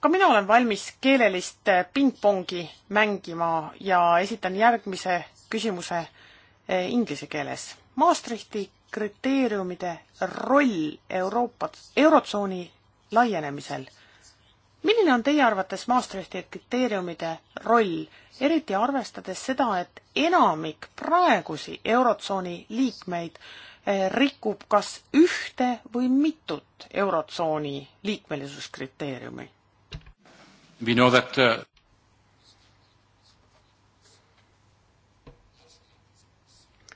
ka mina olen valmis keelelist eh, pingpongi mängima ja esitan järgmise küsimuse eh, inglise keeles. Maastrichti kriteeriumide roll Euroopa, Eurotsooni laienemisel. milline on teie arvates Maastrichti kriteeriumide roll, eriti arvestades seda, et enamik praegusi Eurotsooni liikmeid eh, rikub kas ühte või mitut Eurotsooni liikmelisuskriteeriumi? We know that uh,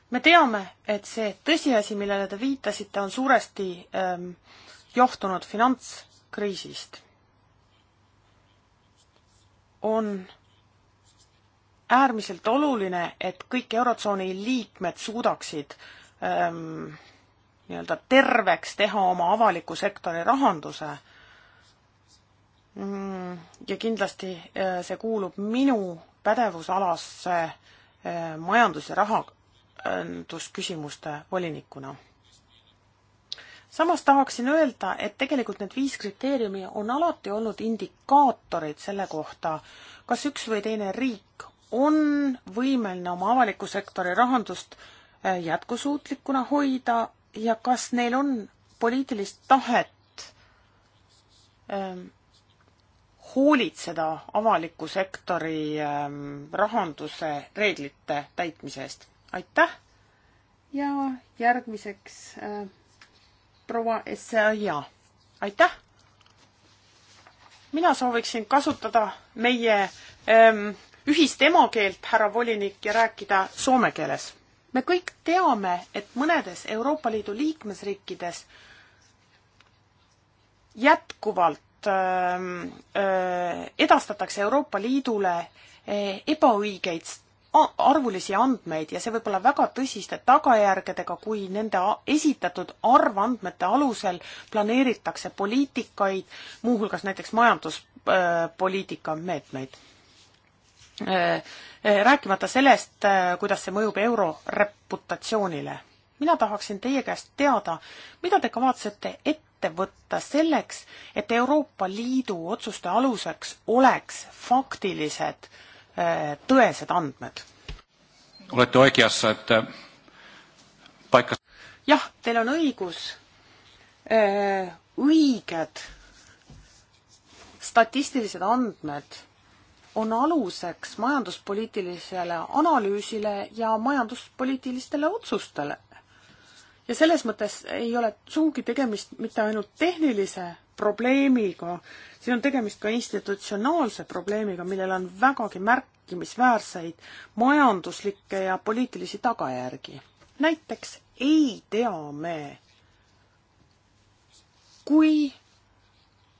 me teame, et see tõsiasi, millele te viitasite, on suuresti ähm, johtunud finantskriisist. on äärmiselt oluline, et kõik Eurotsooni liikmed suudaksid ähm, nii-öelda terveks teha oma avaliku sektori rahanduse äh, Mm, ja kindlasti äh, see kuulub minu pädevusalasse äh, majandus- ja rahandusküsimuste volinikuna. samas tahaksin öelda, et tegelikult need viis kriteeriumi on alati olnud indikaatorid selle kohta, kas üks või teine riik on võimeline oma avaliku sektori rahandust äh, jätkusuutlikuna hoida ja kas neil on poliitilist tahet ähm, hoolitseda avaliku sektori ähm, rahanduse reeglite täitmise eest. aitäh ja järgmiseks äh, proua Essaia, aitäh! mina sooviksin kasutada meie ähm, ühist emakeelt, härra volinik, ja rääkida soome keeles. me kõik teame, et mõnedes Euroopa Liidu liikmesriikides jätkuvalt Ähm, äh, edastatakse Euroopa Liidule äh, ebaõigeid arvulisi andmeid ja see võib olla väga tõsiste tagajärgedega, kui nende esitatud arvandmete alusel planeeritakse poliitikaid, muuhulgas näiteks majanduspoliitika äh, meetmeid. Rääkimata sellest, kuidas see mõjub euro reputatsioonile. mina tahaksin teie käest teada, mida te kavatsete ette ette võtta selleks, et Euroopa Liidu otsuste aluseks oleks faktilised äh, tõesed andmed? olete õigesse, et äh, paika jah, teil on õigus, äh, õiged statistilised andmed on aluseks majanduspoliitilisele analüüsile ja majanduspoliitilistele otsustele, ja selles mõttes ei ole sugugi tegemist mitte ainult tehnilise probleemiga, siin on tegemist ka institutsionaalse probleemiga, millel on vägagi märkimisväärseid majanduslikke ja poliitilisi tagajärgi. näiteks ei tea me, kui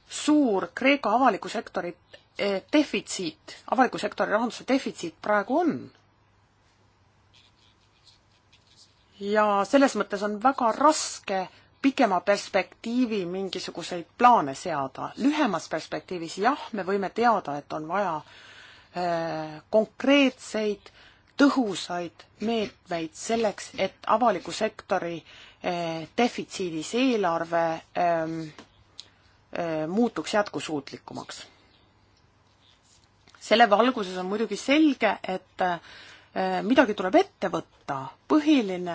suur Kreeka avaliku sektori eh, defitsiit, avaliku sektori rahanduse defitsiit praegu on ja selles mõttes on väga raske pikema perspektiivi mingisuguseid plaane seada. lühemas perspektiivis jah, me võime teada, et on vaja äh, konkreetseid tõhusaid meetmeid selleks, et avaliku sektori äh, defitsiidis eelarve ähm, äh, muutuks jätkusuutlikumaks. selle valguses on muidugi selge, et äh, Äh, midagi tuleb ette võtta. põhiline,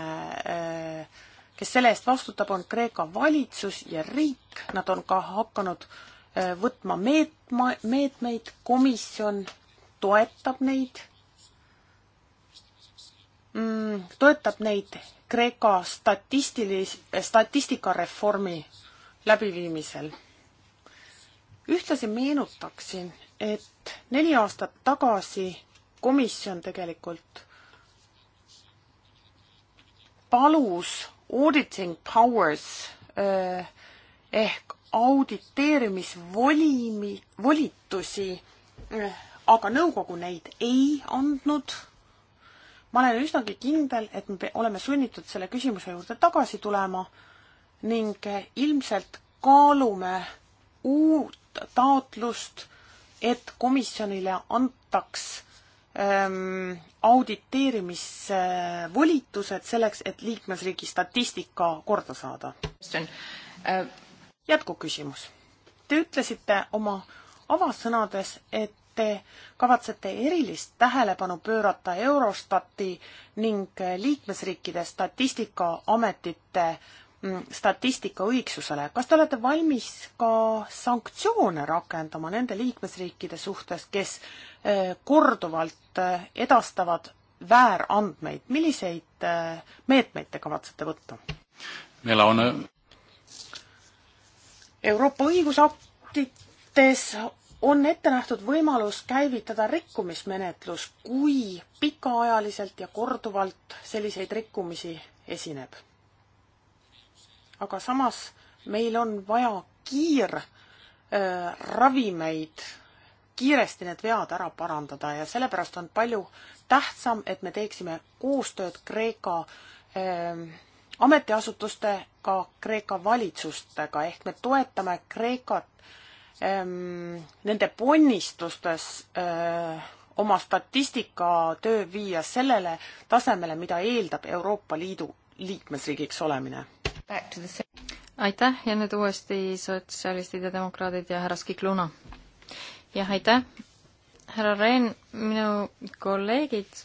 äh, kes selle eest vastutab, on Kreeka valitsus ja riik, nad on ka hakanud äh, võtma meetma, meetmeid, komisjon toetab neid, mm, toetab neid Kreeka statistilis-, statistikareformi läbiviimisel. ühtlasi meenutaksin, et neli aastat tagasi komisjon tegelikult palus auditing powers eh, ehk auditeerimisvolimi, volitusi, eh, aga nõukogu neid ei andnud. ma olen üsnagi kindel, et me oleme sunnitud selle küsimuse juurde tagasi tulema ning eh, ilmselt kaalume uut taotlust, et komisjonile antaks ähm, auditeerimisvolitused selleks, et liikmesriigi statistika korda saada? Äh, jätkuküsimus. Te ütlesite oma avasõnades, et te kavatsete erilist tähelepanu pöörata Eurostati ning liikmesriikide statistikaametite Mm, statistika õigsusele. kas te olete valmis ka sanktsioone rakendama nende liikmesriikide suhtes, kes eh, korduvalt eh, edastavad väärandmeid, milliseid eh, meetmeid te kavatsete võtta? meil on äh, Euroopa õigusaktides on ette nähtud võimalus käivitada rikkumismenetlus, kui pikaajaliselt ja korduvalt selliseid rikkumisi esineb aga samas meil on vaja kiir äh, ravimeid, kiiresti need vead ära parandada ja sellepärast on palju tähtsam, et me teeksime koostööd Kreeka äh, ametiasutustega, Kreeka valitsustega ehk me toetame Kreekat ähm, nende ponnistustes äh, oma statistikatöö viia sellele tasemele, mida eeldab Euroopa Liidu liikmesriigiks olemine aitäh ja nüüd uuesti sotsialistid ja demokraadid ja härra Skikluna. jah, aitäh. härra Rehn, minu kolleegid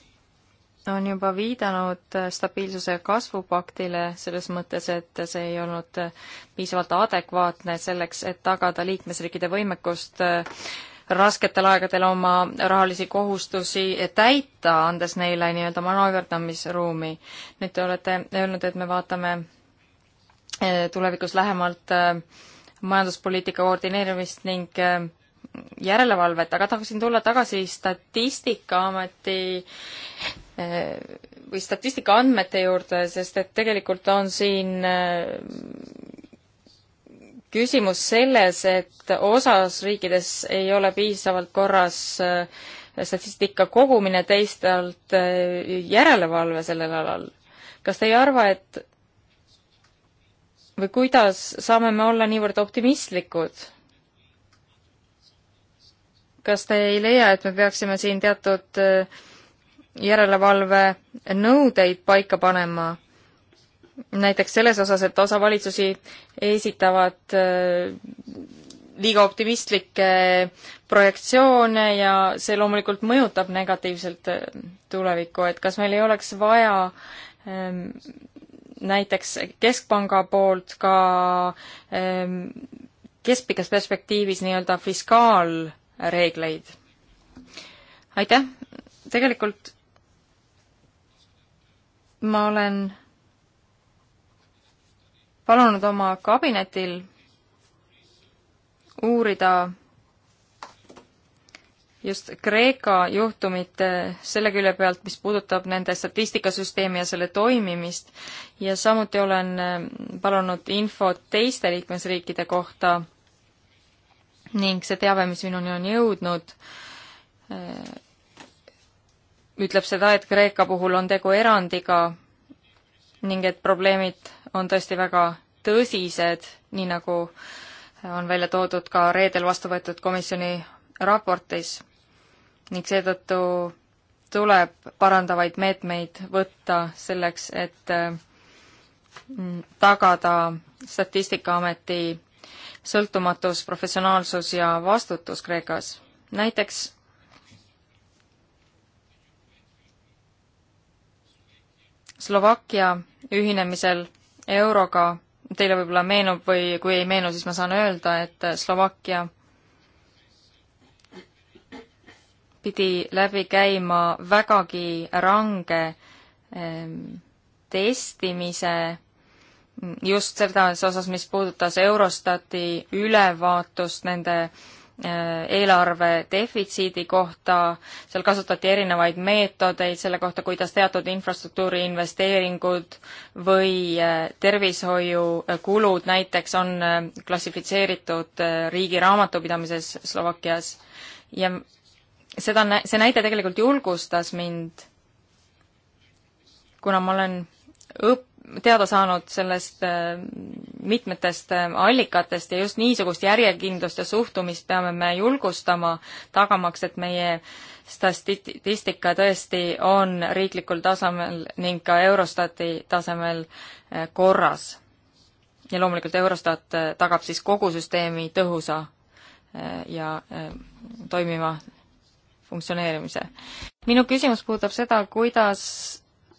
on juba viidanud stabiilsuse kasvupaktile selles mõttes, et see ei olnud piisavalt adekvaatne selleks, et tagada liikmesriikide võimekust äh, rasketel aegadel oma rahalisi kohustusi täita, andes neile nii-öelda manööverdamisruumi. nüüd te olete öelnud, et me vaatame Äh, tulevikus lähemalt äh, majanduspoliitika koordineerimist ning äh, järelevalvet, aga tahaksin tulla tagasi Statistikaameti või statistika andmete juurde, sest et tegelikult on siin küsimus selles, et osas riikides ei ole piisavalt korras statistika kogumine, teistelt järelevalve sellel alal. kas te ei arva, et või kuidas saame me olla niivõrd optimistlikud? kas te ei leia, et me peaksime siin teatud äh, järelevalve nõudeid paika panema? näiteks selles osas, et osa valitsusi esitavad äh, liiga optimistlikke projektsioone ja see loomulikult mõjutab negatiivselt äh, tulevikku, et kas meil ei oleks vaja ähm, näiteks Keskpanga poolt ka ehm, keskpikas perspektiivis nii-öelda fiskaalreegleid? aitäh, tegelikult ma olen palunud oma kabinetil uurida just Kreeka juhtumit eh, selle külje pealt, mis puudutab nende statistikasüsteemi ja selle toimimist ja samuti olen eh, palunud infot teiste liikmesriikide kohta ning see teave, mis minuni on jõudnud, eh, ütleb seda, et Kreeka puhul on tegu erandiga ning et probleemid on tõesti väga tõsised, nii nagu on välja toodud ka reedel vastu võetud komisjoni raportis ning seetõttu tuleb parandavaid meetmeid võtta selleks, et mm, tagada Statistikaameti sõltumatus, professionaalsus ja vastutus Kreekas. näiteks Slovakkia ühinemisel euroga, teile võib-olla meenub või kui ei meenu, siis ma saan öelda, et Slovakkia pidi läbi käima vägagi range ehm, testimise just selles osas, mis puudutas Eurostati ülevaatust nende ehm, eelarve defitsiidi kohta, seal kasutati erinevaid meetodeid selle kohta, kuidas teatud infrastruktuuri investeeringud või ehm, tervishoiukulud näiteks on klassifitseeritud riigi raamatupidamises Slovakkias ja seda, see näide tegelikult julgustas mind, kuna ma olen õpp-, teada saanud sellest äh, mitmetest äh, allikatest ja just niisugust järjekindlust ja suhtumist peame me julgustama, tagamaks, et meie statistika tõesti on riiklikul tasemel ning ka Eurostati tasemel äh, korras. ja loomulikult Eurostat tagab siis kogu süsteemi tõhusa ja toimiva funktsioneerimise. minu küsimus puudutab seda, kuidas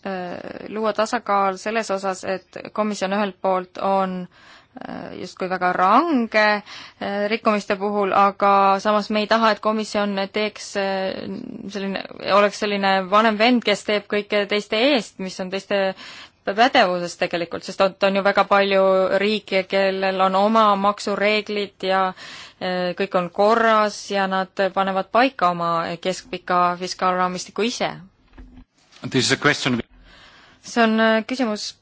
äh, luua tasakaal selles osas, et komisjon ühelt poolt on äh, justkui väga range äh, rikkumiste puhul, aga samas me ei taha, et komisjon teeks selline, oleks selline vanem vend, kes teeb kõike teiste eest, mis on teiste pädevuses tegelikult, sest on, on ju väga palju riike, kellel on oma maksureeglid ja eh, kõik on korras ja nad panevad paika oma keskpika fiskaalraamistiku ise. see on eh, küsimus,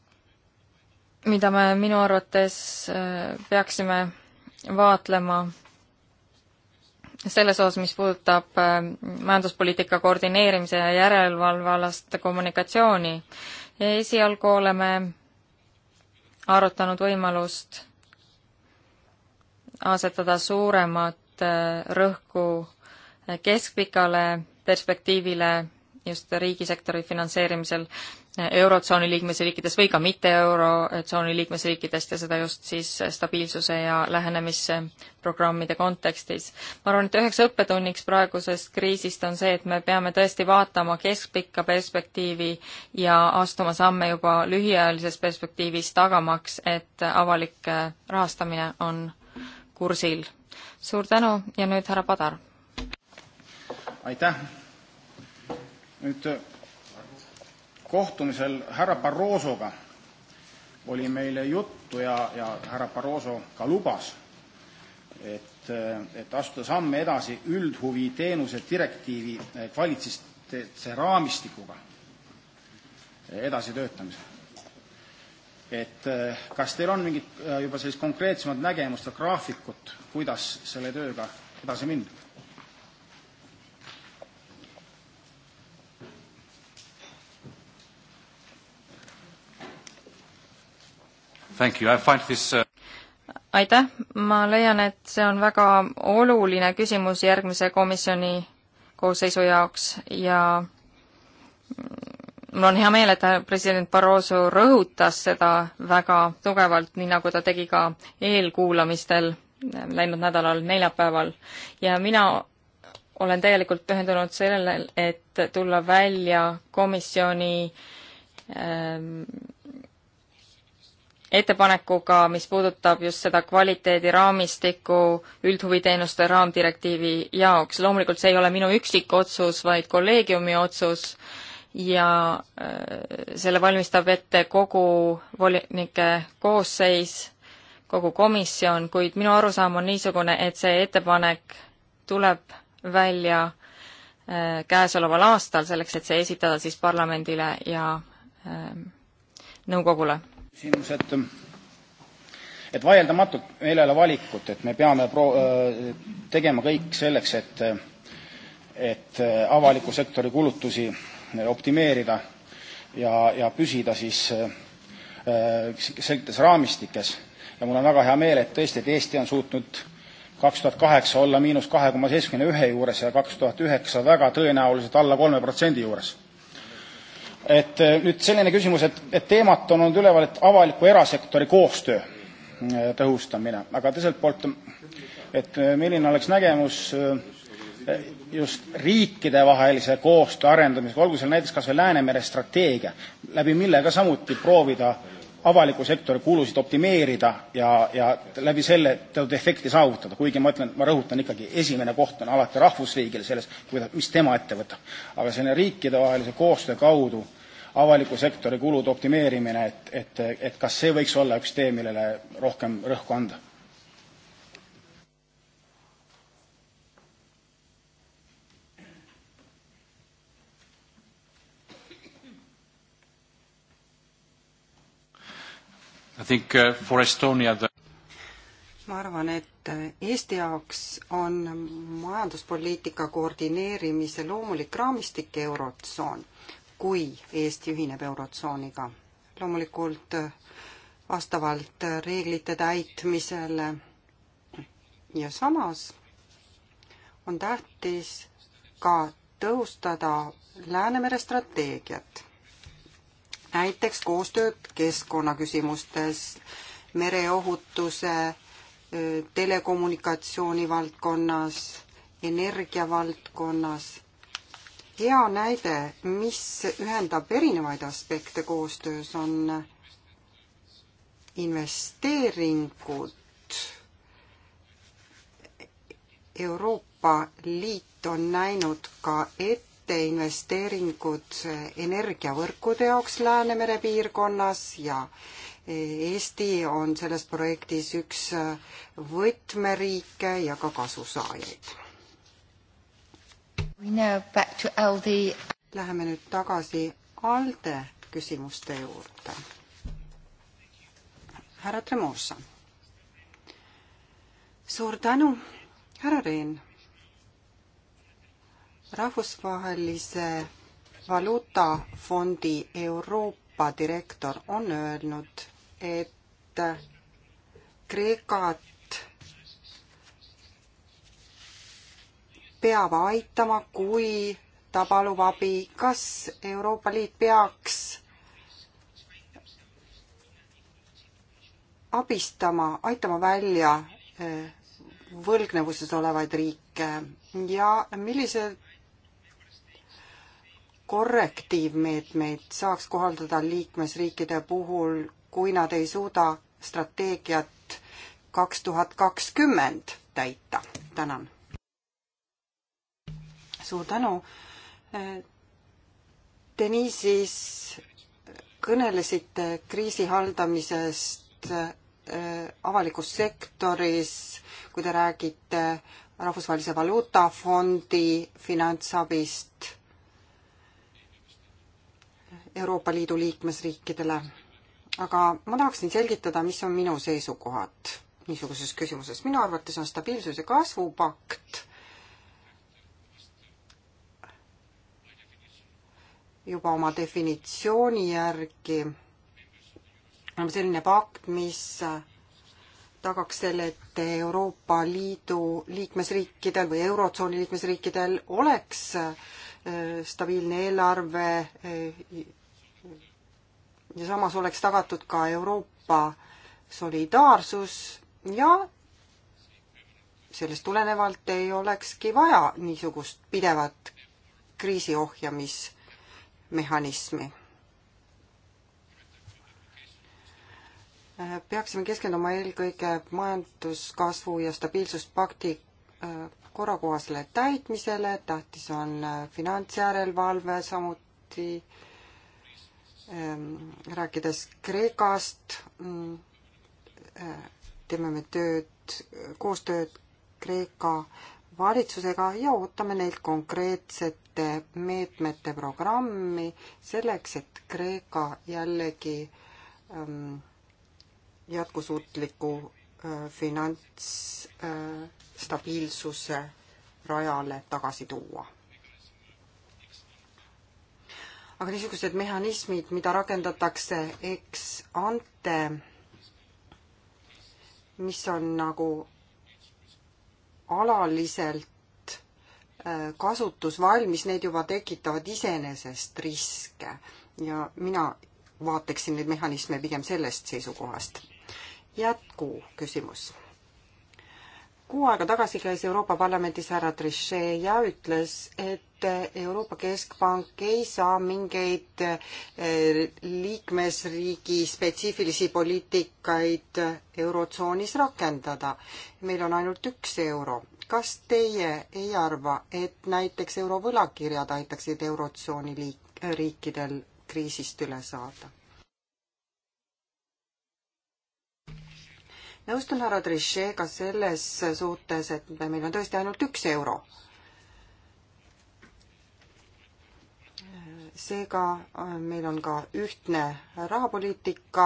mida me minu arvates eh, peaksime vaatlema selles osas, mis puudutab majanduspoliitika koordineerimise ja järelevalvealast kommunikatsiooni esialgu oleme arutanud võimalust asetada suuremat äh, rõhku äh, keskpikale perspektiivile just riigisektori finantseerimisel eurotsooni liikmesriikides või ka mitte eurotsooni liikmesriikidest ja seda just siis stabiilsuse ja lähenemisprogrammide kontekstis. ma arvan, et üheks õppetunniks praegusest kriisist on see, et me peame tõesti vaatama keskpikka perspektiivi ja astuma samme juba lühiajalises perspektiivis, tagamaks, et avalik rahastamine on kursil. suur tänu ja nüüd härra Padar. aitäh. nüüd kohtumisel härra Barrosoga oli meile juttu ja, ja härra Barroso ka lubas, et, et astuda samme edasi üldhuviteenuse direktiivi eh, kvaliteetse raamistikuga edasitöötamisel. et eh, kas teil on mingit eh, juba sellist konkreetsemat nägemust ja graafikut, kuidas selle tööga edasi minna? This... Uh, aitäh, ma leian, et see on väga oluline küsimus järgmise komisjoni koosseisu jaoks ja mul on hea meel, et president Barroso rõhutas seda väga tugevalt, nii nagu ta tegi ka eelkuulamistel läinud nädalal neljapäeval ja mina olen täielikult pühendunud sellele, et tulla välja komisjoni ähm, ettepanekuga, mis puudutab just seda kvaliteediraamistikku üldhuviteenuste raamdirektiivi jaoks. loomulikult see ei ole minu üksik otsus, vaid kolleegiumi otsus ja äh, selle valmistab ette kogu volinike koosseis, kogu komisjon, kuid minu arusaam on niisugune, et see ettepanek tuleb välja äh, käesoleval aastal, selleks et see esitada siis parlamendile ja ähm, nõukogule küsimus, et et vaieldamatult meil ei ole valikut, et me peame pro-, äh, tegema kõik selleks, et et avaliku sektori kulutusi optimeerida ja, ja püsida siis äh, selgetes raamistikes. ja mul on väga hea meel, et tõesti, et Eesti on suutnud kaks tuhat kaheksa olla miinus kahe koma seitsmekümne ühe juures ja kaks tuhat üheksa väga tõenäoliselt alla kolme protsendi juures et äh, nüüd selline küsimus, et, et teemat on olnud üleval, et avaliku erasektori koostöö äh, tõhustamine, aga teiselt poolt, et äh, milline oleks nägemus just riikidevahelise koostöö arendamisega, olgu seal näiteks kas või Läänemere strateegia, läbi mille ka samuti proovida avaliku sektori kulusid optimeerida ja, ja läbi selle teatud efekti saavutada, kuigi ma ütlen, ma rõhutan ikkagi, esimene koht on alati rahvusriigil selles, kuida-, mis tema ette võtab. aga selline riikidevahelise koostöö kaudu avaliku sektori kulude optimeerimine, et, et, et kas see võiks olla üks tee, millele rohkem rõhku anda Think, uh, Estonia, the... ma arvan, et uh, Eesti jaoks on majanduspoliitika koordineerimise loomulik raamistik Eurotsoon, kui Eesti ühineb Eurotsooniga. loomulikult uh, vastavalt uh, reeglite täitmisele ja samas on tähtis ka tõhustada Läänemere strateegiat näiteks koostööd keskkonnaküsimustes, mereohutuse, telekommunikatsiooni valdkonnas, energia valdkonnas. hea näide, mis ühendab erinevaid aspekte koostöös, on investeeringud. Euroopa Liit on näinud ka ette, investeeringud energiavõrkude jaoks Läänemere piirkonnas ja Eesti on selles projektis üks võtmeriike ja ka kasusaajaid. Läheme nüüd tagasi ALDE küsimuste juurde. härra Tremosa. suur tänu, härra Rehn rahvusvahelise valuutafondi Euroopa direktor on öelnud, et Kreekat peab aitama, kui ta palub abi. kas Euroopa Liit peaks abistama, aitama välja eh, võlgnevuses olevaid riike ja millised korrektiivmeetmeid saaks kohaldada liikmesriikide puhul, kui nad ei suuda strateegiat kaks tuhat kakskümmend täita? tänan. suur tänu. Te niisiis kõnelesite kriisi haldamisest eh, avalikus sektoris, kui te räägite Rahvusvahelise Valuutafondi finantsabist Euroopa Liidu liikmesriikidele. aga ma tahaksin selgitada, mis on minu seisukohad niisuguses küsimuses. minu arvates on stabiilsus- ja kasvupakt juba oma definitsiooni järgi on selline pakt, mis tagaks selle, et Euroopa Liidu liikmesriikidel või Eurotsooni liikmesriikidel oleks äh, stabiilne eelarve ja samas oleks tagatud ka Euroopa solidaarsus ja sellest tulenevalt ei olekski vaja niisugust pidevat kriisi ohjamismehhanismi. peaksime keskenduma eelkõige majanduskasvu ja stabiilsuspakti äh, korrakohasele täitmisele, tähtis on äh, finantsjärelevalve, samuti äh, Ehm, rääkides Kreekast, mm, eh, teeme me tööd, koostööd Kreeka valitsusega ja ootame neilt konkreetsete meetmete programmi selleks, et Kreeka jällegi ähm, jätkusuutliku äh, eh, finantsstabiilsuse eh, äh, rajale tagasi tuua aga niisugused mehhanismid, mida rakendatakse eks ante, mis on nagu alaliselt äh, kasutusvalmis, need juba tekitavad iseenesest riske ja mina vaataksin neid mehhanisme pigem sellest seisukohast. jätkuküsimus Kuu aega tagasi käis Euroopa Parlamendis härra Trichet ja ütles, et Euroopa Keskpank ei saa mingeid eh, liikmesriigi spetsiifilisi poliitikaid Eurotsoonis rakendada. meil on ainult üks euro. kas teie ei arva, et näiteks eurovõlakirjad aitaksid Eurotsooni liik-, riikidel kriisist üle saada? nõustun härra Trichet'ga selles suhtes, et meil on tõesti ainult üks euro. seega äh, meil on ka ühtne rahapoliitika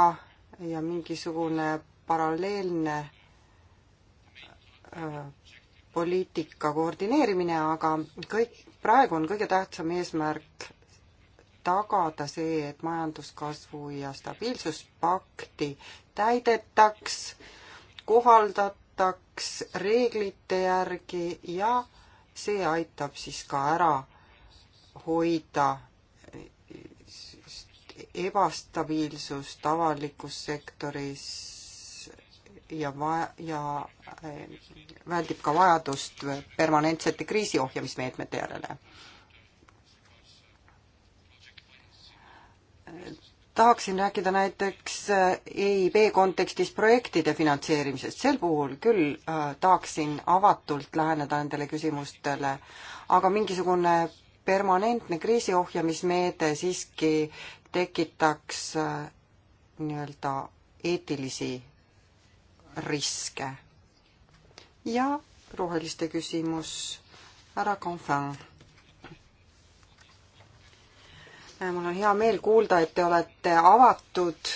ja mingisugune paralleelne äh, poliitika koordineerimine, aga kõik, praegu on kõige tähtsam eesmärk tagada see, et majanduskasvu ja stabiilsuspakti täidetaks äh, kohaldataks reeglite järgi ja see aitab siis ka ära hoida ebastabiilsust avalikus sektoris ja va-, ja eh, väldib ka vajadust permanentsete kriisiohjamismeetmete järele tahaksin rääkida näiteks EIB eh, e kontekstis projektide finantseerimisest, sel puhul küll äh, tahaksin avatult läheneda nendele küsimustele, aga mingisugune permanentne kriisiohjamismeede siiski tekitaks äh, nii-öelda eetilisi riske. ja roheliste küsimus, härra Confin mul on hea meel kuulda, et te olete avatud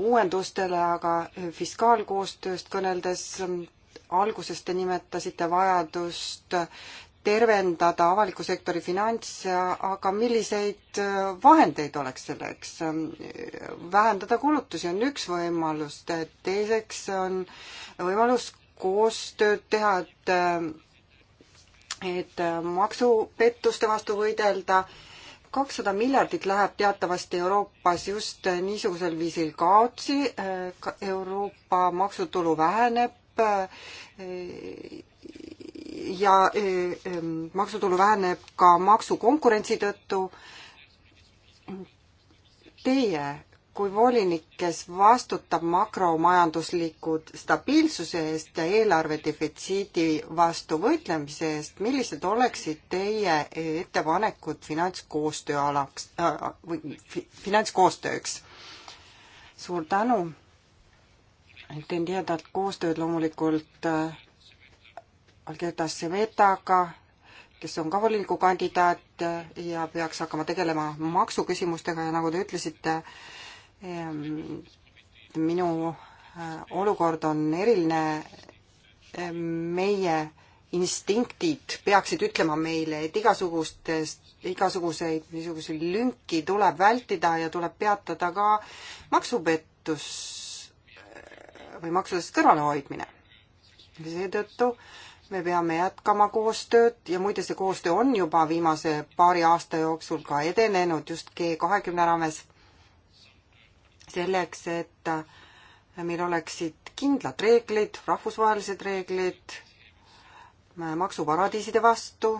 uuendustele, aga fiskaalkoostööst kõneldes mm, alguses te nimetasite vajadust tervendada avaliku sektori finantse, aga milliseid äh, vahendeid oleks selleks? Mm, vähendada kulutusi on üks võimalus, teiseks on võimalus koostööd teha, et äh, et äh, maksupettuste vastu võidelda kakssada miljardit läheb teatavasti Euroopas just niisugusel viisil kaotsi, Euroopa maksutulu väheneb eh, ja eh, eh, maksutulu väheneb ka maksukonkurentsi tõttu. Teie kui volinik, kes vastutab makromajandusliku stabiilsuse eest ja eelarve defitsiidi vastu võitlemise eest, millised oleksid teie ettepanekud finantskoostöö alaks äh, või finantskoostööks? suur tänu. teen tihedalt koostööd loomulikult äh, Algeta Sevetaga, kes on ka volinikukandidaat äh, ja peaks hakkama tegelema maksuküsimustega ja nagu te ütlesite äh,, Ehm, minu äh, olukord on eriline. Ehm, meie instinktid peaksid ütlema meile, et igasugustest, igasuguseid niisuguseid lünki tuleb vältida ja tuleb peatada ka maksupettus äh, või maksudest kõrvalehoidmine. seetõttu me peame jätkama koostööd ja muide, see koostöö on juba viimase paari aasta jooksul ka edenenud just G kahekümne raames selleks, et äh, meil oleksid kindlad reeglid, rahvusvahelised reeglid äh, maksuparadiiside vastu.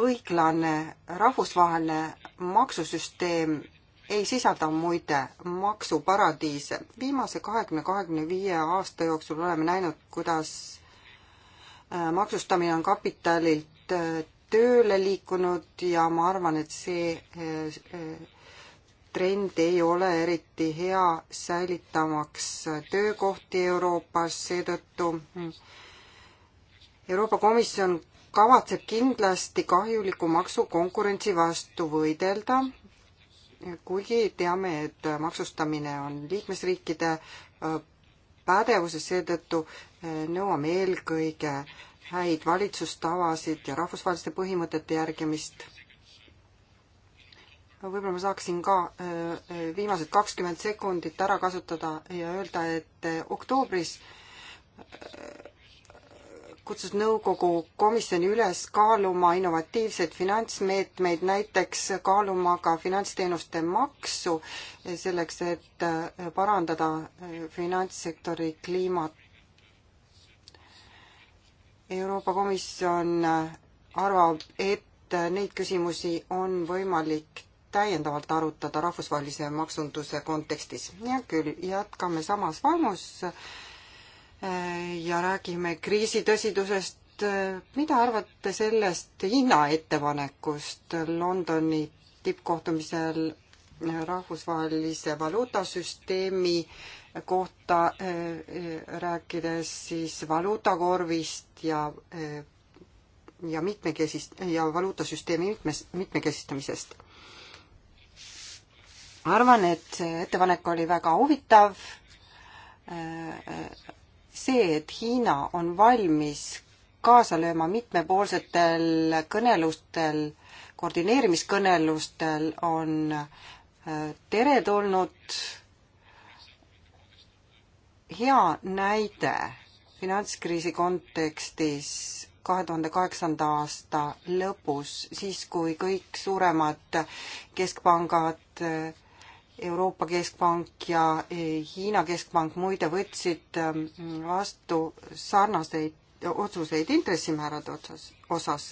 õiglane rahvusvaheline maksusüsteem ei sisalda muide maksuparadiise. viimase kahekümne, kahekümne viie aasta jooksul oleme näinud, kuidas Äh, maksustamine on kapitalilt äh, tööle liikunud ja ma arvan, et see äh, trend ei ole eriti hea säilitamaks töökohti Euroopas, seetõttu Euroopa Komisjon kavatseb kindlasti kahjuliku maksukonkurentsi vastu võidelda, kuigi teame, et maksustamine on liikmesriikide pädevuses, seetõttu eh, nõuame eelkõige häid valitsustavasid ja rahvusvaheliste põhimõtete järgimist. võib-olla ma saaksin ka eh, eh, viimased kakskümmend sekundit ära kasutada ja öelda, et oktoobris kutsus nõukogu komisjoni üles kaaluma innovatiivseid finantsmeetmeid, näiteks kaaluma ka finantsteenuste maksu selleks, et äh, parandada äh, finantssektori kliimat. Euroopa Komisjon äh, arvab, et neid küsimusi on võimalik täiendavalt arutada rahvusvahelise maksunduse kontekstis. hea küll, jätkame samas vaimus Äh, ja räägime kriisi tõsidusest. Äh, mida arvate sellest hinnaettepanekust Londoni tippkohtumisel rahvusvahelise valuutasüsteemi kohta äh, rääkides siis valuutakorvist ja ja mitmekesist- ja valuutasüsteemi mitmes, mitmekesistamisest. arvan, et see ettepanek oli väga huvitav see, et Hiina on valmis kaasa lööma mitmepoolsetel kõnelustel, koordineerimiskõnelustel, on äh, teretulnud hea näide finantskriisi kontekstis kahe tuhande kaheksanda aasta lõpus, siis kui kõik suuremad keskpangad äh, Euroopa Keskpank ja Hiina Keskpank muide võtsid ähm, vastu sarnaseid otsuseid intressimäärade otsas, osas.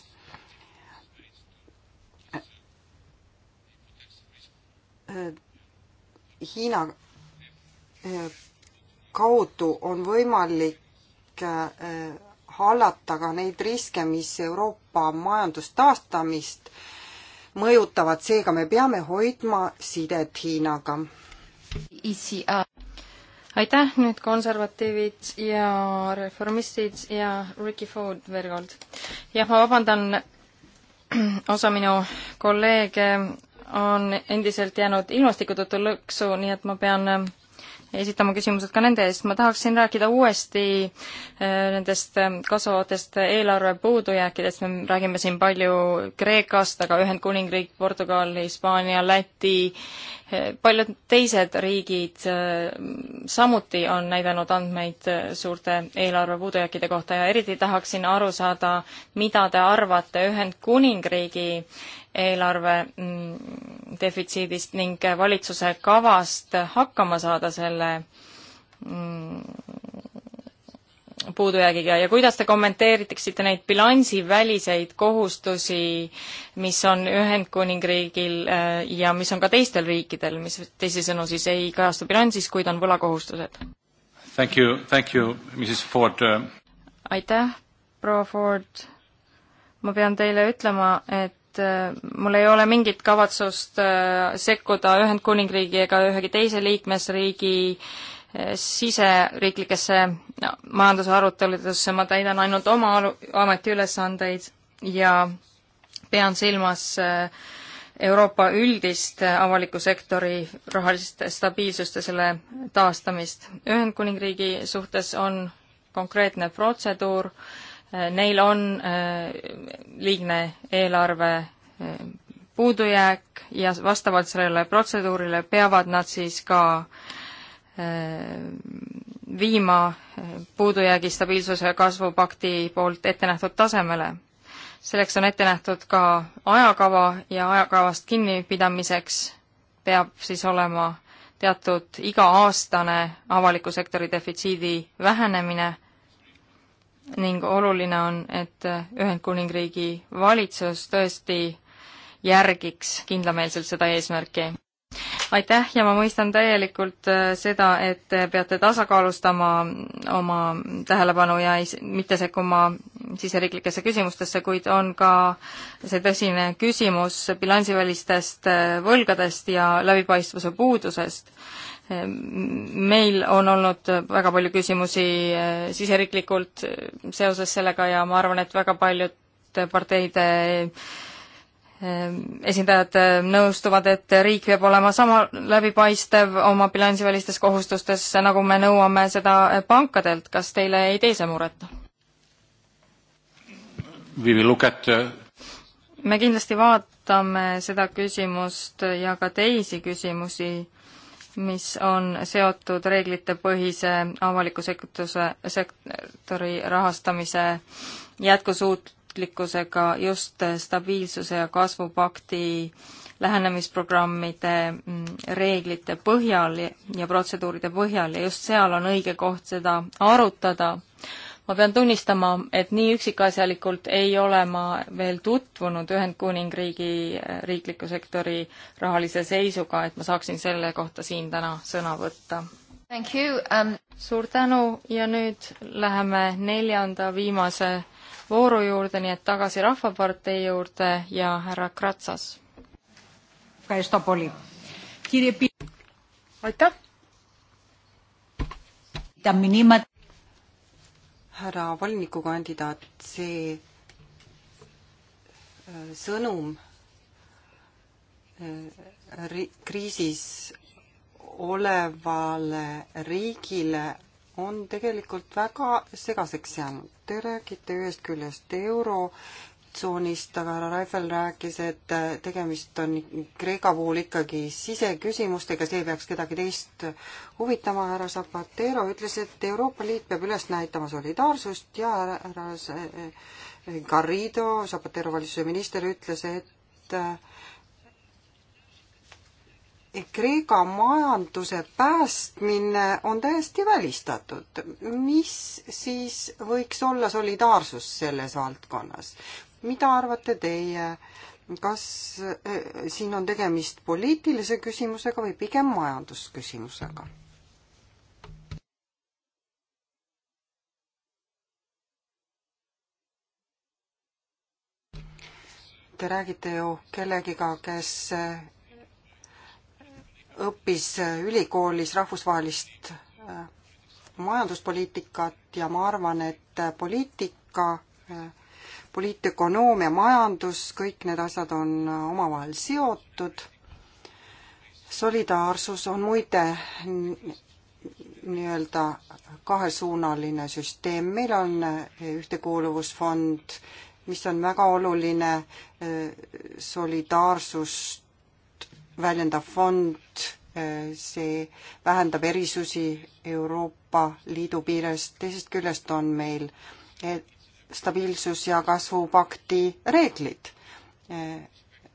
Hiina äh, kaudu on võimalik äh, hallata ka neid riske, mis Euroopa majandust taastamist äh, mõjutavad, seega me peame hoidma sidet Hiinaga. E aitäh, nüüd konservatiivid ja reformistid ja Ricky Ford veel kord. jah, ma vabandan, osa minu kolleege on endiselt jäänud ilmastiku tõttu lõksu, nii et ma pean esitama küsimused ka nende eest. ma tahaksin rääkida uuesti äh, nendest äh, kasvavatest eelarve puudujääkidest, me räägime siin palju Kreekast, aga Ühendkuningriik, Portugal, Hispaania, Läti paljud teised riigid äh, samuti on näidanud andmeid äh, suurte eelarve puudujääkide kohta ja eriti tahaksin aru saada, mida te arvate Ühendkuningriigi eelarve mm, defitsiidist ning valitsuse kavast hakkama saada selle mm, puudujäägiga ja kuidas te kommenteeritaksite neid bilansiväliseid kohustusi, mis on Ühendkuningriigil äh, ja mis on ka teistel riikidel, mis teisisõnu siis ei kajastu bilansis, kuid on võlakohustused? Thank you, thank you, Mrs Ford. Äh. aitäh, proua Ford. ma pean teile ütlema, et äh, mul ei ole mingit kavatsust sekkuda Ühendkuningriigi ega ühegi teise liikmesriigi äh, siseriiklikesse no, majanduse aruteludesse, ma täidan ainult oma ametiülesandeid ja pean silmas äh, Euroopa üldist avaliku sektori rahalist stabiilsust ja selle taastamist. Ühendkuningriigi suhtes on konkreetne protseduur, äh, neil on äh, liigne eelarve puudujääk ja vastavalt sellele protseduurile peavad nad siis ka äh, viima puudujäägi stabiilsuse ja kasvupakti poolt ette nähtud tasemele. selleks on ette nähtud ka ajakava ja ajakavast kinnipidamiseks peab siis olema teatud iga-aastane avaliku sektori defitsiidi vähenemine ning oluline on, et Ühendkuningriigi valitsus tõesti järgiks kindlameelselt seda eesmärki aitäh ja ma mõistan täielikult äh, seda, et te peate tasakaalustama oma tähelepanu ja ei, mitte sekkuma siseriiklikesse küsimustesse, kuid on ka see tõsine küsimus bilansivälistest äh, võlgadest ja läbipaistvuse puudusest. Äh, meil on olnud väga palju küsimusi siseriiklikult seoses sellega ja ma arvan, et väga paljud parteide Ehm, esindajad ehm, nõustuvad, et riik peab olema sama läbipaistev oma bilansivälistes kohustustes, nagu me nõuame seda pankadelt, kas teile ei tee see muret? Uh, me kindlasti vaatame seda küsimust ja ka teisi küsimusi, mis on seotud reeglitepõhise avaliku sektoruse, sektori rahastamise jätkusuut-, suutlikkusega just stabiilsuse ja kasvupakti lähenemisprogrammide mm, reeglite põhjal ja protseduuride põhjal ja just seal on õige koht seda arutada. ma pean tunnistama, et nii üksikasjalikult ei ole ma veel tutvunud Ühendkuningriigi äh, riikliku sektori rahalise seisuga, et ma saaksin selle kohta siin täna sõna võtta. Um... suur tänu ja nüüd läheme neljanda viimase vooru juurde, nii et tagasi Rahvapartei juurde ja härra Kratsas. aitäh! härra volinikukandidaat, see äh, sõnum äh, kriisis olevale riigile on tegelikult väga segaseks jäänud. Te räägite ühest küljest eurotsoonist, aga härra Raifel rääkis, et äh, tegemist on Kreeka puhul ikkagi siseküsimustega, see peaks kedagi teist huvitama. härra Zapatero ütles, et Euroopa Liit peab üles näitama solidaarsust ja härra äh, äh, Garrido, Zapatero valitsuse minister, ütles, et Kreeka majanduse päästmine on täiesti välistatud. mis siis võiks olla solidaarsus selles valdkonnas? mida arvate teie, kas eh, siin on tegemist poliitilise küsimusega või pigem majandusküsimusega? Te räägite ju kellegiga, kes õppis ülikoolis rahvusvahelist äh, majanduspoliitikat ja ma arvan, et poliitika, äh, poliitökonoomia, majandus, kõik need asjad on äh, omavahel seotud. solidaarsus on muide nii-öelda kahesuunaline süsteem, meil on ühtekuuluvusfond, mis on väga oluline solidaarsust väljendav fond, äh, see vähendab erisusi Euroopa Liidu piires, teisest küljest on meil äh, stabiilsus- ja kasvupakti reeglid, äh,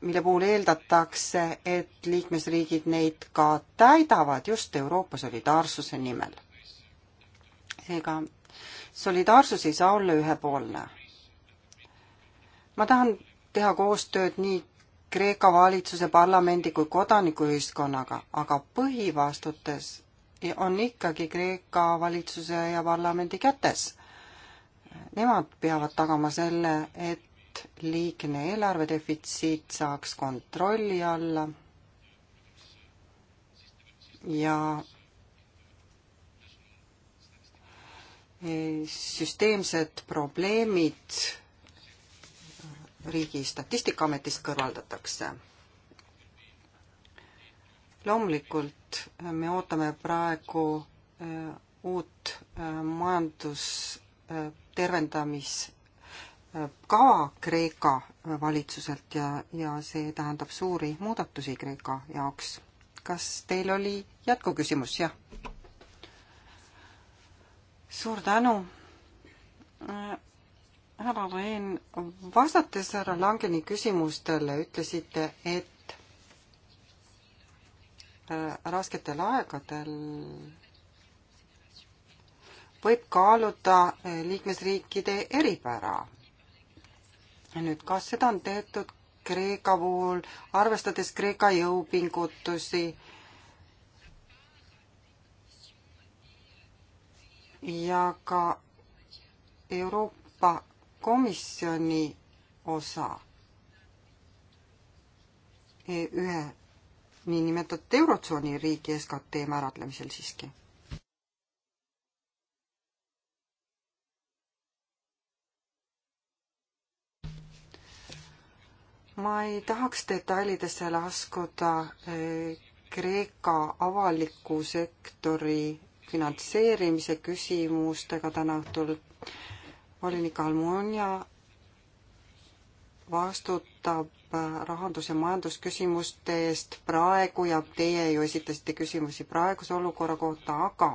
mille puhul eeldatakse, et liikmesriigid neid ka täidavad just Euroopa solidaarsuse nimel. seega solidaarsus ei saa olla ühepoolne. ma tahan teha koostööd nii Kreeka valitsuse, parlamendi kui kodanikuühiskonnaga, aga põhivastutes on ikkagi Kreeka valitsuse ja parlamendi kätes. Nemad peavad tagama selle, et liigne eelarvedefitsiit saaks kontrolli alla ja e, süsteemsed probleemid riigi statistikaametist kõrvaldatakse. loomulikult äh, me ootame praegu äh, uut äh, majandustervendamiskava Kreeka valitsuselt ja, ja see tähendab suuri muudatusi Kreeka jaoks. kas teil oli jätkuküsimus, jah? suur tänu härra Rehn, vastates härra Langeni küsimustele ütlesite, et äh, rasketel aegadel võib kaaluda äh, liikmesriikide eripära. nüüd, kas seda on tehtud Kreeka puhul, arvestades Kreeka jõupingutusi ja ka Euroopa komisjoni osa e ühe niinimetatud Eurotsooni riigi SKT määratlemisel siiski ma ei tahaks detailidesse laskuda e, Kreeka avaliku sektori finantseerimise küsimustega täna õhtul volinik Almonia vastutab äh, rahandus- ja majandusküsimuste eest praegu ja teie ju esitasite küsimusi praeguse olukorra kohta, aga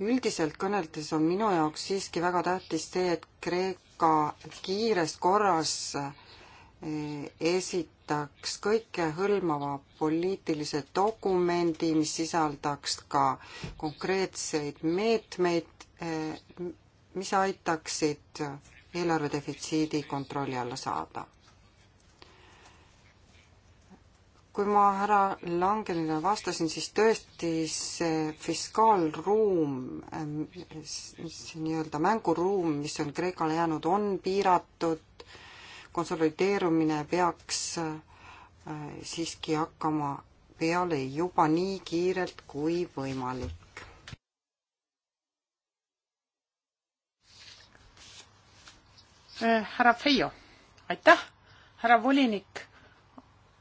üldiselt kõneldes on minu jaoks siiski väga tähtis see, et Kreeka kiires korras äh, esitaks kõikehõlmava poliitilise dokumendi, mis sisaldaks ka konkreetseid meetmeid Eh, mis aitaksid eelarve defitsiidi kontrolli alla saada. kui ma härra Langelile vastasin, siis tõesti see fiskaalruum, eh, see nii-öelda mänguruum, mis on Kreekale jäänud, on piiratud, konsolideerumine peaks eh, siiski hakkama peale juba nii kiirelt kui võimalik Eh, härra Feio, aitäh, härra volinik.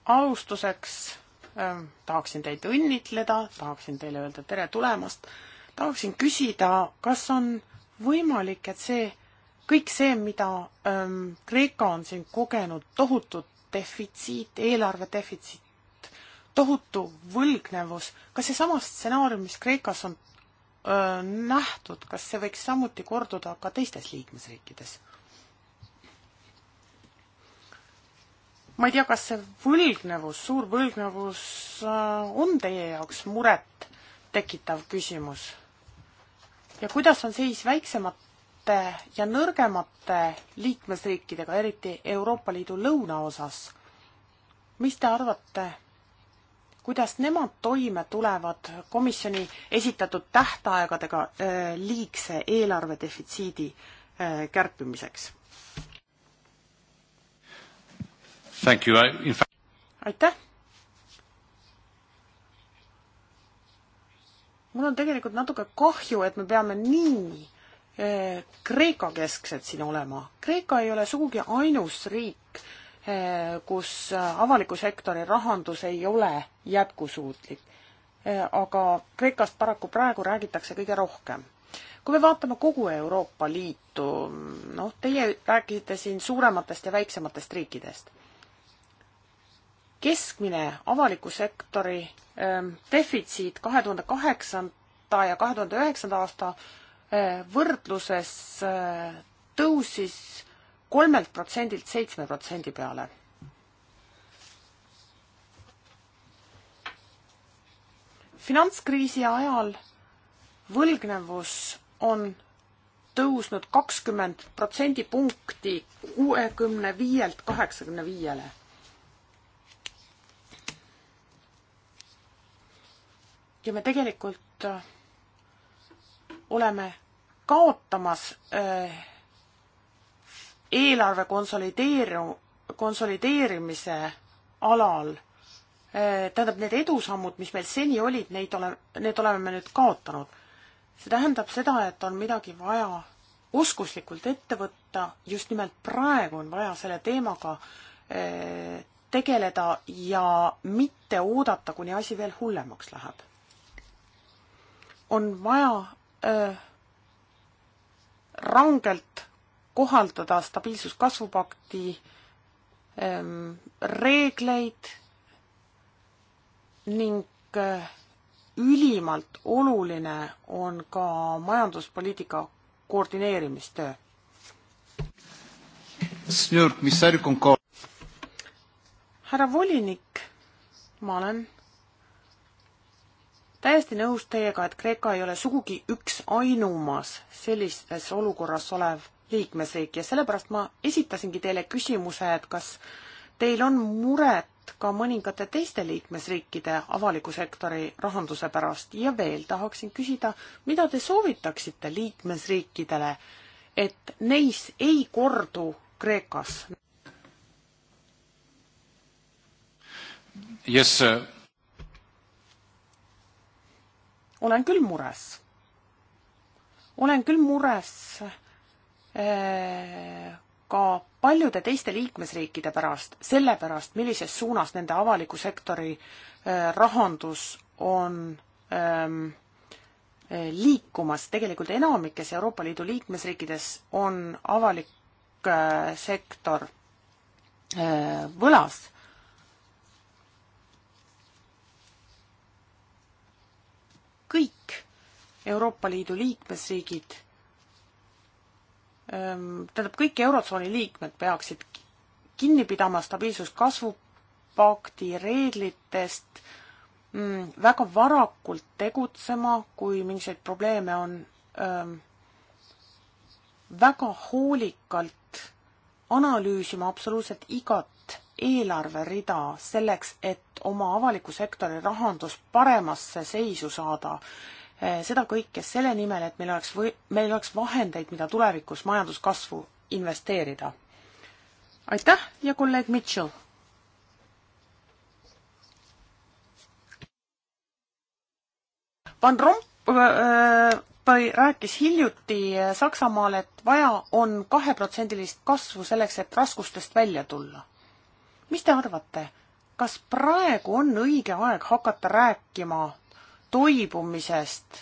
alustuseks äh, tahaksin teid õnnitleda, tahaksin teile öelda tere tulemast. tahaksin küsida, kas on võimalik, et see, kõik see, mida ähm, Kreeka on siin kogenud, tohutud defitsiit, eelarve defitsiit, tohutu võlgnevus, kas seesama stsenaarium, mis Kreekas on öö, eh, nähtud, kas see võiks samuti korduda ka teistes liikmesriikides? ma ei tea, kas see võlgnevus, suur võlgnevus äh, on teie jaoks muret tekitav küsimus? ja kuidas on seis väiksemate ja nõrgemate liikmesriikidega, eriti Euroopa Liidu lõunaosas? mis te arvate, kuidas nemad toime tulevad komisjoni esitatud tähtaegadega äh, liigse eelarvedefitsiidi äh, kärpimiseks? aitäh! mul on tegelikult natuke kahju, et me peame nii eh, Kreeka kesksed siin olema. Kreeka ei ole sugugi ainus riik, eh, kus eh, avaliku sektori rahandus ei ole jätkusuutlik. aga Kreekast paraku praegu räägitakse kõige rohkem. kui me vaatame kogu Euroopa Liitu, noh, teie räägite siin suurematest ja väiksematest riikidest keskmine avaliku sektori ähm, defitsiit kahe tuhande kaheksanda ja kahe tuhande üheksanda aasta äh, võrdluses äh, tõusis kolmelt protsendilt seitsme protsendi peale. finantskriisi ajal võlgnevus on tõusnud kakskümmend protsendipunkti kuuekümne viielt kaheksakümne viiele ja me tegelikult äh, oleme kaotamas äh, eelarve konsolideeru-, konsolideerimise alal, äh, tähendab, need edusammud, mis meil seni olid, neid ole, need oleme me nüüd kaotanud. see tähendab seda, et on midagi vaja oskuslikult ette võtta, just nimelt praegu on vaja selle teemaga tegeleda ja mitte oodata, kuni asi veel hullemaks läheb on vaja öö, rangelt kohaldada stabiilsuskasvupakti öö, reegleid ning öö, ülimalt oluline on ka majanduspoliitika koordineerimistöö. härra volinik, ma olen täiesti nõus teiega, et Kreeka ei ole sugugi üks ainumas sellises olukorras olev liikmesriik ja sellepärast ma esitasingi teile küsimuse, et kas teil on muret ka mõningate teiste liikmesriikide avaliku sektori rahanduse pärast ja veel tahaksin küsida, mida te soovitaksite liikmesriikidele, et neis ei kordu Kreekas? Yes, sir olen küll mures. olen küll mures eh, ka paljude teiste liikmesriikide pärast, selle pärast, millises suunas nende avaliku sektori eh, rahandus on ehm, eh, liikumas, tegelikult enamikes Euroopa Liidu liikmesriikides on avalik sektor võlas Euroopa Liidu liikmesriigid, ähm, tähendab, kõik Eurotsooni liikmed peaksid kinni pidama stabiilsuskasvupakti reeglitest, mm, väga varakult tegutsema, kui mingisuguseid probleeme on, ähm, väga hoolikalt analüüsima absoluutselt igat eelarverida selleks, et oma avaliku sektori rahandus paremasse seisu saada Eh, seda kõike selle nimel, et meil oleks või, meil oleks vahendeid, mida tulevikus majanduskasvu investeerida. aitäh ja kolleeg Mitchell! Van Rompuy rääkis hiljuti eh, Saksamaal, et vaja on kaheprotsendilist kasvu selleks, et raskustest välja tulla. mis te arvate, kas praegu on õige aeg hakata rääkima toibumisest.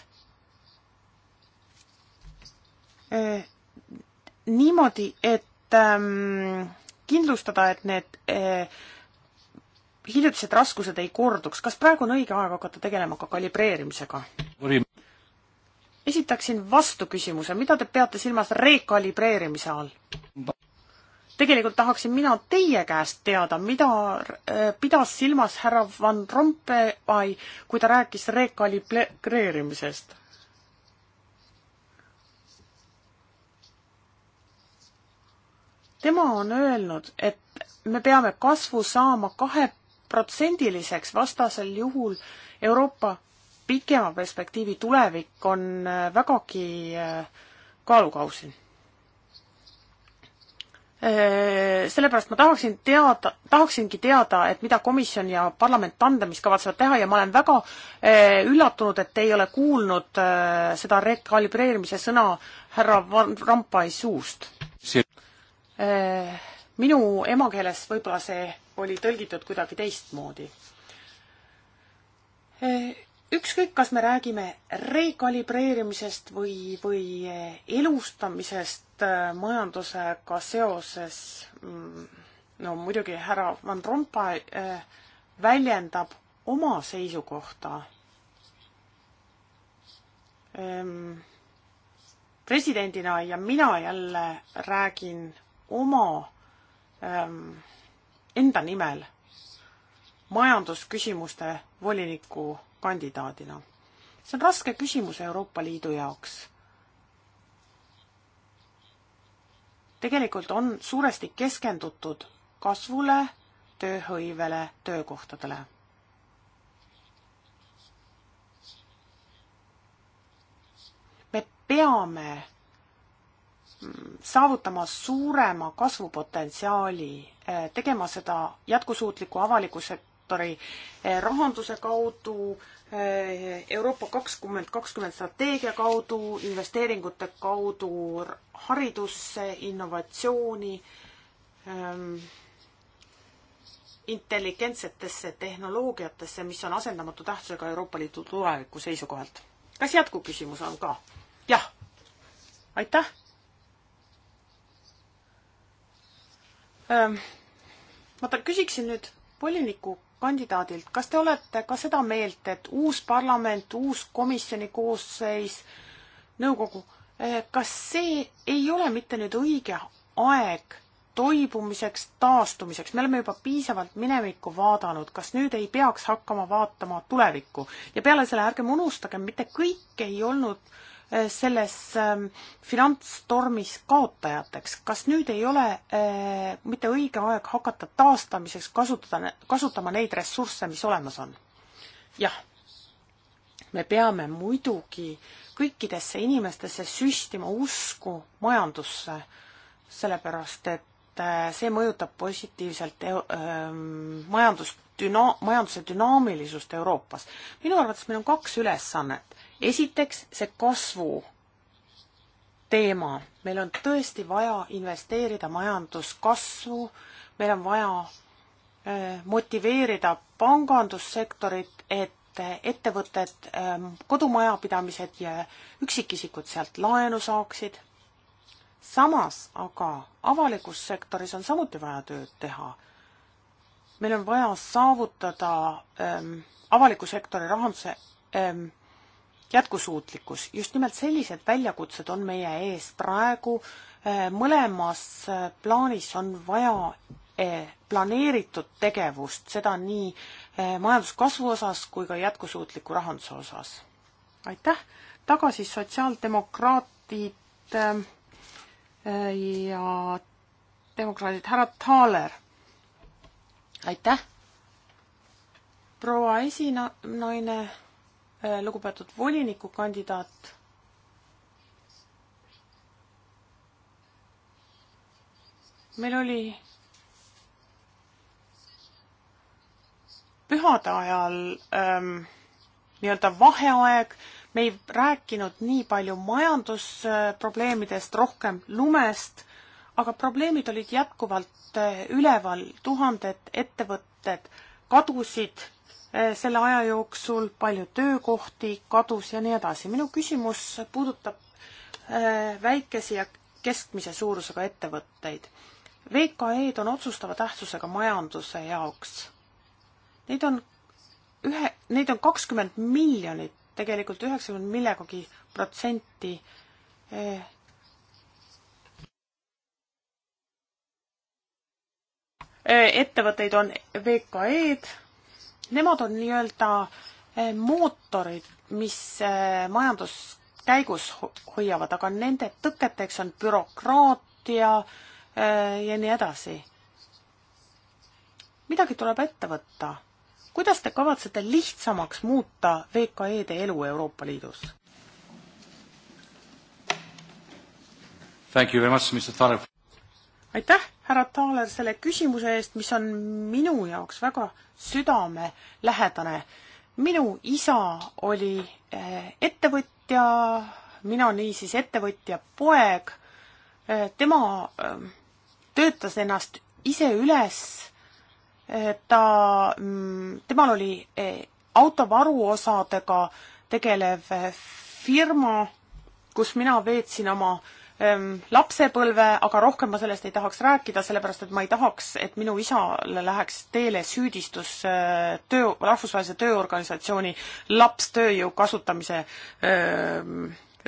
niimoodi, et ähm, kindlustada, et need hiljutised raskused ei korduks, kas praegu on õige aeg hakata tegelema ka kalibreerimisega? esitaksin vastuküsimuse, mida te peate silmas rekalibreerimise all? tegelikult tahaksin mina teie käest teada, mida äh, pidas silmas härra Van Rompuy, kui ta rääkis rekalibreerimisest? tema on öelnud, et me peame kasvu saama kaheprotsendiliseks, vastasel juhul Euroopa pikema perspektiivi tulevik on äh, vägagi äh, kaalukausil Äh, sellepärast ma tahaksin teada, tahaksingi teada, et mida komisjon ja parlament tandemis kavatsevad teha ja ma olen väga äh, üllatunud, et te ei ole kuulnud äh, seda rekalibreerimise sõna härra Rampai suust. minu emakeeles võib-olla see oli tõlgitud kuidagi teistmoodi ükskõik, kas me räägime rekalibreerimisest või, või elustamisest äh, majandusega seoses, mm, no muidugi härra Van Rompuy äh, väljendab oma seisukohta. Ähm, presidendina ja mina jälle räägin oma, ähm, enda nimel majandusküsimuste voliniku kandidaadina? see on raske küsimus Euroopa Liidu jaoks. tegelikult on suuresti keskendutud kasvule, tööhõivele, töökohtadele peame mm, saavutama suurema kasvupotentsiaali, eh, tegema seda jätkusuutliku avaliku sek-, Notari eh, rahanduse kaudu, eh, Euroopa kakskümmend kakskümmend strateegia kaudu, investeeringute kaudu haridusse, innovatsiooni, ehm, intelligentsetesse tehnoloogiatesse, mis on asendamatu tähtsusega Euroopa Liidu tuleviku seisukohalt. kas jätkuküsimus on ka? jah. aitäh ähm,. ma küsiksin nüüd voliniku kandidaadilt, kas te olete ka seda meelt, et uus parlament, uus komisjoni koosseis, nõukogu, eh, kas see ei ole mitte nüüd õige aeg toibumiseks, taastumiseks, me oleme juba piisavalt minevikku vaadanud, kas nüüd ei peaks hakkama vaatama tulevikku ja peale selle ärgem unustagem, mitte kõik ei olnud äh, selles ähm, finantstormis kaotajateks. kas nüüd ei ole äh, mitte õige aeg hakata taastamiseks kasutada, kasutama neid ressursse, mis olemas on? jah, me peame muidugi kõikidesse inimestesse süstima usku majandusse, sellepärast et äh, see mõjutab positiivselt äh, ähm, majandust, düna-, majanduse dünaamilisust Euroopas. minu arvates meil on kaks ülesannet esiteks see kasvu teema, meil on tõesti vaja investeerida majanduskasvu, meil on vaja äh, motiveerida pangandussektorit, et äh, ettevõtted, ähm, kodumajapidamised ja üksikisikud sealt laenu saaksid. samas aga avalikus sektoris on samuti vaja tööd teha. meil on vaja saavutada ähm, avaliku sektori rahanduse ähm, jätkusuutlikkus. just nimelt sellised väljakutsed on meie ees praegu, äh, mõlemas äh, plaanis on vaja äh, planeeritud tegevust, seda nii majanduskasvu osas kui ka jätkusuutliku rahanduse osas. aitäh, tagasi sotsiaaldemokraatid ja demokraadid, härra Thaler. aitäh, proua esinaine Äh, lugupeetud volinikukandidaat. meil oli pühade ajal ähm, nii-öelda vaheaeg, me ei rääkinud nii palju majandusprobleemidest, rohkem lumest, aga probleemid olid jätkuvalt äh, üleval, tuhanded ettevõtted kadusid Eh, selle aja jooksul, palju töökohti kadus ja nii edasi. minu küsimus puudutab eh, väikesi ja keskmise suurusega ettevõtteid. VKE-d on otsustava tähtsusega majanduse jaoks. Neid on ühe, neid on kakskümmend miljonit, tegelikult üheksakümmend millegagi protsenti eh, ettevõtteid on VKE-d nemad on nii-öelda eh, mootorid, mis eh, majanduskäigus hoiavad, aga nende tõketeks on bürokraatia eh, ja nii edasi. midagi tuleb ette võtta. kuidas te kavatsete lihtsamaks muuta VKE-de elu Euroopa Liidus? Thank you very much, Mr Talev. aitäh, härra Taaler, selle küsimuse eest, mis on minu jaoks väga südamelähedane. minu isa oli eh, ettevõtja, mina niisiis ettevõtja poeg, eh, tema eh, töötas ennast ise üles, ta, mm, temal oli auto varuosadega tegelev firma, kus mina veetsin oma äh, Ehm, lapsepõlve, aga rohkem ma sellest ei tahaks rääkida, sellepärast et ma ei tahaks, et minu isale läheks teele süüdistus äh, töö, Rahvusvahelise Tööorganisatsiooni lapstööjõu kasutamise öö, ehm,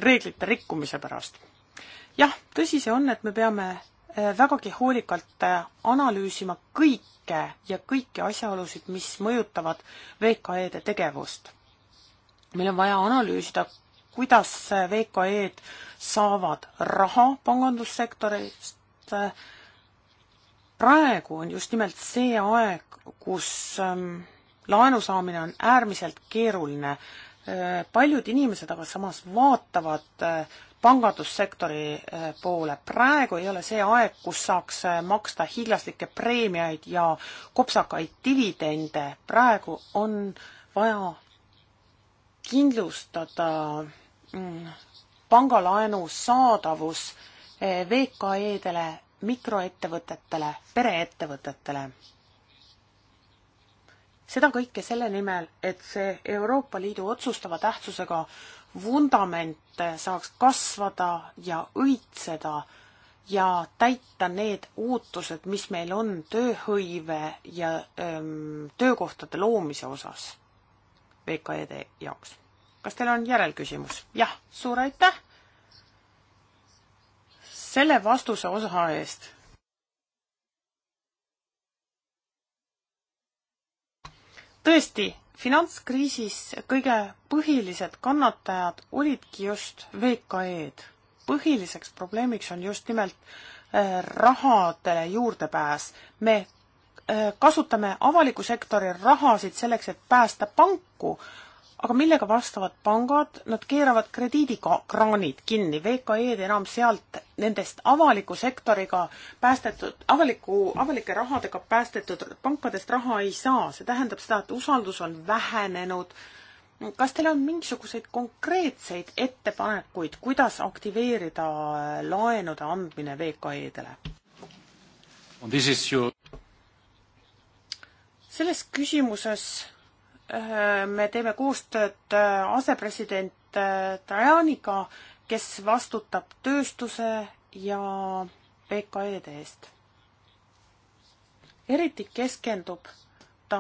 reeglite rikkumise pärast. jah, tõsi see on, et me peame äh, vägagi hoolikalt äh, analüüsima kõike ja kõiki asjaolusid, mis mõjutavad VKE-de tegevust. meil on vaja analüüsida, kuidas VKE-d saavad raha pangandussektorist. praegu on just nimelt see aeg, kus ähm, laenu saamine on äärmiselt keeruline. Äh, paljud inimesed aga samas vaatavad äh, pangandussektori äh, poole. praegu ei ole see aeg, kus saaks maksta hiiglaslikke preemiaid ja kopsakaid dividende. praegu on vaja kindlustada pangalaenu saadavus eh, VKE-dele, mikroettevõtetele, pereettevõtetele. seda kõike selle nimel, et see Euroopa Liidu otsustava tähtsusega vundament eh, saaks kasvada ja õitseda ja täita need ootused, mis meil on tööhõive ja öö, ehm, töökohtade loomise osas VKE-de jaoks kas teil on järelküsimus? jah, suur aitäh selle vastuse osa eest. tõesti, finantskriisis kõige põhilised kannatajad olidki just VKE-d. põhiliseks probleemiks on just nimelt äh, rahadele juurdepääs. me äh, kasutame avaliku sektori rahasid selleks, et päästa panku, aga millega vastavad pangad, nad keeravad krediidikraanid kinni, VKE-d enam sealt nendest avaliku sektoriga päästetud, avaliku, avalike rahadega päästetud pankadest raha ei saa, see tähendab seda, et usaldus on vähenenud. kas teil on mingisuguseid konkreetseid ettepanekuid, kuidas aktiveerida laenude andmine VKE-dele? selles küsimuses Äh, me teeme koostööd äh, asepresident äh, Tajaniga, kes vastutab tööstuse ja PKE-de eest. eriti keskendub ta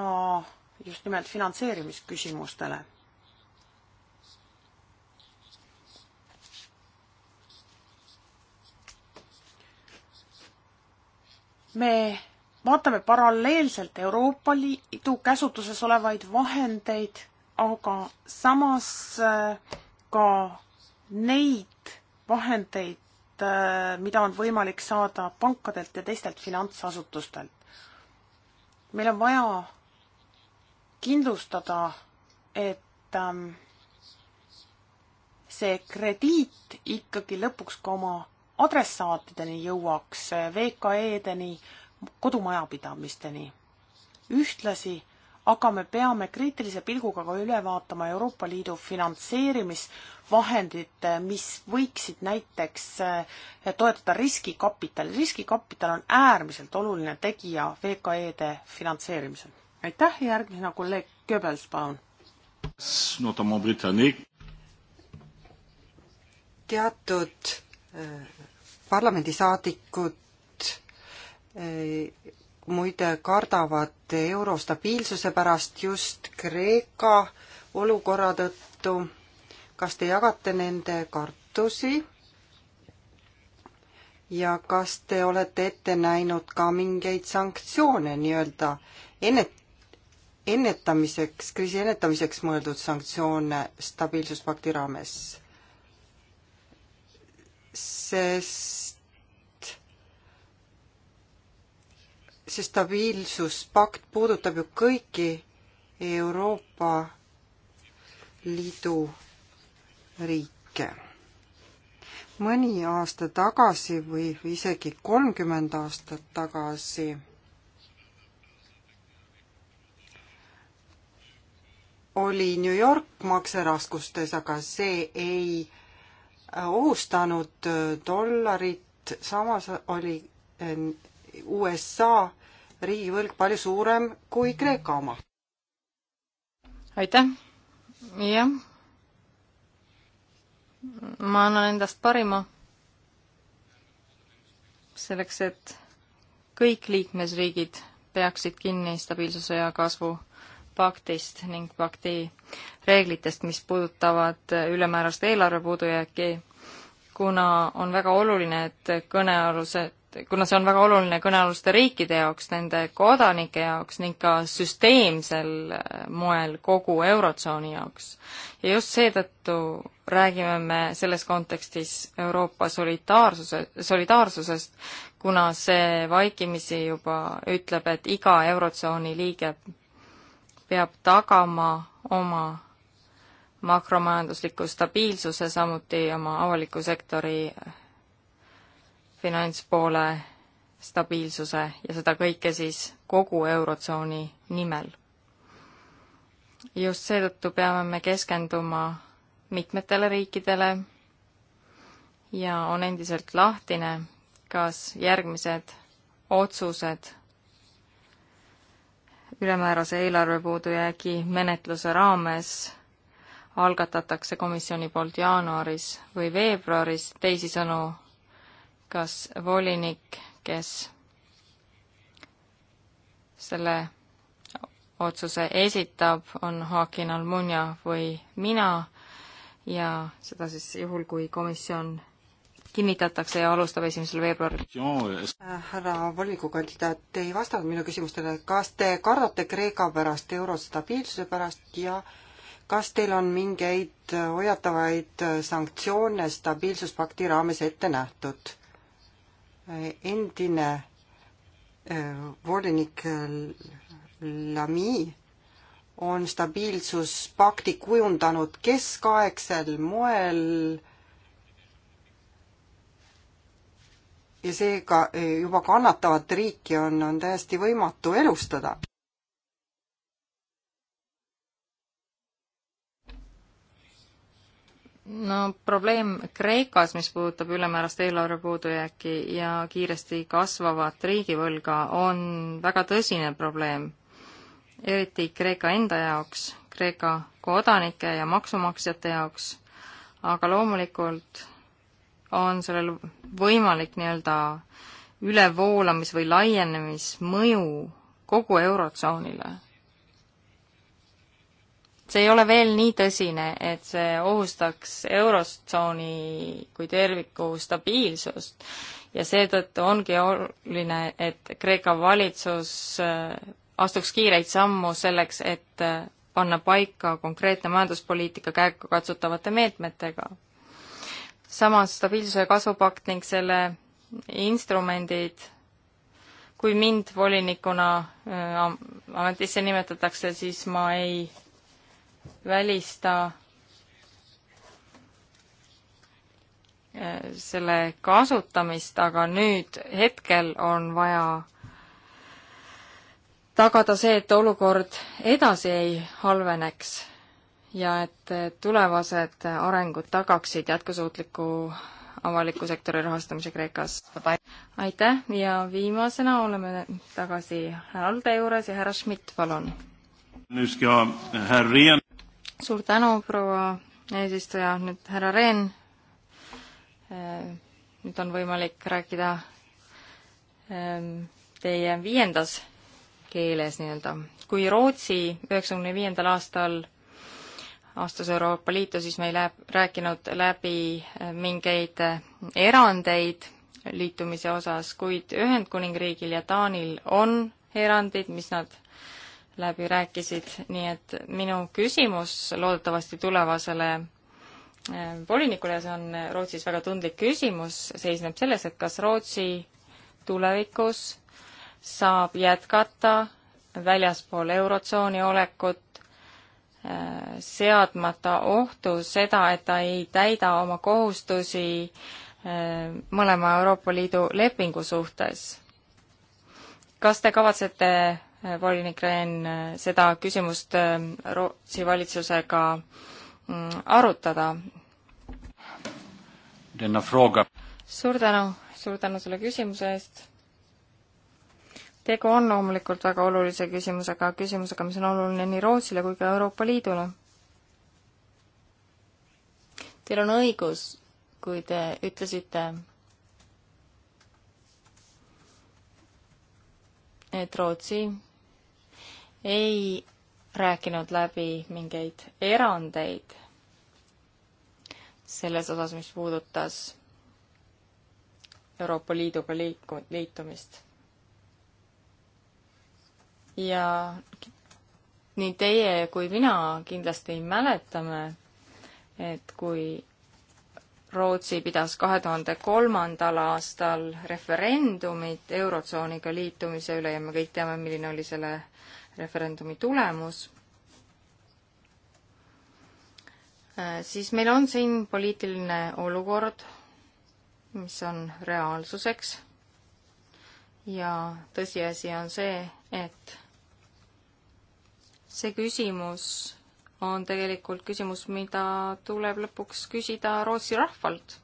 just nimelt finantseerimisküsimustele. me vaatame paralleelselt Euroopa Liidu käsutuses olevaid vahendeid, aga samas äh, ka neid vahendeid, äh, mida on võimalik saada pankadelt ja teistelt finantsasutustelt. meil on vaja kindlustada, et ähm, see krediit ikkagi lõpuks ka oma adressaatideni jõuaks, äh, VKE-deni äh,, kodumajapidamisteni. ühtlasi aga me peame kriitilise pilguga ka üle vaatama Euroopa Liidu finantseerimisvahendid, mis võiksid näiteks eh, toetada riskikapitali. riskikapital on äärmiselt oluline tegija VKE-de finantseerimisel. aitäh, järgmisena kolleeg Goebbels, palun. teatud eh, parlamendisaadikud muide kardavad euro stabiilsuse pärast just Kreeka olukorra tõttu. kas te jagate nende kartusi? ja kas te olete ette näinud ka mingeid sanktsioone nii-öelda ennet-, ennetamiseks, kriisi ennetamiseks mõeldud sanktsioone stabiilsuspakti raames? sest see stabiilsuspakt puudutab ju kõiki Euroopa Liidu riike. mõni aasta tagasi või isegi kolmkümmend aastat tagasi oli New York makseraskustes, aga see ei ohustanud dollarit, samas oli eh, USA riigivõlg palju suurem kui Kreeka oma. aitäh, jah. ma annan endast parima selleks, et kõik liikmesriigid peaksid kinni stabiilsuse ja kasvu paktist ning pakti reeglitest, mis puudutavad ülemäärast eelarve puudujääki, kuna on väga oluline, et kõnealused kuna see on väga oluline kõnealuste riikide jaoks, nende kodanike jaoks ning ka süsteemsel äh, moel kogu Eurotsooni jaoks. ja just seetõttu räägime me selles kontekstis Euroopa solidaarsuse, solidaarsusest, kuna see vaikimisi juba ütleb, et iga Eurotsooni liige peab tagama oma makromajandusliku stabiilsuse, samuti oma avaliku sektori finantspoole stabiilsuse ja seda kõike siis kogu Eurotsooni nimel. just seetõttu peame me keskenduma mitmetele riikidele ja on endiselt lahtine, kas järgmised otsused ülemäärase eelarve puudujäägi menetluse raames algatatakse komisjoni poolt jaanuaris või veebruaris, teisisõnu kas volinik, kes selle otsuse esitab, on Haakin Almunia või mina ja seda siis juhul, kui komisjon kinnitatakse ja alustab esimesel veebruaril. Äh, härra volikogu kandidaat, te ei vastanud minu küsimustele, kas te kardate Kreeka pärast, euro stabiilsuse pärast ja kas teil on mingeid hoiatavaid äh, sanktsioone stabiilsuspakti raames ette nähtud? endine äh, volinik äh, Lami on stabiilsuspakti kujundanud keskaegsel moel ja seega äh, juba kannatavat riiki on, on täiesti võimatu elustada. no probleem Kreekas, mis puudutab ülemäärast eelarve puudujääki ja kiiresti kasvavat riigivõlga, on väga tõsine probleem. eriti Kreeka enda jaoks, Kreeka kodanike ja maksumaksjate jaoks, aga loomulikult on sellel võimalik nii-öelda ülevoolamis- või laienemismõju kogu Eurotsoonile see ei ole veel nii tõsine, et see ohustaks eurotsooni kui terviku stabiilsust ja seetõttu ongi oluline, et Kreeka valitsus äh, astuks kiireid sammu selleks, et äh, panna paika konkreetne majanduspoliitika käegakatsutavate meetmetega. samas stabiilsuse kasvupakt ning selle instrumendid, kui mind volinikuna äh, ametisse nimetatakse, siis ma ei välista äh, selle kasutamist, aga nüüd hetkel on vaja tagada see, et olukord edasi ei halveneks ja et tulevased arengud tagaksid jätkusuutliku avaliku sektori rahastamise Kreekas. aitäh ja viimasena oleme tagasi härra Alde juures ja härra Schmidt, palun suur tänu, proua eesistuja, nüüd härra Rehn. Äh, nüüd on võimalik rääkida ähm, teie viiendas keeles nii-öelda. kui Rootsi üheksakümne viiendal aastal astus Euroopa Liitu, siis me ei lä-, rääkinud läbi äh, mingeid äh, erandeid liitumise osas, kuid Ühendkuningriigil ja Taanil on erandid, mis nad läbi rääkisid, nii et minu küsimus loodetavasti tulevasele ähm, volinikule, see on Rootsis väga tundlik küsimus, seisneb selles, et kas Rootsi tulevikus saab jätkata väljaspool Eurotsooni olekut, äh, seadmata ohtu seda, et ta ei täida oma kohustusi äh, mõlema Euroopa Liidu lepingu suhtes. kas te kavatsete Äh, volinik Rehn äh, seda küsimust äh, Rootsi valitsusega mm, arutada. suur tänu, suur tänu selle küsimuse eest. tegu on loomulikult väga olulise küsimusega, küsimusega, mis on oluline nii Rootsile kui ka Euroopa Liidule. Teil on õigus, kui te ütlesite, et Rootsi ei rääkinud läbi mingeid erandeid selles osas, mis puudutas Euroopa Liiduga liiku-, liitumist. ja nii teie kui mina kindlasti mäletame, et kui Rootsi pidas kahe tuhande kolmandal aastal referendumit Eurotsooniga liitumise üle ja me kõik teame, milline oli selle referendumi tulemus, äh, siis meil on siin poliitiline olukord, mis on reaalsuseks ja tõsiasi on see, et see küsimus on tegelikult küsimus, mida tuleb lõpuks küsida Rootsi rahvalt.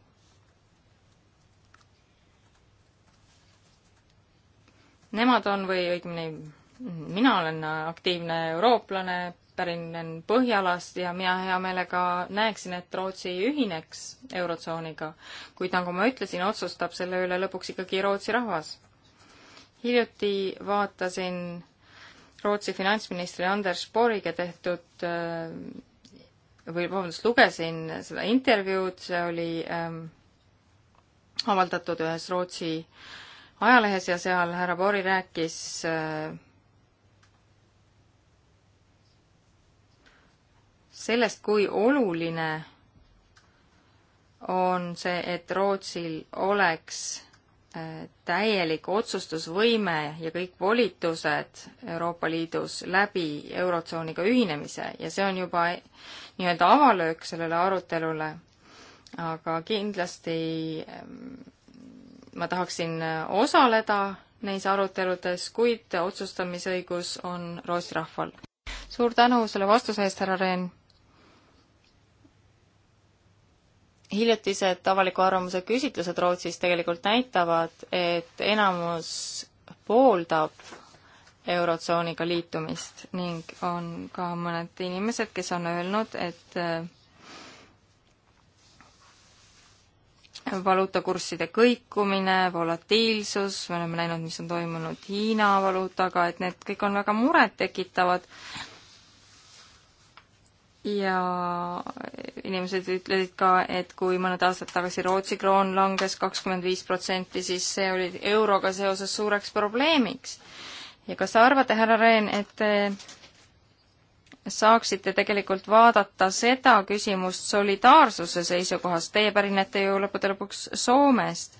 Nemad on või õigemini mina olen aktiivne eurooplane, pärinen Põhjalast ja mina hea meelega näeksin, et Rootsi ühineks Eurotsooniga. kuid nagu ma ütlesin, otsustab selle üle lõpuks ikkagi Rootsi rahvas. hiljuti vaatasin Rootsi finantsministri Anders Borgiga tehtud äh, või vabandust, lugesin seda intervjuud, see oli ähm, avaldatud ühes Rootsi ajalehes ja seal härra Bori rääkis äh, sellest, kui oluline on see, et Rootsil oleks äh, täielik otsustusvõime ja kõik volitused Euroopa Liidus läbi Eurotsooniga ühinemise ja see on juba nii-öelda avalöök sellele arutelule. aga kindlasti ähm, ma tahaksin osaleda neis aruteludes, kuid otsustamisõigus on Rootsi rahval. suur tänu selle vastuse eest, härra Rehn hiljutised avaliku arvamuse küsitlused Rootsis tegelikult näitavad, et enamus pooldab Eurotsooniga liitumist ning on ka mõned inimesed, kes on öelnud, et äh, valuutakursside kõikumine, volatiilsus, me oleme näinud, mis on toimunud Hiina valuutaga, et need kõik on väga murettekitavad ja inimesed ütlesid ka, et kui mõned aastad tagasi Rootsi kroon langes kakskümmend viis protsenti, siis see oli euroga seoses suureks probleemiks. ja kas te arvate, härra Rehn, et te saaksite tegelikult vaadata seda küsimust solidaarsuse seisukohast, teie pärinete ju lõppude lõpuks Soomest,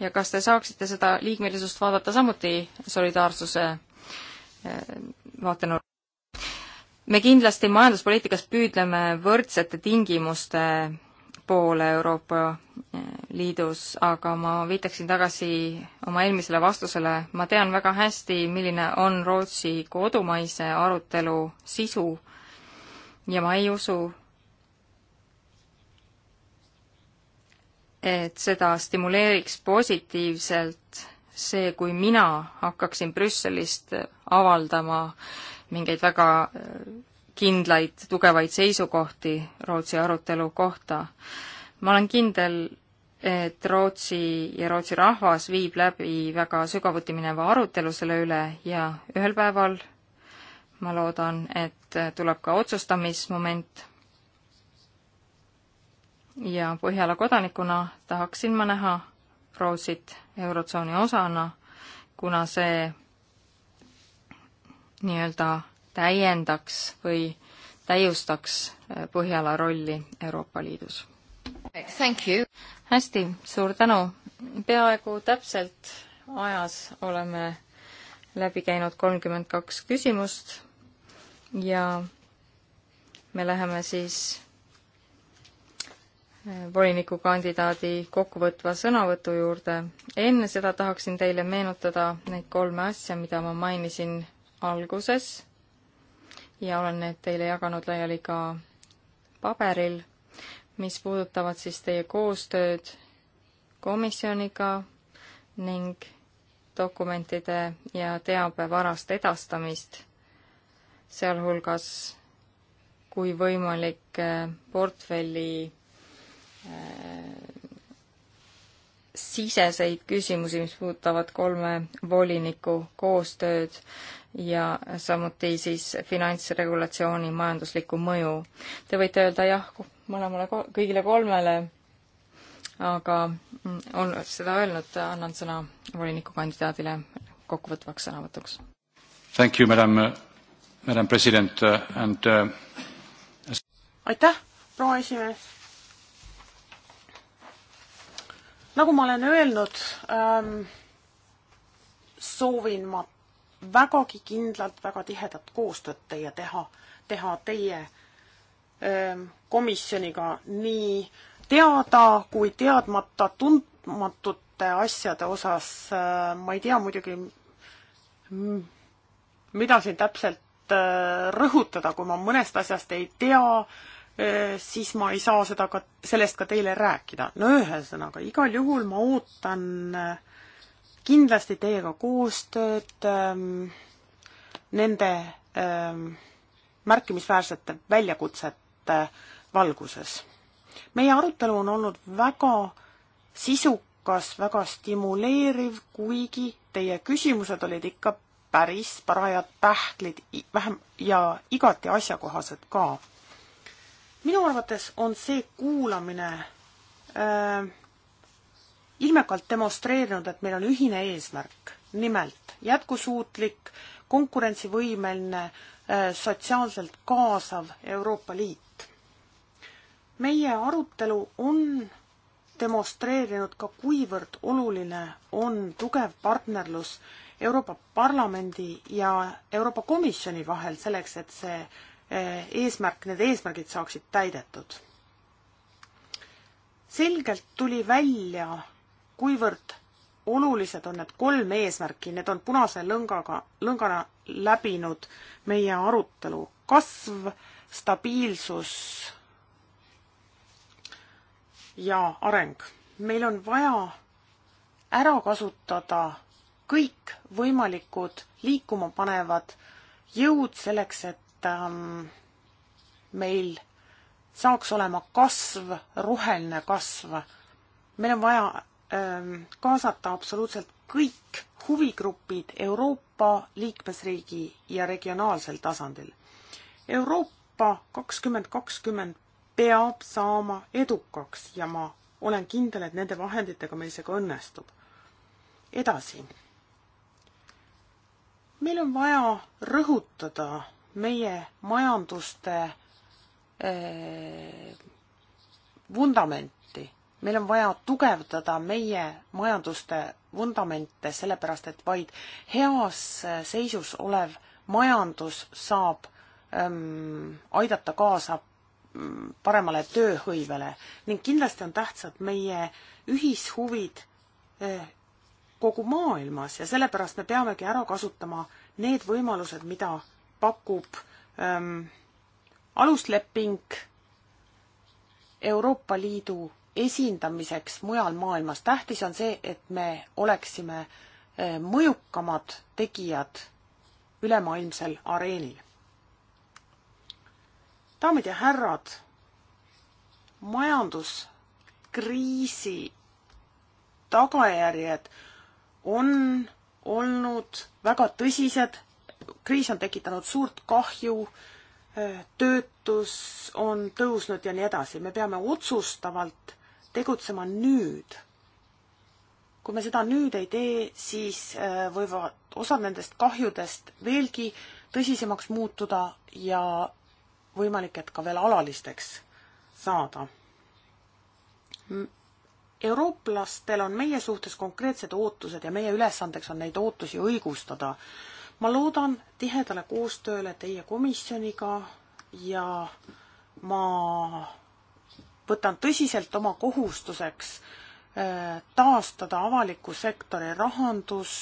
ja kas te saaksite seda liikmelisust vaadata samuti solidaarsuse eh, vaatenurga? me kindlasti majanduspoliitikas püüdleme võrdsete tingimuste poole Euroopa eh, Liidus, aga ma viitaksin tagasi oma eelmisele vastusele. ma tean väga hästi, milline on Rootsi kodumaise arutelu sisu ja ma ei usu, et seda stimuleeriks positiivselt see, kui mina hakkaksin Brüsselist avaldama mingeid väga äh, kindlaid tugevaid seisukohti Rootsi arutelu kohta. ma olen kindel, et Rootsi ja Rootsi rahvas viib läbi väga sügavuti mineva arutelu selle üle ja ühel päeval ma loodan, et tuleb ka otsustamismoment. ja Põhjala kodanikuna tahaksin ma näha Rootsit Eurotsooni osana, kuna see nii-öelda täiendaks või täiustaks äh, Põhjala rolli Euroopa Liidus. hästi, suur tänu. peaaegu täpselt ajas oleme läbi käinud kolmkümmend kaks küsimust ja me läheme siis äh, volinikukandidaadi kokkuvõtva sõnavõtu juurde. enne seda tahaksin teile meenutada neid kolme asja, mida ma mainisin alguses ja olen need teile jaganud laiali ka paberil, mis puudutavad siis teie koostööd komisjoniga ning dokumentide ja teabe varast edastamist, sealhulgas kui võimalik eh, portfelli eh, siseseid küsimusi, mis puudutavad kolme voliniku koostööd ja samuti siis finantsregulatsiooni majanduslikku mõju. Te võite öelda jah mõlemale, kõigile kolmele, aga mm, on seda öelnud, annan sõna volinikukandidaadile kokkuvõtvaks sõnavõtuks. Thank you, madam, madam president uh, and uh, aitäh, proua esimees! nagu ma olen öelnud ähm,, soovin ma vägagi kindlalt väga tihedat koostööd teie teha, teha teie ähm, komisjoniga nii teada kui teadmata tundmatute asjade osas. Äh, ma ei tea muidugi, mida siin täpselt äh, rõhutada, kui ma mõnest asjast ei tea, äh, siis ma ei saa seda ka, sellest ka teile rääkida. no ühesõnaga, igal juhul ma ootan äh, kindlasti teiega koostööd ähm, nende ähm, märkimisväärsete väljakutsete valguses. meie arutelu on olnud väga sisukas, väga stimuleeriv, kuigi teie küsimused olid ikka päris parajad pähklid, vähem ja igati asjakohased ka. minu arvates on see kuulamine öö, äh, ilmekalt demonstreerinud, et meil on ühine eesmärk, nimelt jätkusuutlik, konkurentsivõimeline, äh, sotsiaalselt kaasav Euroopa Liit. meie arutelu on demonstreerinud ka, kuivõrd oluline on tugev partnerlus Euroopa Parlamendi ja Euroopa Komisjoni vahel selleks, et see äh, eesmärk, need eesmärgid saaksid täidetud. selgelt tuli välja kuivõrd olulised on need kolm eesmärki, need on punase lõngaga, lõngana läbinud meie arutelu. kasv, stabiilsus ja areng. meil on vaja ära kasutada kõik võimalikud liikuma panevad jõud selleks, et ähm, meil saaks olema kasv, roheline kasv. meil on vaja Ähm, kaasata absoluutselt kõik huvigrupid Euroopa liikmesriigi ja regionaalsel tasandil. Euroopa kakskümmend kakskümmend peab saama edukaks ja ma olen kindel, et nende vahenditega meil see ka õnnestub. edasi. meil on vaja rõhutada meie majanduste eh, vundamenti meil on vaja tugevdada meie majanduste vundamente, sellepärast et vaid heas seisus olev majandus saab ähm, aidata kaasa mm, paremale tööhõivele ning kindlasti on tähtsad meie ühishuvid äh, kogu maailmas ja sellepärast me peamegi ära kasutama need võimalused, mida pakub ähm, alusleping Euroopa Liidu esindamiseks mujal maailmas. tähtis on see, et me oleksime eh, mõjukamad tegijad ülemaailmsel areenil. daamid ja härrad, majanduskriisi tagajärjed on olnud väga tõsised, kriis on tekitanud suurt kahju, eh, töötus on tõusnud ja nii edasi, me peame otsustavalt tegutsema nüüd. kui me seda nüüd ei tee, siis äh, võivad osad nendest kahjudest veelgi tõsisemaks muutuda ja võimalik, et ka veel alalisteks saada. eurooplastel on meie suhtes konkreetsed ootused ja meie ülesandeks on neid ootusi õigustada. ma loodan tihedale koostööle teie komisjoniga ja ma võtan tõsiselt oma kohustuseks äh, taastada avaliku sektori rahandus,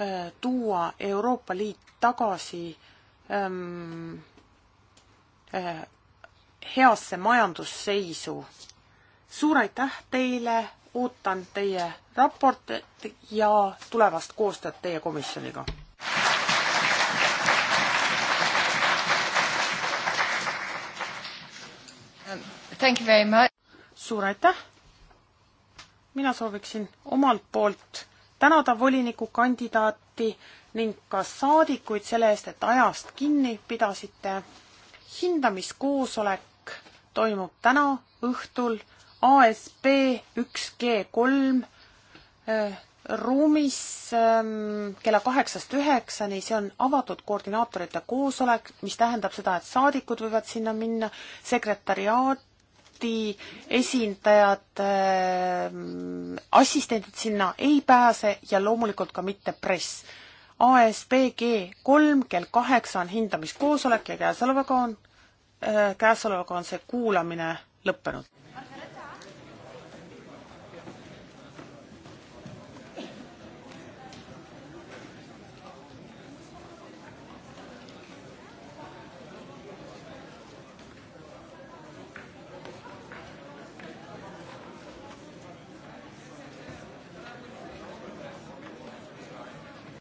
äh, tuua Euroopa Liit tagasi ähm, äh, heasse majandusseisu. suur aitäh teile, ootan teie raportit ja tulevast koostööd teie komisjoniga! suur aitäh! mina sooviksin omalt poolt tänada volinikukandidaati ning ka saadikuid selle eest, et ajast kinni pidasite. hindamiskoosolek toimub täna õhtul ASB üks G kolm eh, ruumis ähm, kella kaheksast üheksani, see on avatud koordinaatorite koosolek, mis tähendab seda, et saadikud võivad sinna minna, sekretariaat ameti esindajad, ähm, assistendid sinna ei pääse ja loomulikult ka mitte press. ASBG kolm kell kaheksa on hindamiskoosolek ja käesolevaga on, äh, käesolevaga on see kuulamine lõppenud.